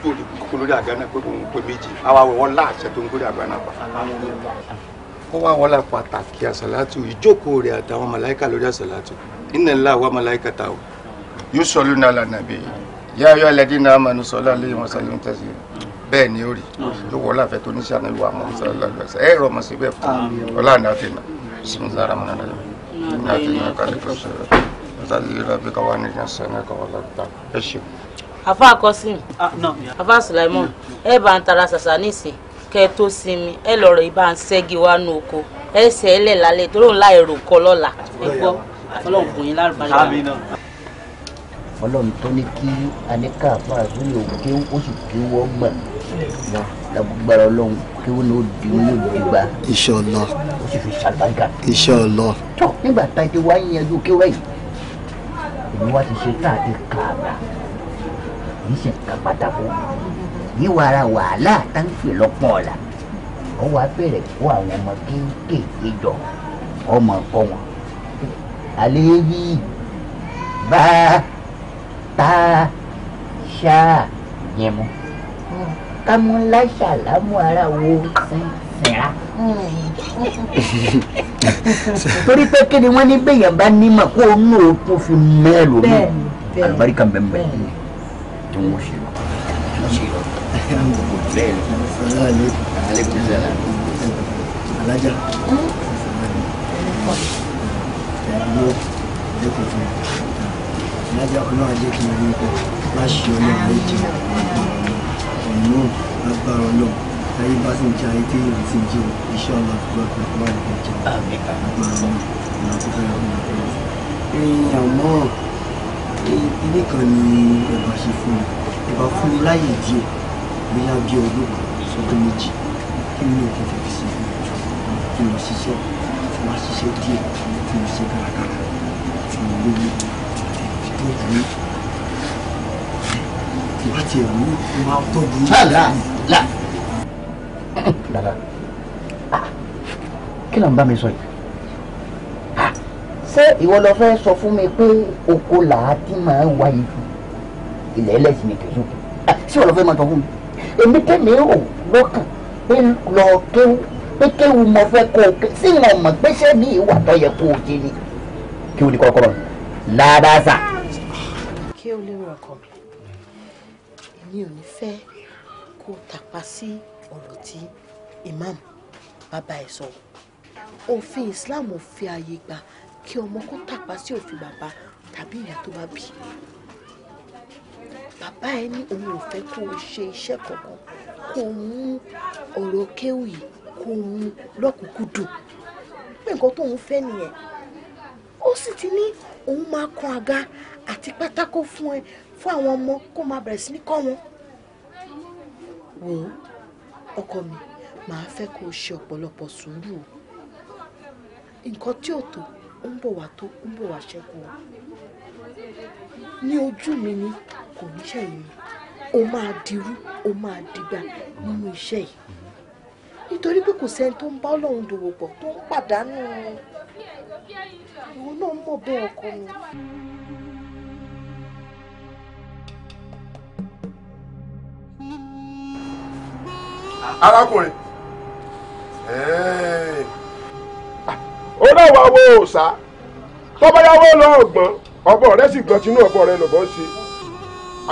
tó kú lórí àga náà pé kó kú méjì àwa wọlé àṣẹ tó ń gbé àga náà pa ó wá wọlé pàtàkì àsàlátù ìjókòó rẹ̀ àtàwọn màláìka lórí àsàlátù inna lillahi wa malaikatahu yusalluna ala nabi ya ayyuhalladhina amanu sallu alayhi wa sallimu taslima bẹ́ẹ̀ ni ó rí yóò wọ láfẹ́ tó ní sànà ìwà mọ́ sàlọ́gbẹ̀sẹ̀ ẹ̀ rọ̀ mọ́ sí bẹ́ẹ̀ fún ọlá ní àtẹnà bisimilára mọ́ nàlẹ́ ní àtẹnà kálí tó sọ̀rọ̀ látàlí rabi káwa ní ìyá sẹ́nà káwa lágbà ẹ ṣe. afa akọsim afa sulaimon ẹ bá ń tara ṣàṣà nísìn kẹ tó sinmi ẹ lọrọ ìbá ń ṣẹ́gi wá nú oko ẹ é lẹ̀ lálẹ́ tó lóun láì rò kọ lọ́la ẹ gbọ́ ọlọ́run kò yín lárúbáyé ọlọ́run tó ní kí aníkàáfà àdúrà òkè ó sì kí wọ́n gbà mí lágbára ọlọ́run kí wọ́n ní ó di wọ́n ní ó di gba. iṣẹ́ ọlọ. ó sì fi ṣàlùbáríkà. iṣẹ́ ọlọ. tọ́ nígbà tá a ti wá yanjú kí wáyé èmi wá ti ṣe tá a ti kà á bá yìí ṣe nǹkan pàtàkó yìí wà ara wàhálà tá lọ́pọ̀ ọ̀la ó wàá bẹ̀rẹ̀ kó àwọn ọmọ kéékèèké jọ ọmọ kọ́ wọn àléébí bá tá ṣáà yẹn mú kámúlá ṣàlámù ara wo sìnra. torí pé kí ni wọ́n ní bẹ́yàn bá nímọ̀ kó o nù ó tó fi mẹ́ẹ̀lú mi àlùbáríkà bẹ́ẹ̀ tí wọ́n ṣe lọ. alájà alájà ọlọ́run ajé kí n rí i pé má ṣe ọlọ́run méjì náà agbára ọlọ́run ayé bá sì ń jẹ ayé tí èèyàn ti ń jẹ iṣẹ́ ọ̀la àdúgbò àti àkọ́wà ìgbà jẹ agbára ọlọ́run ìlànà tó fẹ́ràn ọ̀la àkọ́wà. ẹyin àmọ́ ilé kan ni ẹ̀bà ṣe fún mi ẹ̀bà fún mi láyè díẹ̀ bóyá bí ọdún kan sọdún méjì kí ni òkè tẹ̀lé sí fún mi kí lọ ṣiṣẹ́ wá ṣiṣẹ́ díẹ̀ kí lọ ṣe kàràkàrà kí lọ lóye àti ìdílé ìwà ti ẹ̀rù máa tọ́jú. láàlá là. dada kí ló ń bá mi sọ yìí. ṣé ìwọ lọ fẹ́ sọ fún mi pé oko làátí máa ń wá ibi ilẹ̀ ẹlẹ́sìn ni kìí sókè ah, ṣé ìwọ lọ fẹ́ máa sọ fún mi. èmi tẹ̀mí ò lọ́kàn pé lọ kéwú pé kéwú mo fẹ́ kó o ké sí ìwọ̀n mọ̀ pé ṣé ní ìwà tó yẹ kó o jẹ ni. kí o ní kọ́kọ́rọ́ ládàá sà. kí o lérò ọkọ mi mi ò ní fẹ́ kó tàpá sí ọ̀rọ̀ tí imam bàbá ẹ̀ sọ òfin islam ò fi ààyè gbà kí ọmọ kó tàpá sí òfin bàbá tàbí ìyá tó bá bí bàbá ẹ ní òun ò fẹ́ kó o ṣe iṣẹ́ kankan kó o mú ọ̀rọ̀ kéwì kó o mú lọ́kùnkúndùn pé nǹkan tóun fẹ́ nìyẹn ó sì ti ní òun máa kan àga àti pátákó fún ẹ fún àwọn ọmọ kó máa bẹ̀rẹ̀ sí ní kọ́ wọn. wò ó ọkọ mi màá fẹ́ kó o ṣe ọ̀pọ̀lọpọ̀ sùúrù o nǹkan tí ò tó ń bọ̀ wá o mi ni kò ní mi o máa dirú o máa dìgbà nínú iṣẹ́ yìí nítorí pé kò sẹ́ni tó ń bá ọlọ́run dòwò pọ̀ tó ń pàdánù náà mọ̀ bẹ́ẹ̀ ọkọ mi. arákùnrin ah, ó náà wá wo òòsà tọ́báyáwó lọ ọ̀gbọ́n ọbọ rẹ sì gbọ́n tinú ọbọ rẹ lọ́gbọ́n ṣe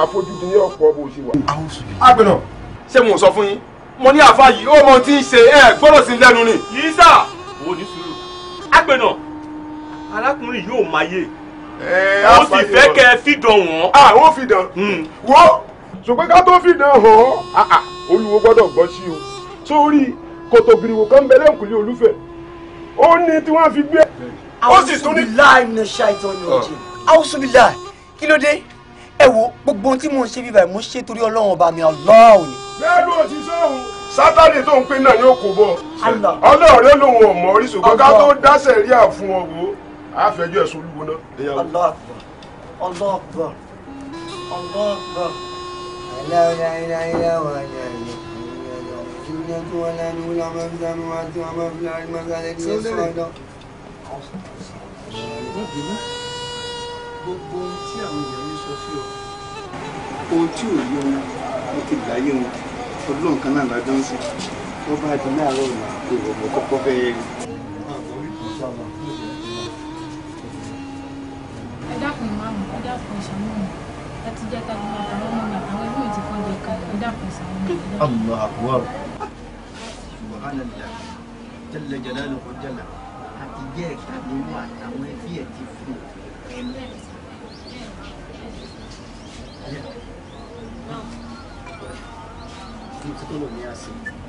àfojúdi ní ọ̀pọ̀ ọbọ òsì wà. àgbẹ̀nà ṣé mo sọ fún yín mo ní àfa yìí ó mọ tí ń ṣe ẹ gbọ́dọ̀ sí lẹ́nu ni. yìí sà wo ní sùúrù àgbẹ̀nà arákùnrin yóò máa yé ó sì fẹ́ kẹ́ fìdán wọn. àwọn ah, fìdán hmm. wo ṣùgbọ́n ká tó fìdá hàn án olùwo gbọ́dọ̀ gbọ́ sí o sórí kòtò gbìrìwò kan bẹ lẹ́kùnlé olúfẹ̀ ó ní tí wọ́n fi gbé. E. ó sì ní. láì ní ṣàìtàn ní ọjì àwòsùnbílà kí ló dé ẹ wo gbogbo tí mò ń ṣe bíbá mo ṣe torí ọlọ́run ọba mi ọlọ́run ni. bẹ́ẹ̀ ló sátani tó ń pè náà yóò kó bọ̀ ọlọ́ọ̀rẹ́ lòun ò mọ̀ orí ṣùgbọ́n ká tó dáṣẹ̀ rí àfún ọ wo àfẹjọ́ ẹ̀sùn olúwo náà. Allahu Akbar Allahu لا إله إلا إلا هو الجنة والنار وما في السماوات وما في الأرض مثل الصدق gbogbo ohun tí àwọn èèyàn ń sọ sí ọ ohun tí ò yé wọn mo ti gbà yé wọn ọdún kan náà lájọ ń sìn wọn bá di láàárọ̀ ọ̀nà ìrọ̀mọ̀ kọ́kọ́ fẹ́ẹ́ rí. ẹ dákun máàmù ẹ dákun ìṣàmúlò ẹ ti jẹ́ ká ló máa bá wọn mọ̀ dákun sàn. Allahu akbar. subhanallah jalla jalaluhu jalla àti jẹ́ ẹ̀ka nínú àtàwọn ẹbí ẹ̀ ti fún un. Kí n tó lò ní àsìkò.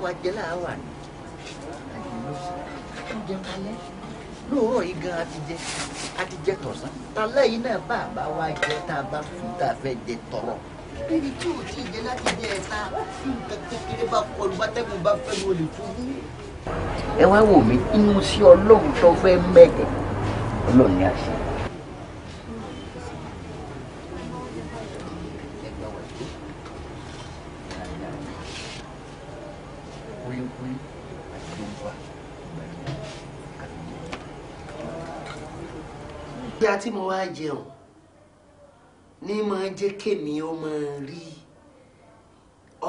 táwa jẹ láàwà ni àjẹ kalẹ̀ lóòrọ̀ yìí gan àti jẹ àti jẹ tọ̀sán talẹ́ yìí náà bá àbá wa jẹ tá a bá fún tá a fẹ́ jẹ tọrọ níbi tí o ti jẹ láti jẹ ẹ̀ta nǹkan kékeré bá kọlu bátẹ́gùn bá fẹ́ ló lè fún mi. ẹ wá wò mí inú sí ọlọ́run tó fẹ́ mẹ́ẹ̀kẹ́ ọlọ́run ni a tí mo wá jẹun ní máa jẹ́ kémi ó máa rí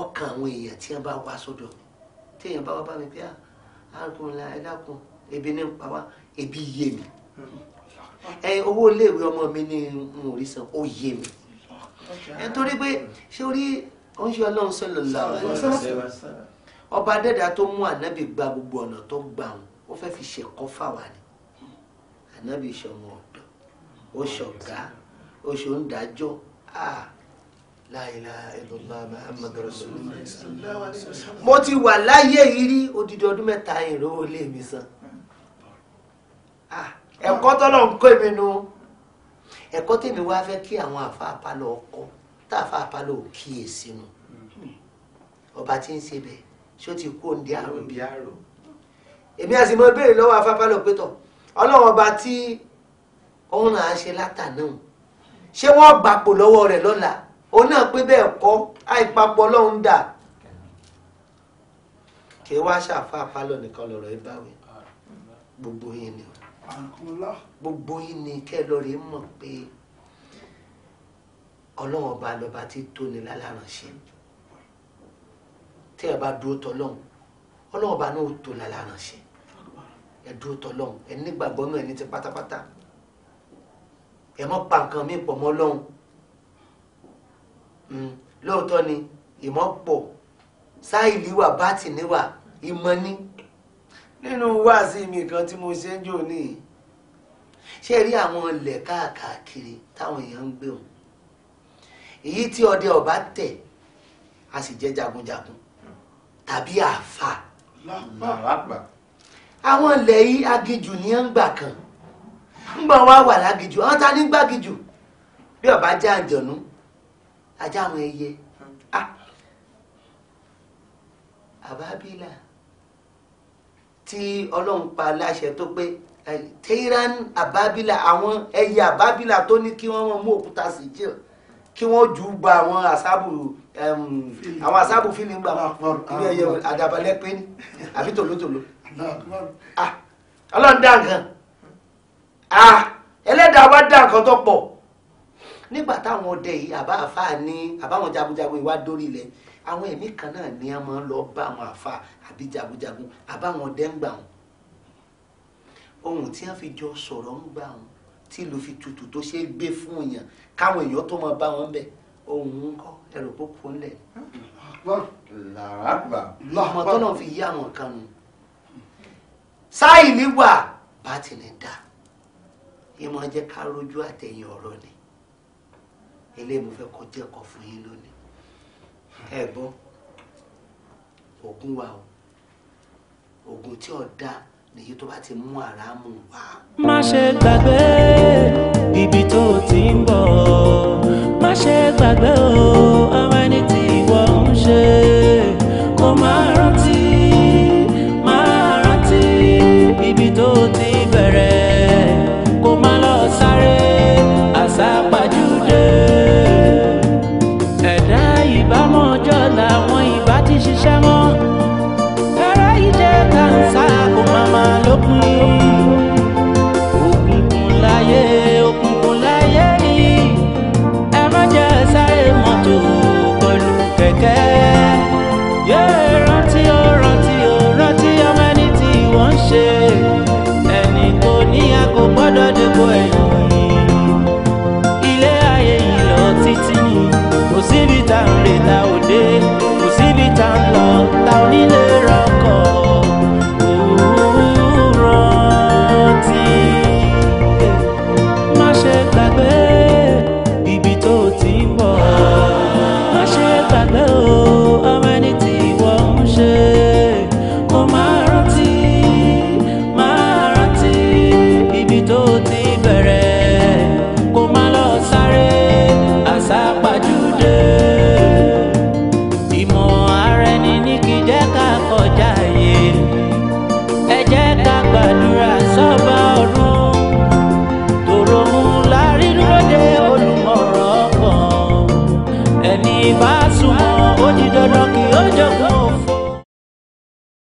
ọkàn àwọn èèyàn tí wọ́n bá wá sọ́dọ̀ mi tí èèyàn bá wá bá mi pé àrùkùnrin ah, ah, ẹ dákun ebi ní pa wá ebi yé mi hmm. owó iléèwé ọmọ mi ní n ò rí san ó yé mi nítorí pé ṣé orí ó ń ṣe ọlọ́run sọ̀lọ̀ làwọn ọba dẹ́dà tó mú ànábì gba gbogbo ọ̀nà tó gbà wọn ó fẹ́ fi ṣẹ̀kọ́ fáwa ni ànábì ṣọmọ ó ṣọ̀gá ó ṣe ń dájọ́ mo ti wà láyé yìí rí odidi ọdún mẹ́ta ìrówó lé mi san ẹ̀kọ́ tọ́lọ̀ ń kó mi nu ẹ̀kọ́ tèmi wá fẹ́ kí àwọn àfáàpálọ̀ ọkọ tá àfáàpálọ̀ ò kíyè sínú ọba tí ń ṣe bẹ́ẹ̀ ṣé ó ti kú òǹdí àrò bí àrò èmi àti mo béèrè lọ́wọ́ àfáàpálọ̀ pé ọlọ́run ọba tí òun là á ṣe látànà ṣé wọ́n gbàpò lọ́wọ́ rẹ̀ lọ́la òun náà pé bẹ́ẹ̀ kọ́ àìpapọ̀ ọlọ́run dà kí wá ṣàfáàfá lónìkan lọ̀rọ̀ yìí báwí gbogbo yín ni gbogbo yín ni kẹ́ lọ rí mọ̀ pé ọlọ́run ọba lọba tí tóni lálàránṣe tí ẹ bá dúró tọlọ́run ọlọ́run ọba náà tó lálàránṣe ẹ dúró tọlọ́run ẹ nígbàgbọ́ náà ẹni ti pátápátá ẹ mọ́ pa nǹkan mi pọ̀ mọ́ lọ́hùn hmm, lóòótọ́ ni ìmọ̀ pọ̀ sáìlì wà bátì níwà ìmọ̀ ní nínú wáàsí mi kan tí mo ṣe ń jò ní ṣe rí àwọn ilẹ̀ káàkiri táwọn èèyàn ń gbé wọn èyí tí ọdẹ ọba tẹ̀ a sì jẹ́ jagunjagun tàbí àáfà àwọn ilẹ̀ yìí aginjù ni ó ń gbà kan ń bọ̀ wá wà lágìjù àwọn ta ní gbàgìjù bí ọba jẹ́ àjọ̀nú ajá àwọn ẹyẹ ah. àbábílà tí ọlọ́run pa láṣẹ tó pé teiran àbábílà àwọn ẹyẹ àbábílà tó ní kí wọ́n mú òkúta sí jìl kí wọ́n jù ú gba àwọn àsábù àwọn àsábù fílì ń gbà wọn ní ẹyẹ àdàbálẹ́ pé ní àbí tòlótòló ah. ọlọ́run dá nǹkan ẹlẹ́dàá wá dá nǹkan tó pọ̀ nígbà táwọn ọdẹ yìí àbá àfa ní àbáwọn jagunjagun ìwà dórí ilẹ̀ àwọn ẹ̀mí kan náà ni a máa ń lọ bá àwọn àfa àbí jagunjagun àbáwọn ọdẹ ń gbà wọn ohun tí wọ́n fi jọ sọ̀rọ̀ ń gbà wọn tí ìlú fi tutù tó ṣe é gbé fún èèyàn káwọn èèyàn tó máa bá wọn bẹ̀ ohun ń kọ́ ẹ̀rọ kó kó ńlẹ̀. ọmọ tó náà fi yí àwọn kan nù sáìlì wà bá tilẹ̀ dáa ìmọ̀ jẹ́ ká rojú àtẹ̀yìn ọ̀rọ̀ ni eléyìí mo fẹ́ kó ẹ̀kọ́ fún yín lónìí ẹ ògùn wa o ògùn tí ò dáa nìyí tó bá ti mú àràmù wá. má ṣe gbàgbé ibi tó ti ń bọ̀ má ṣe gbàgbé o.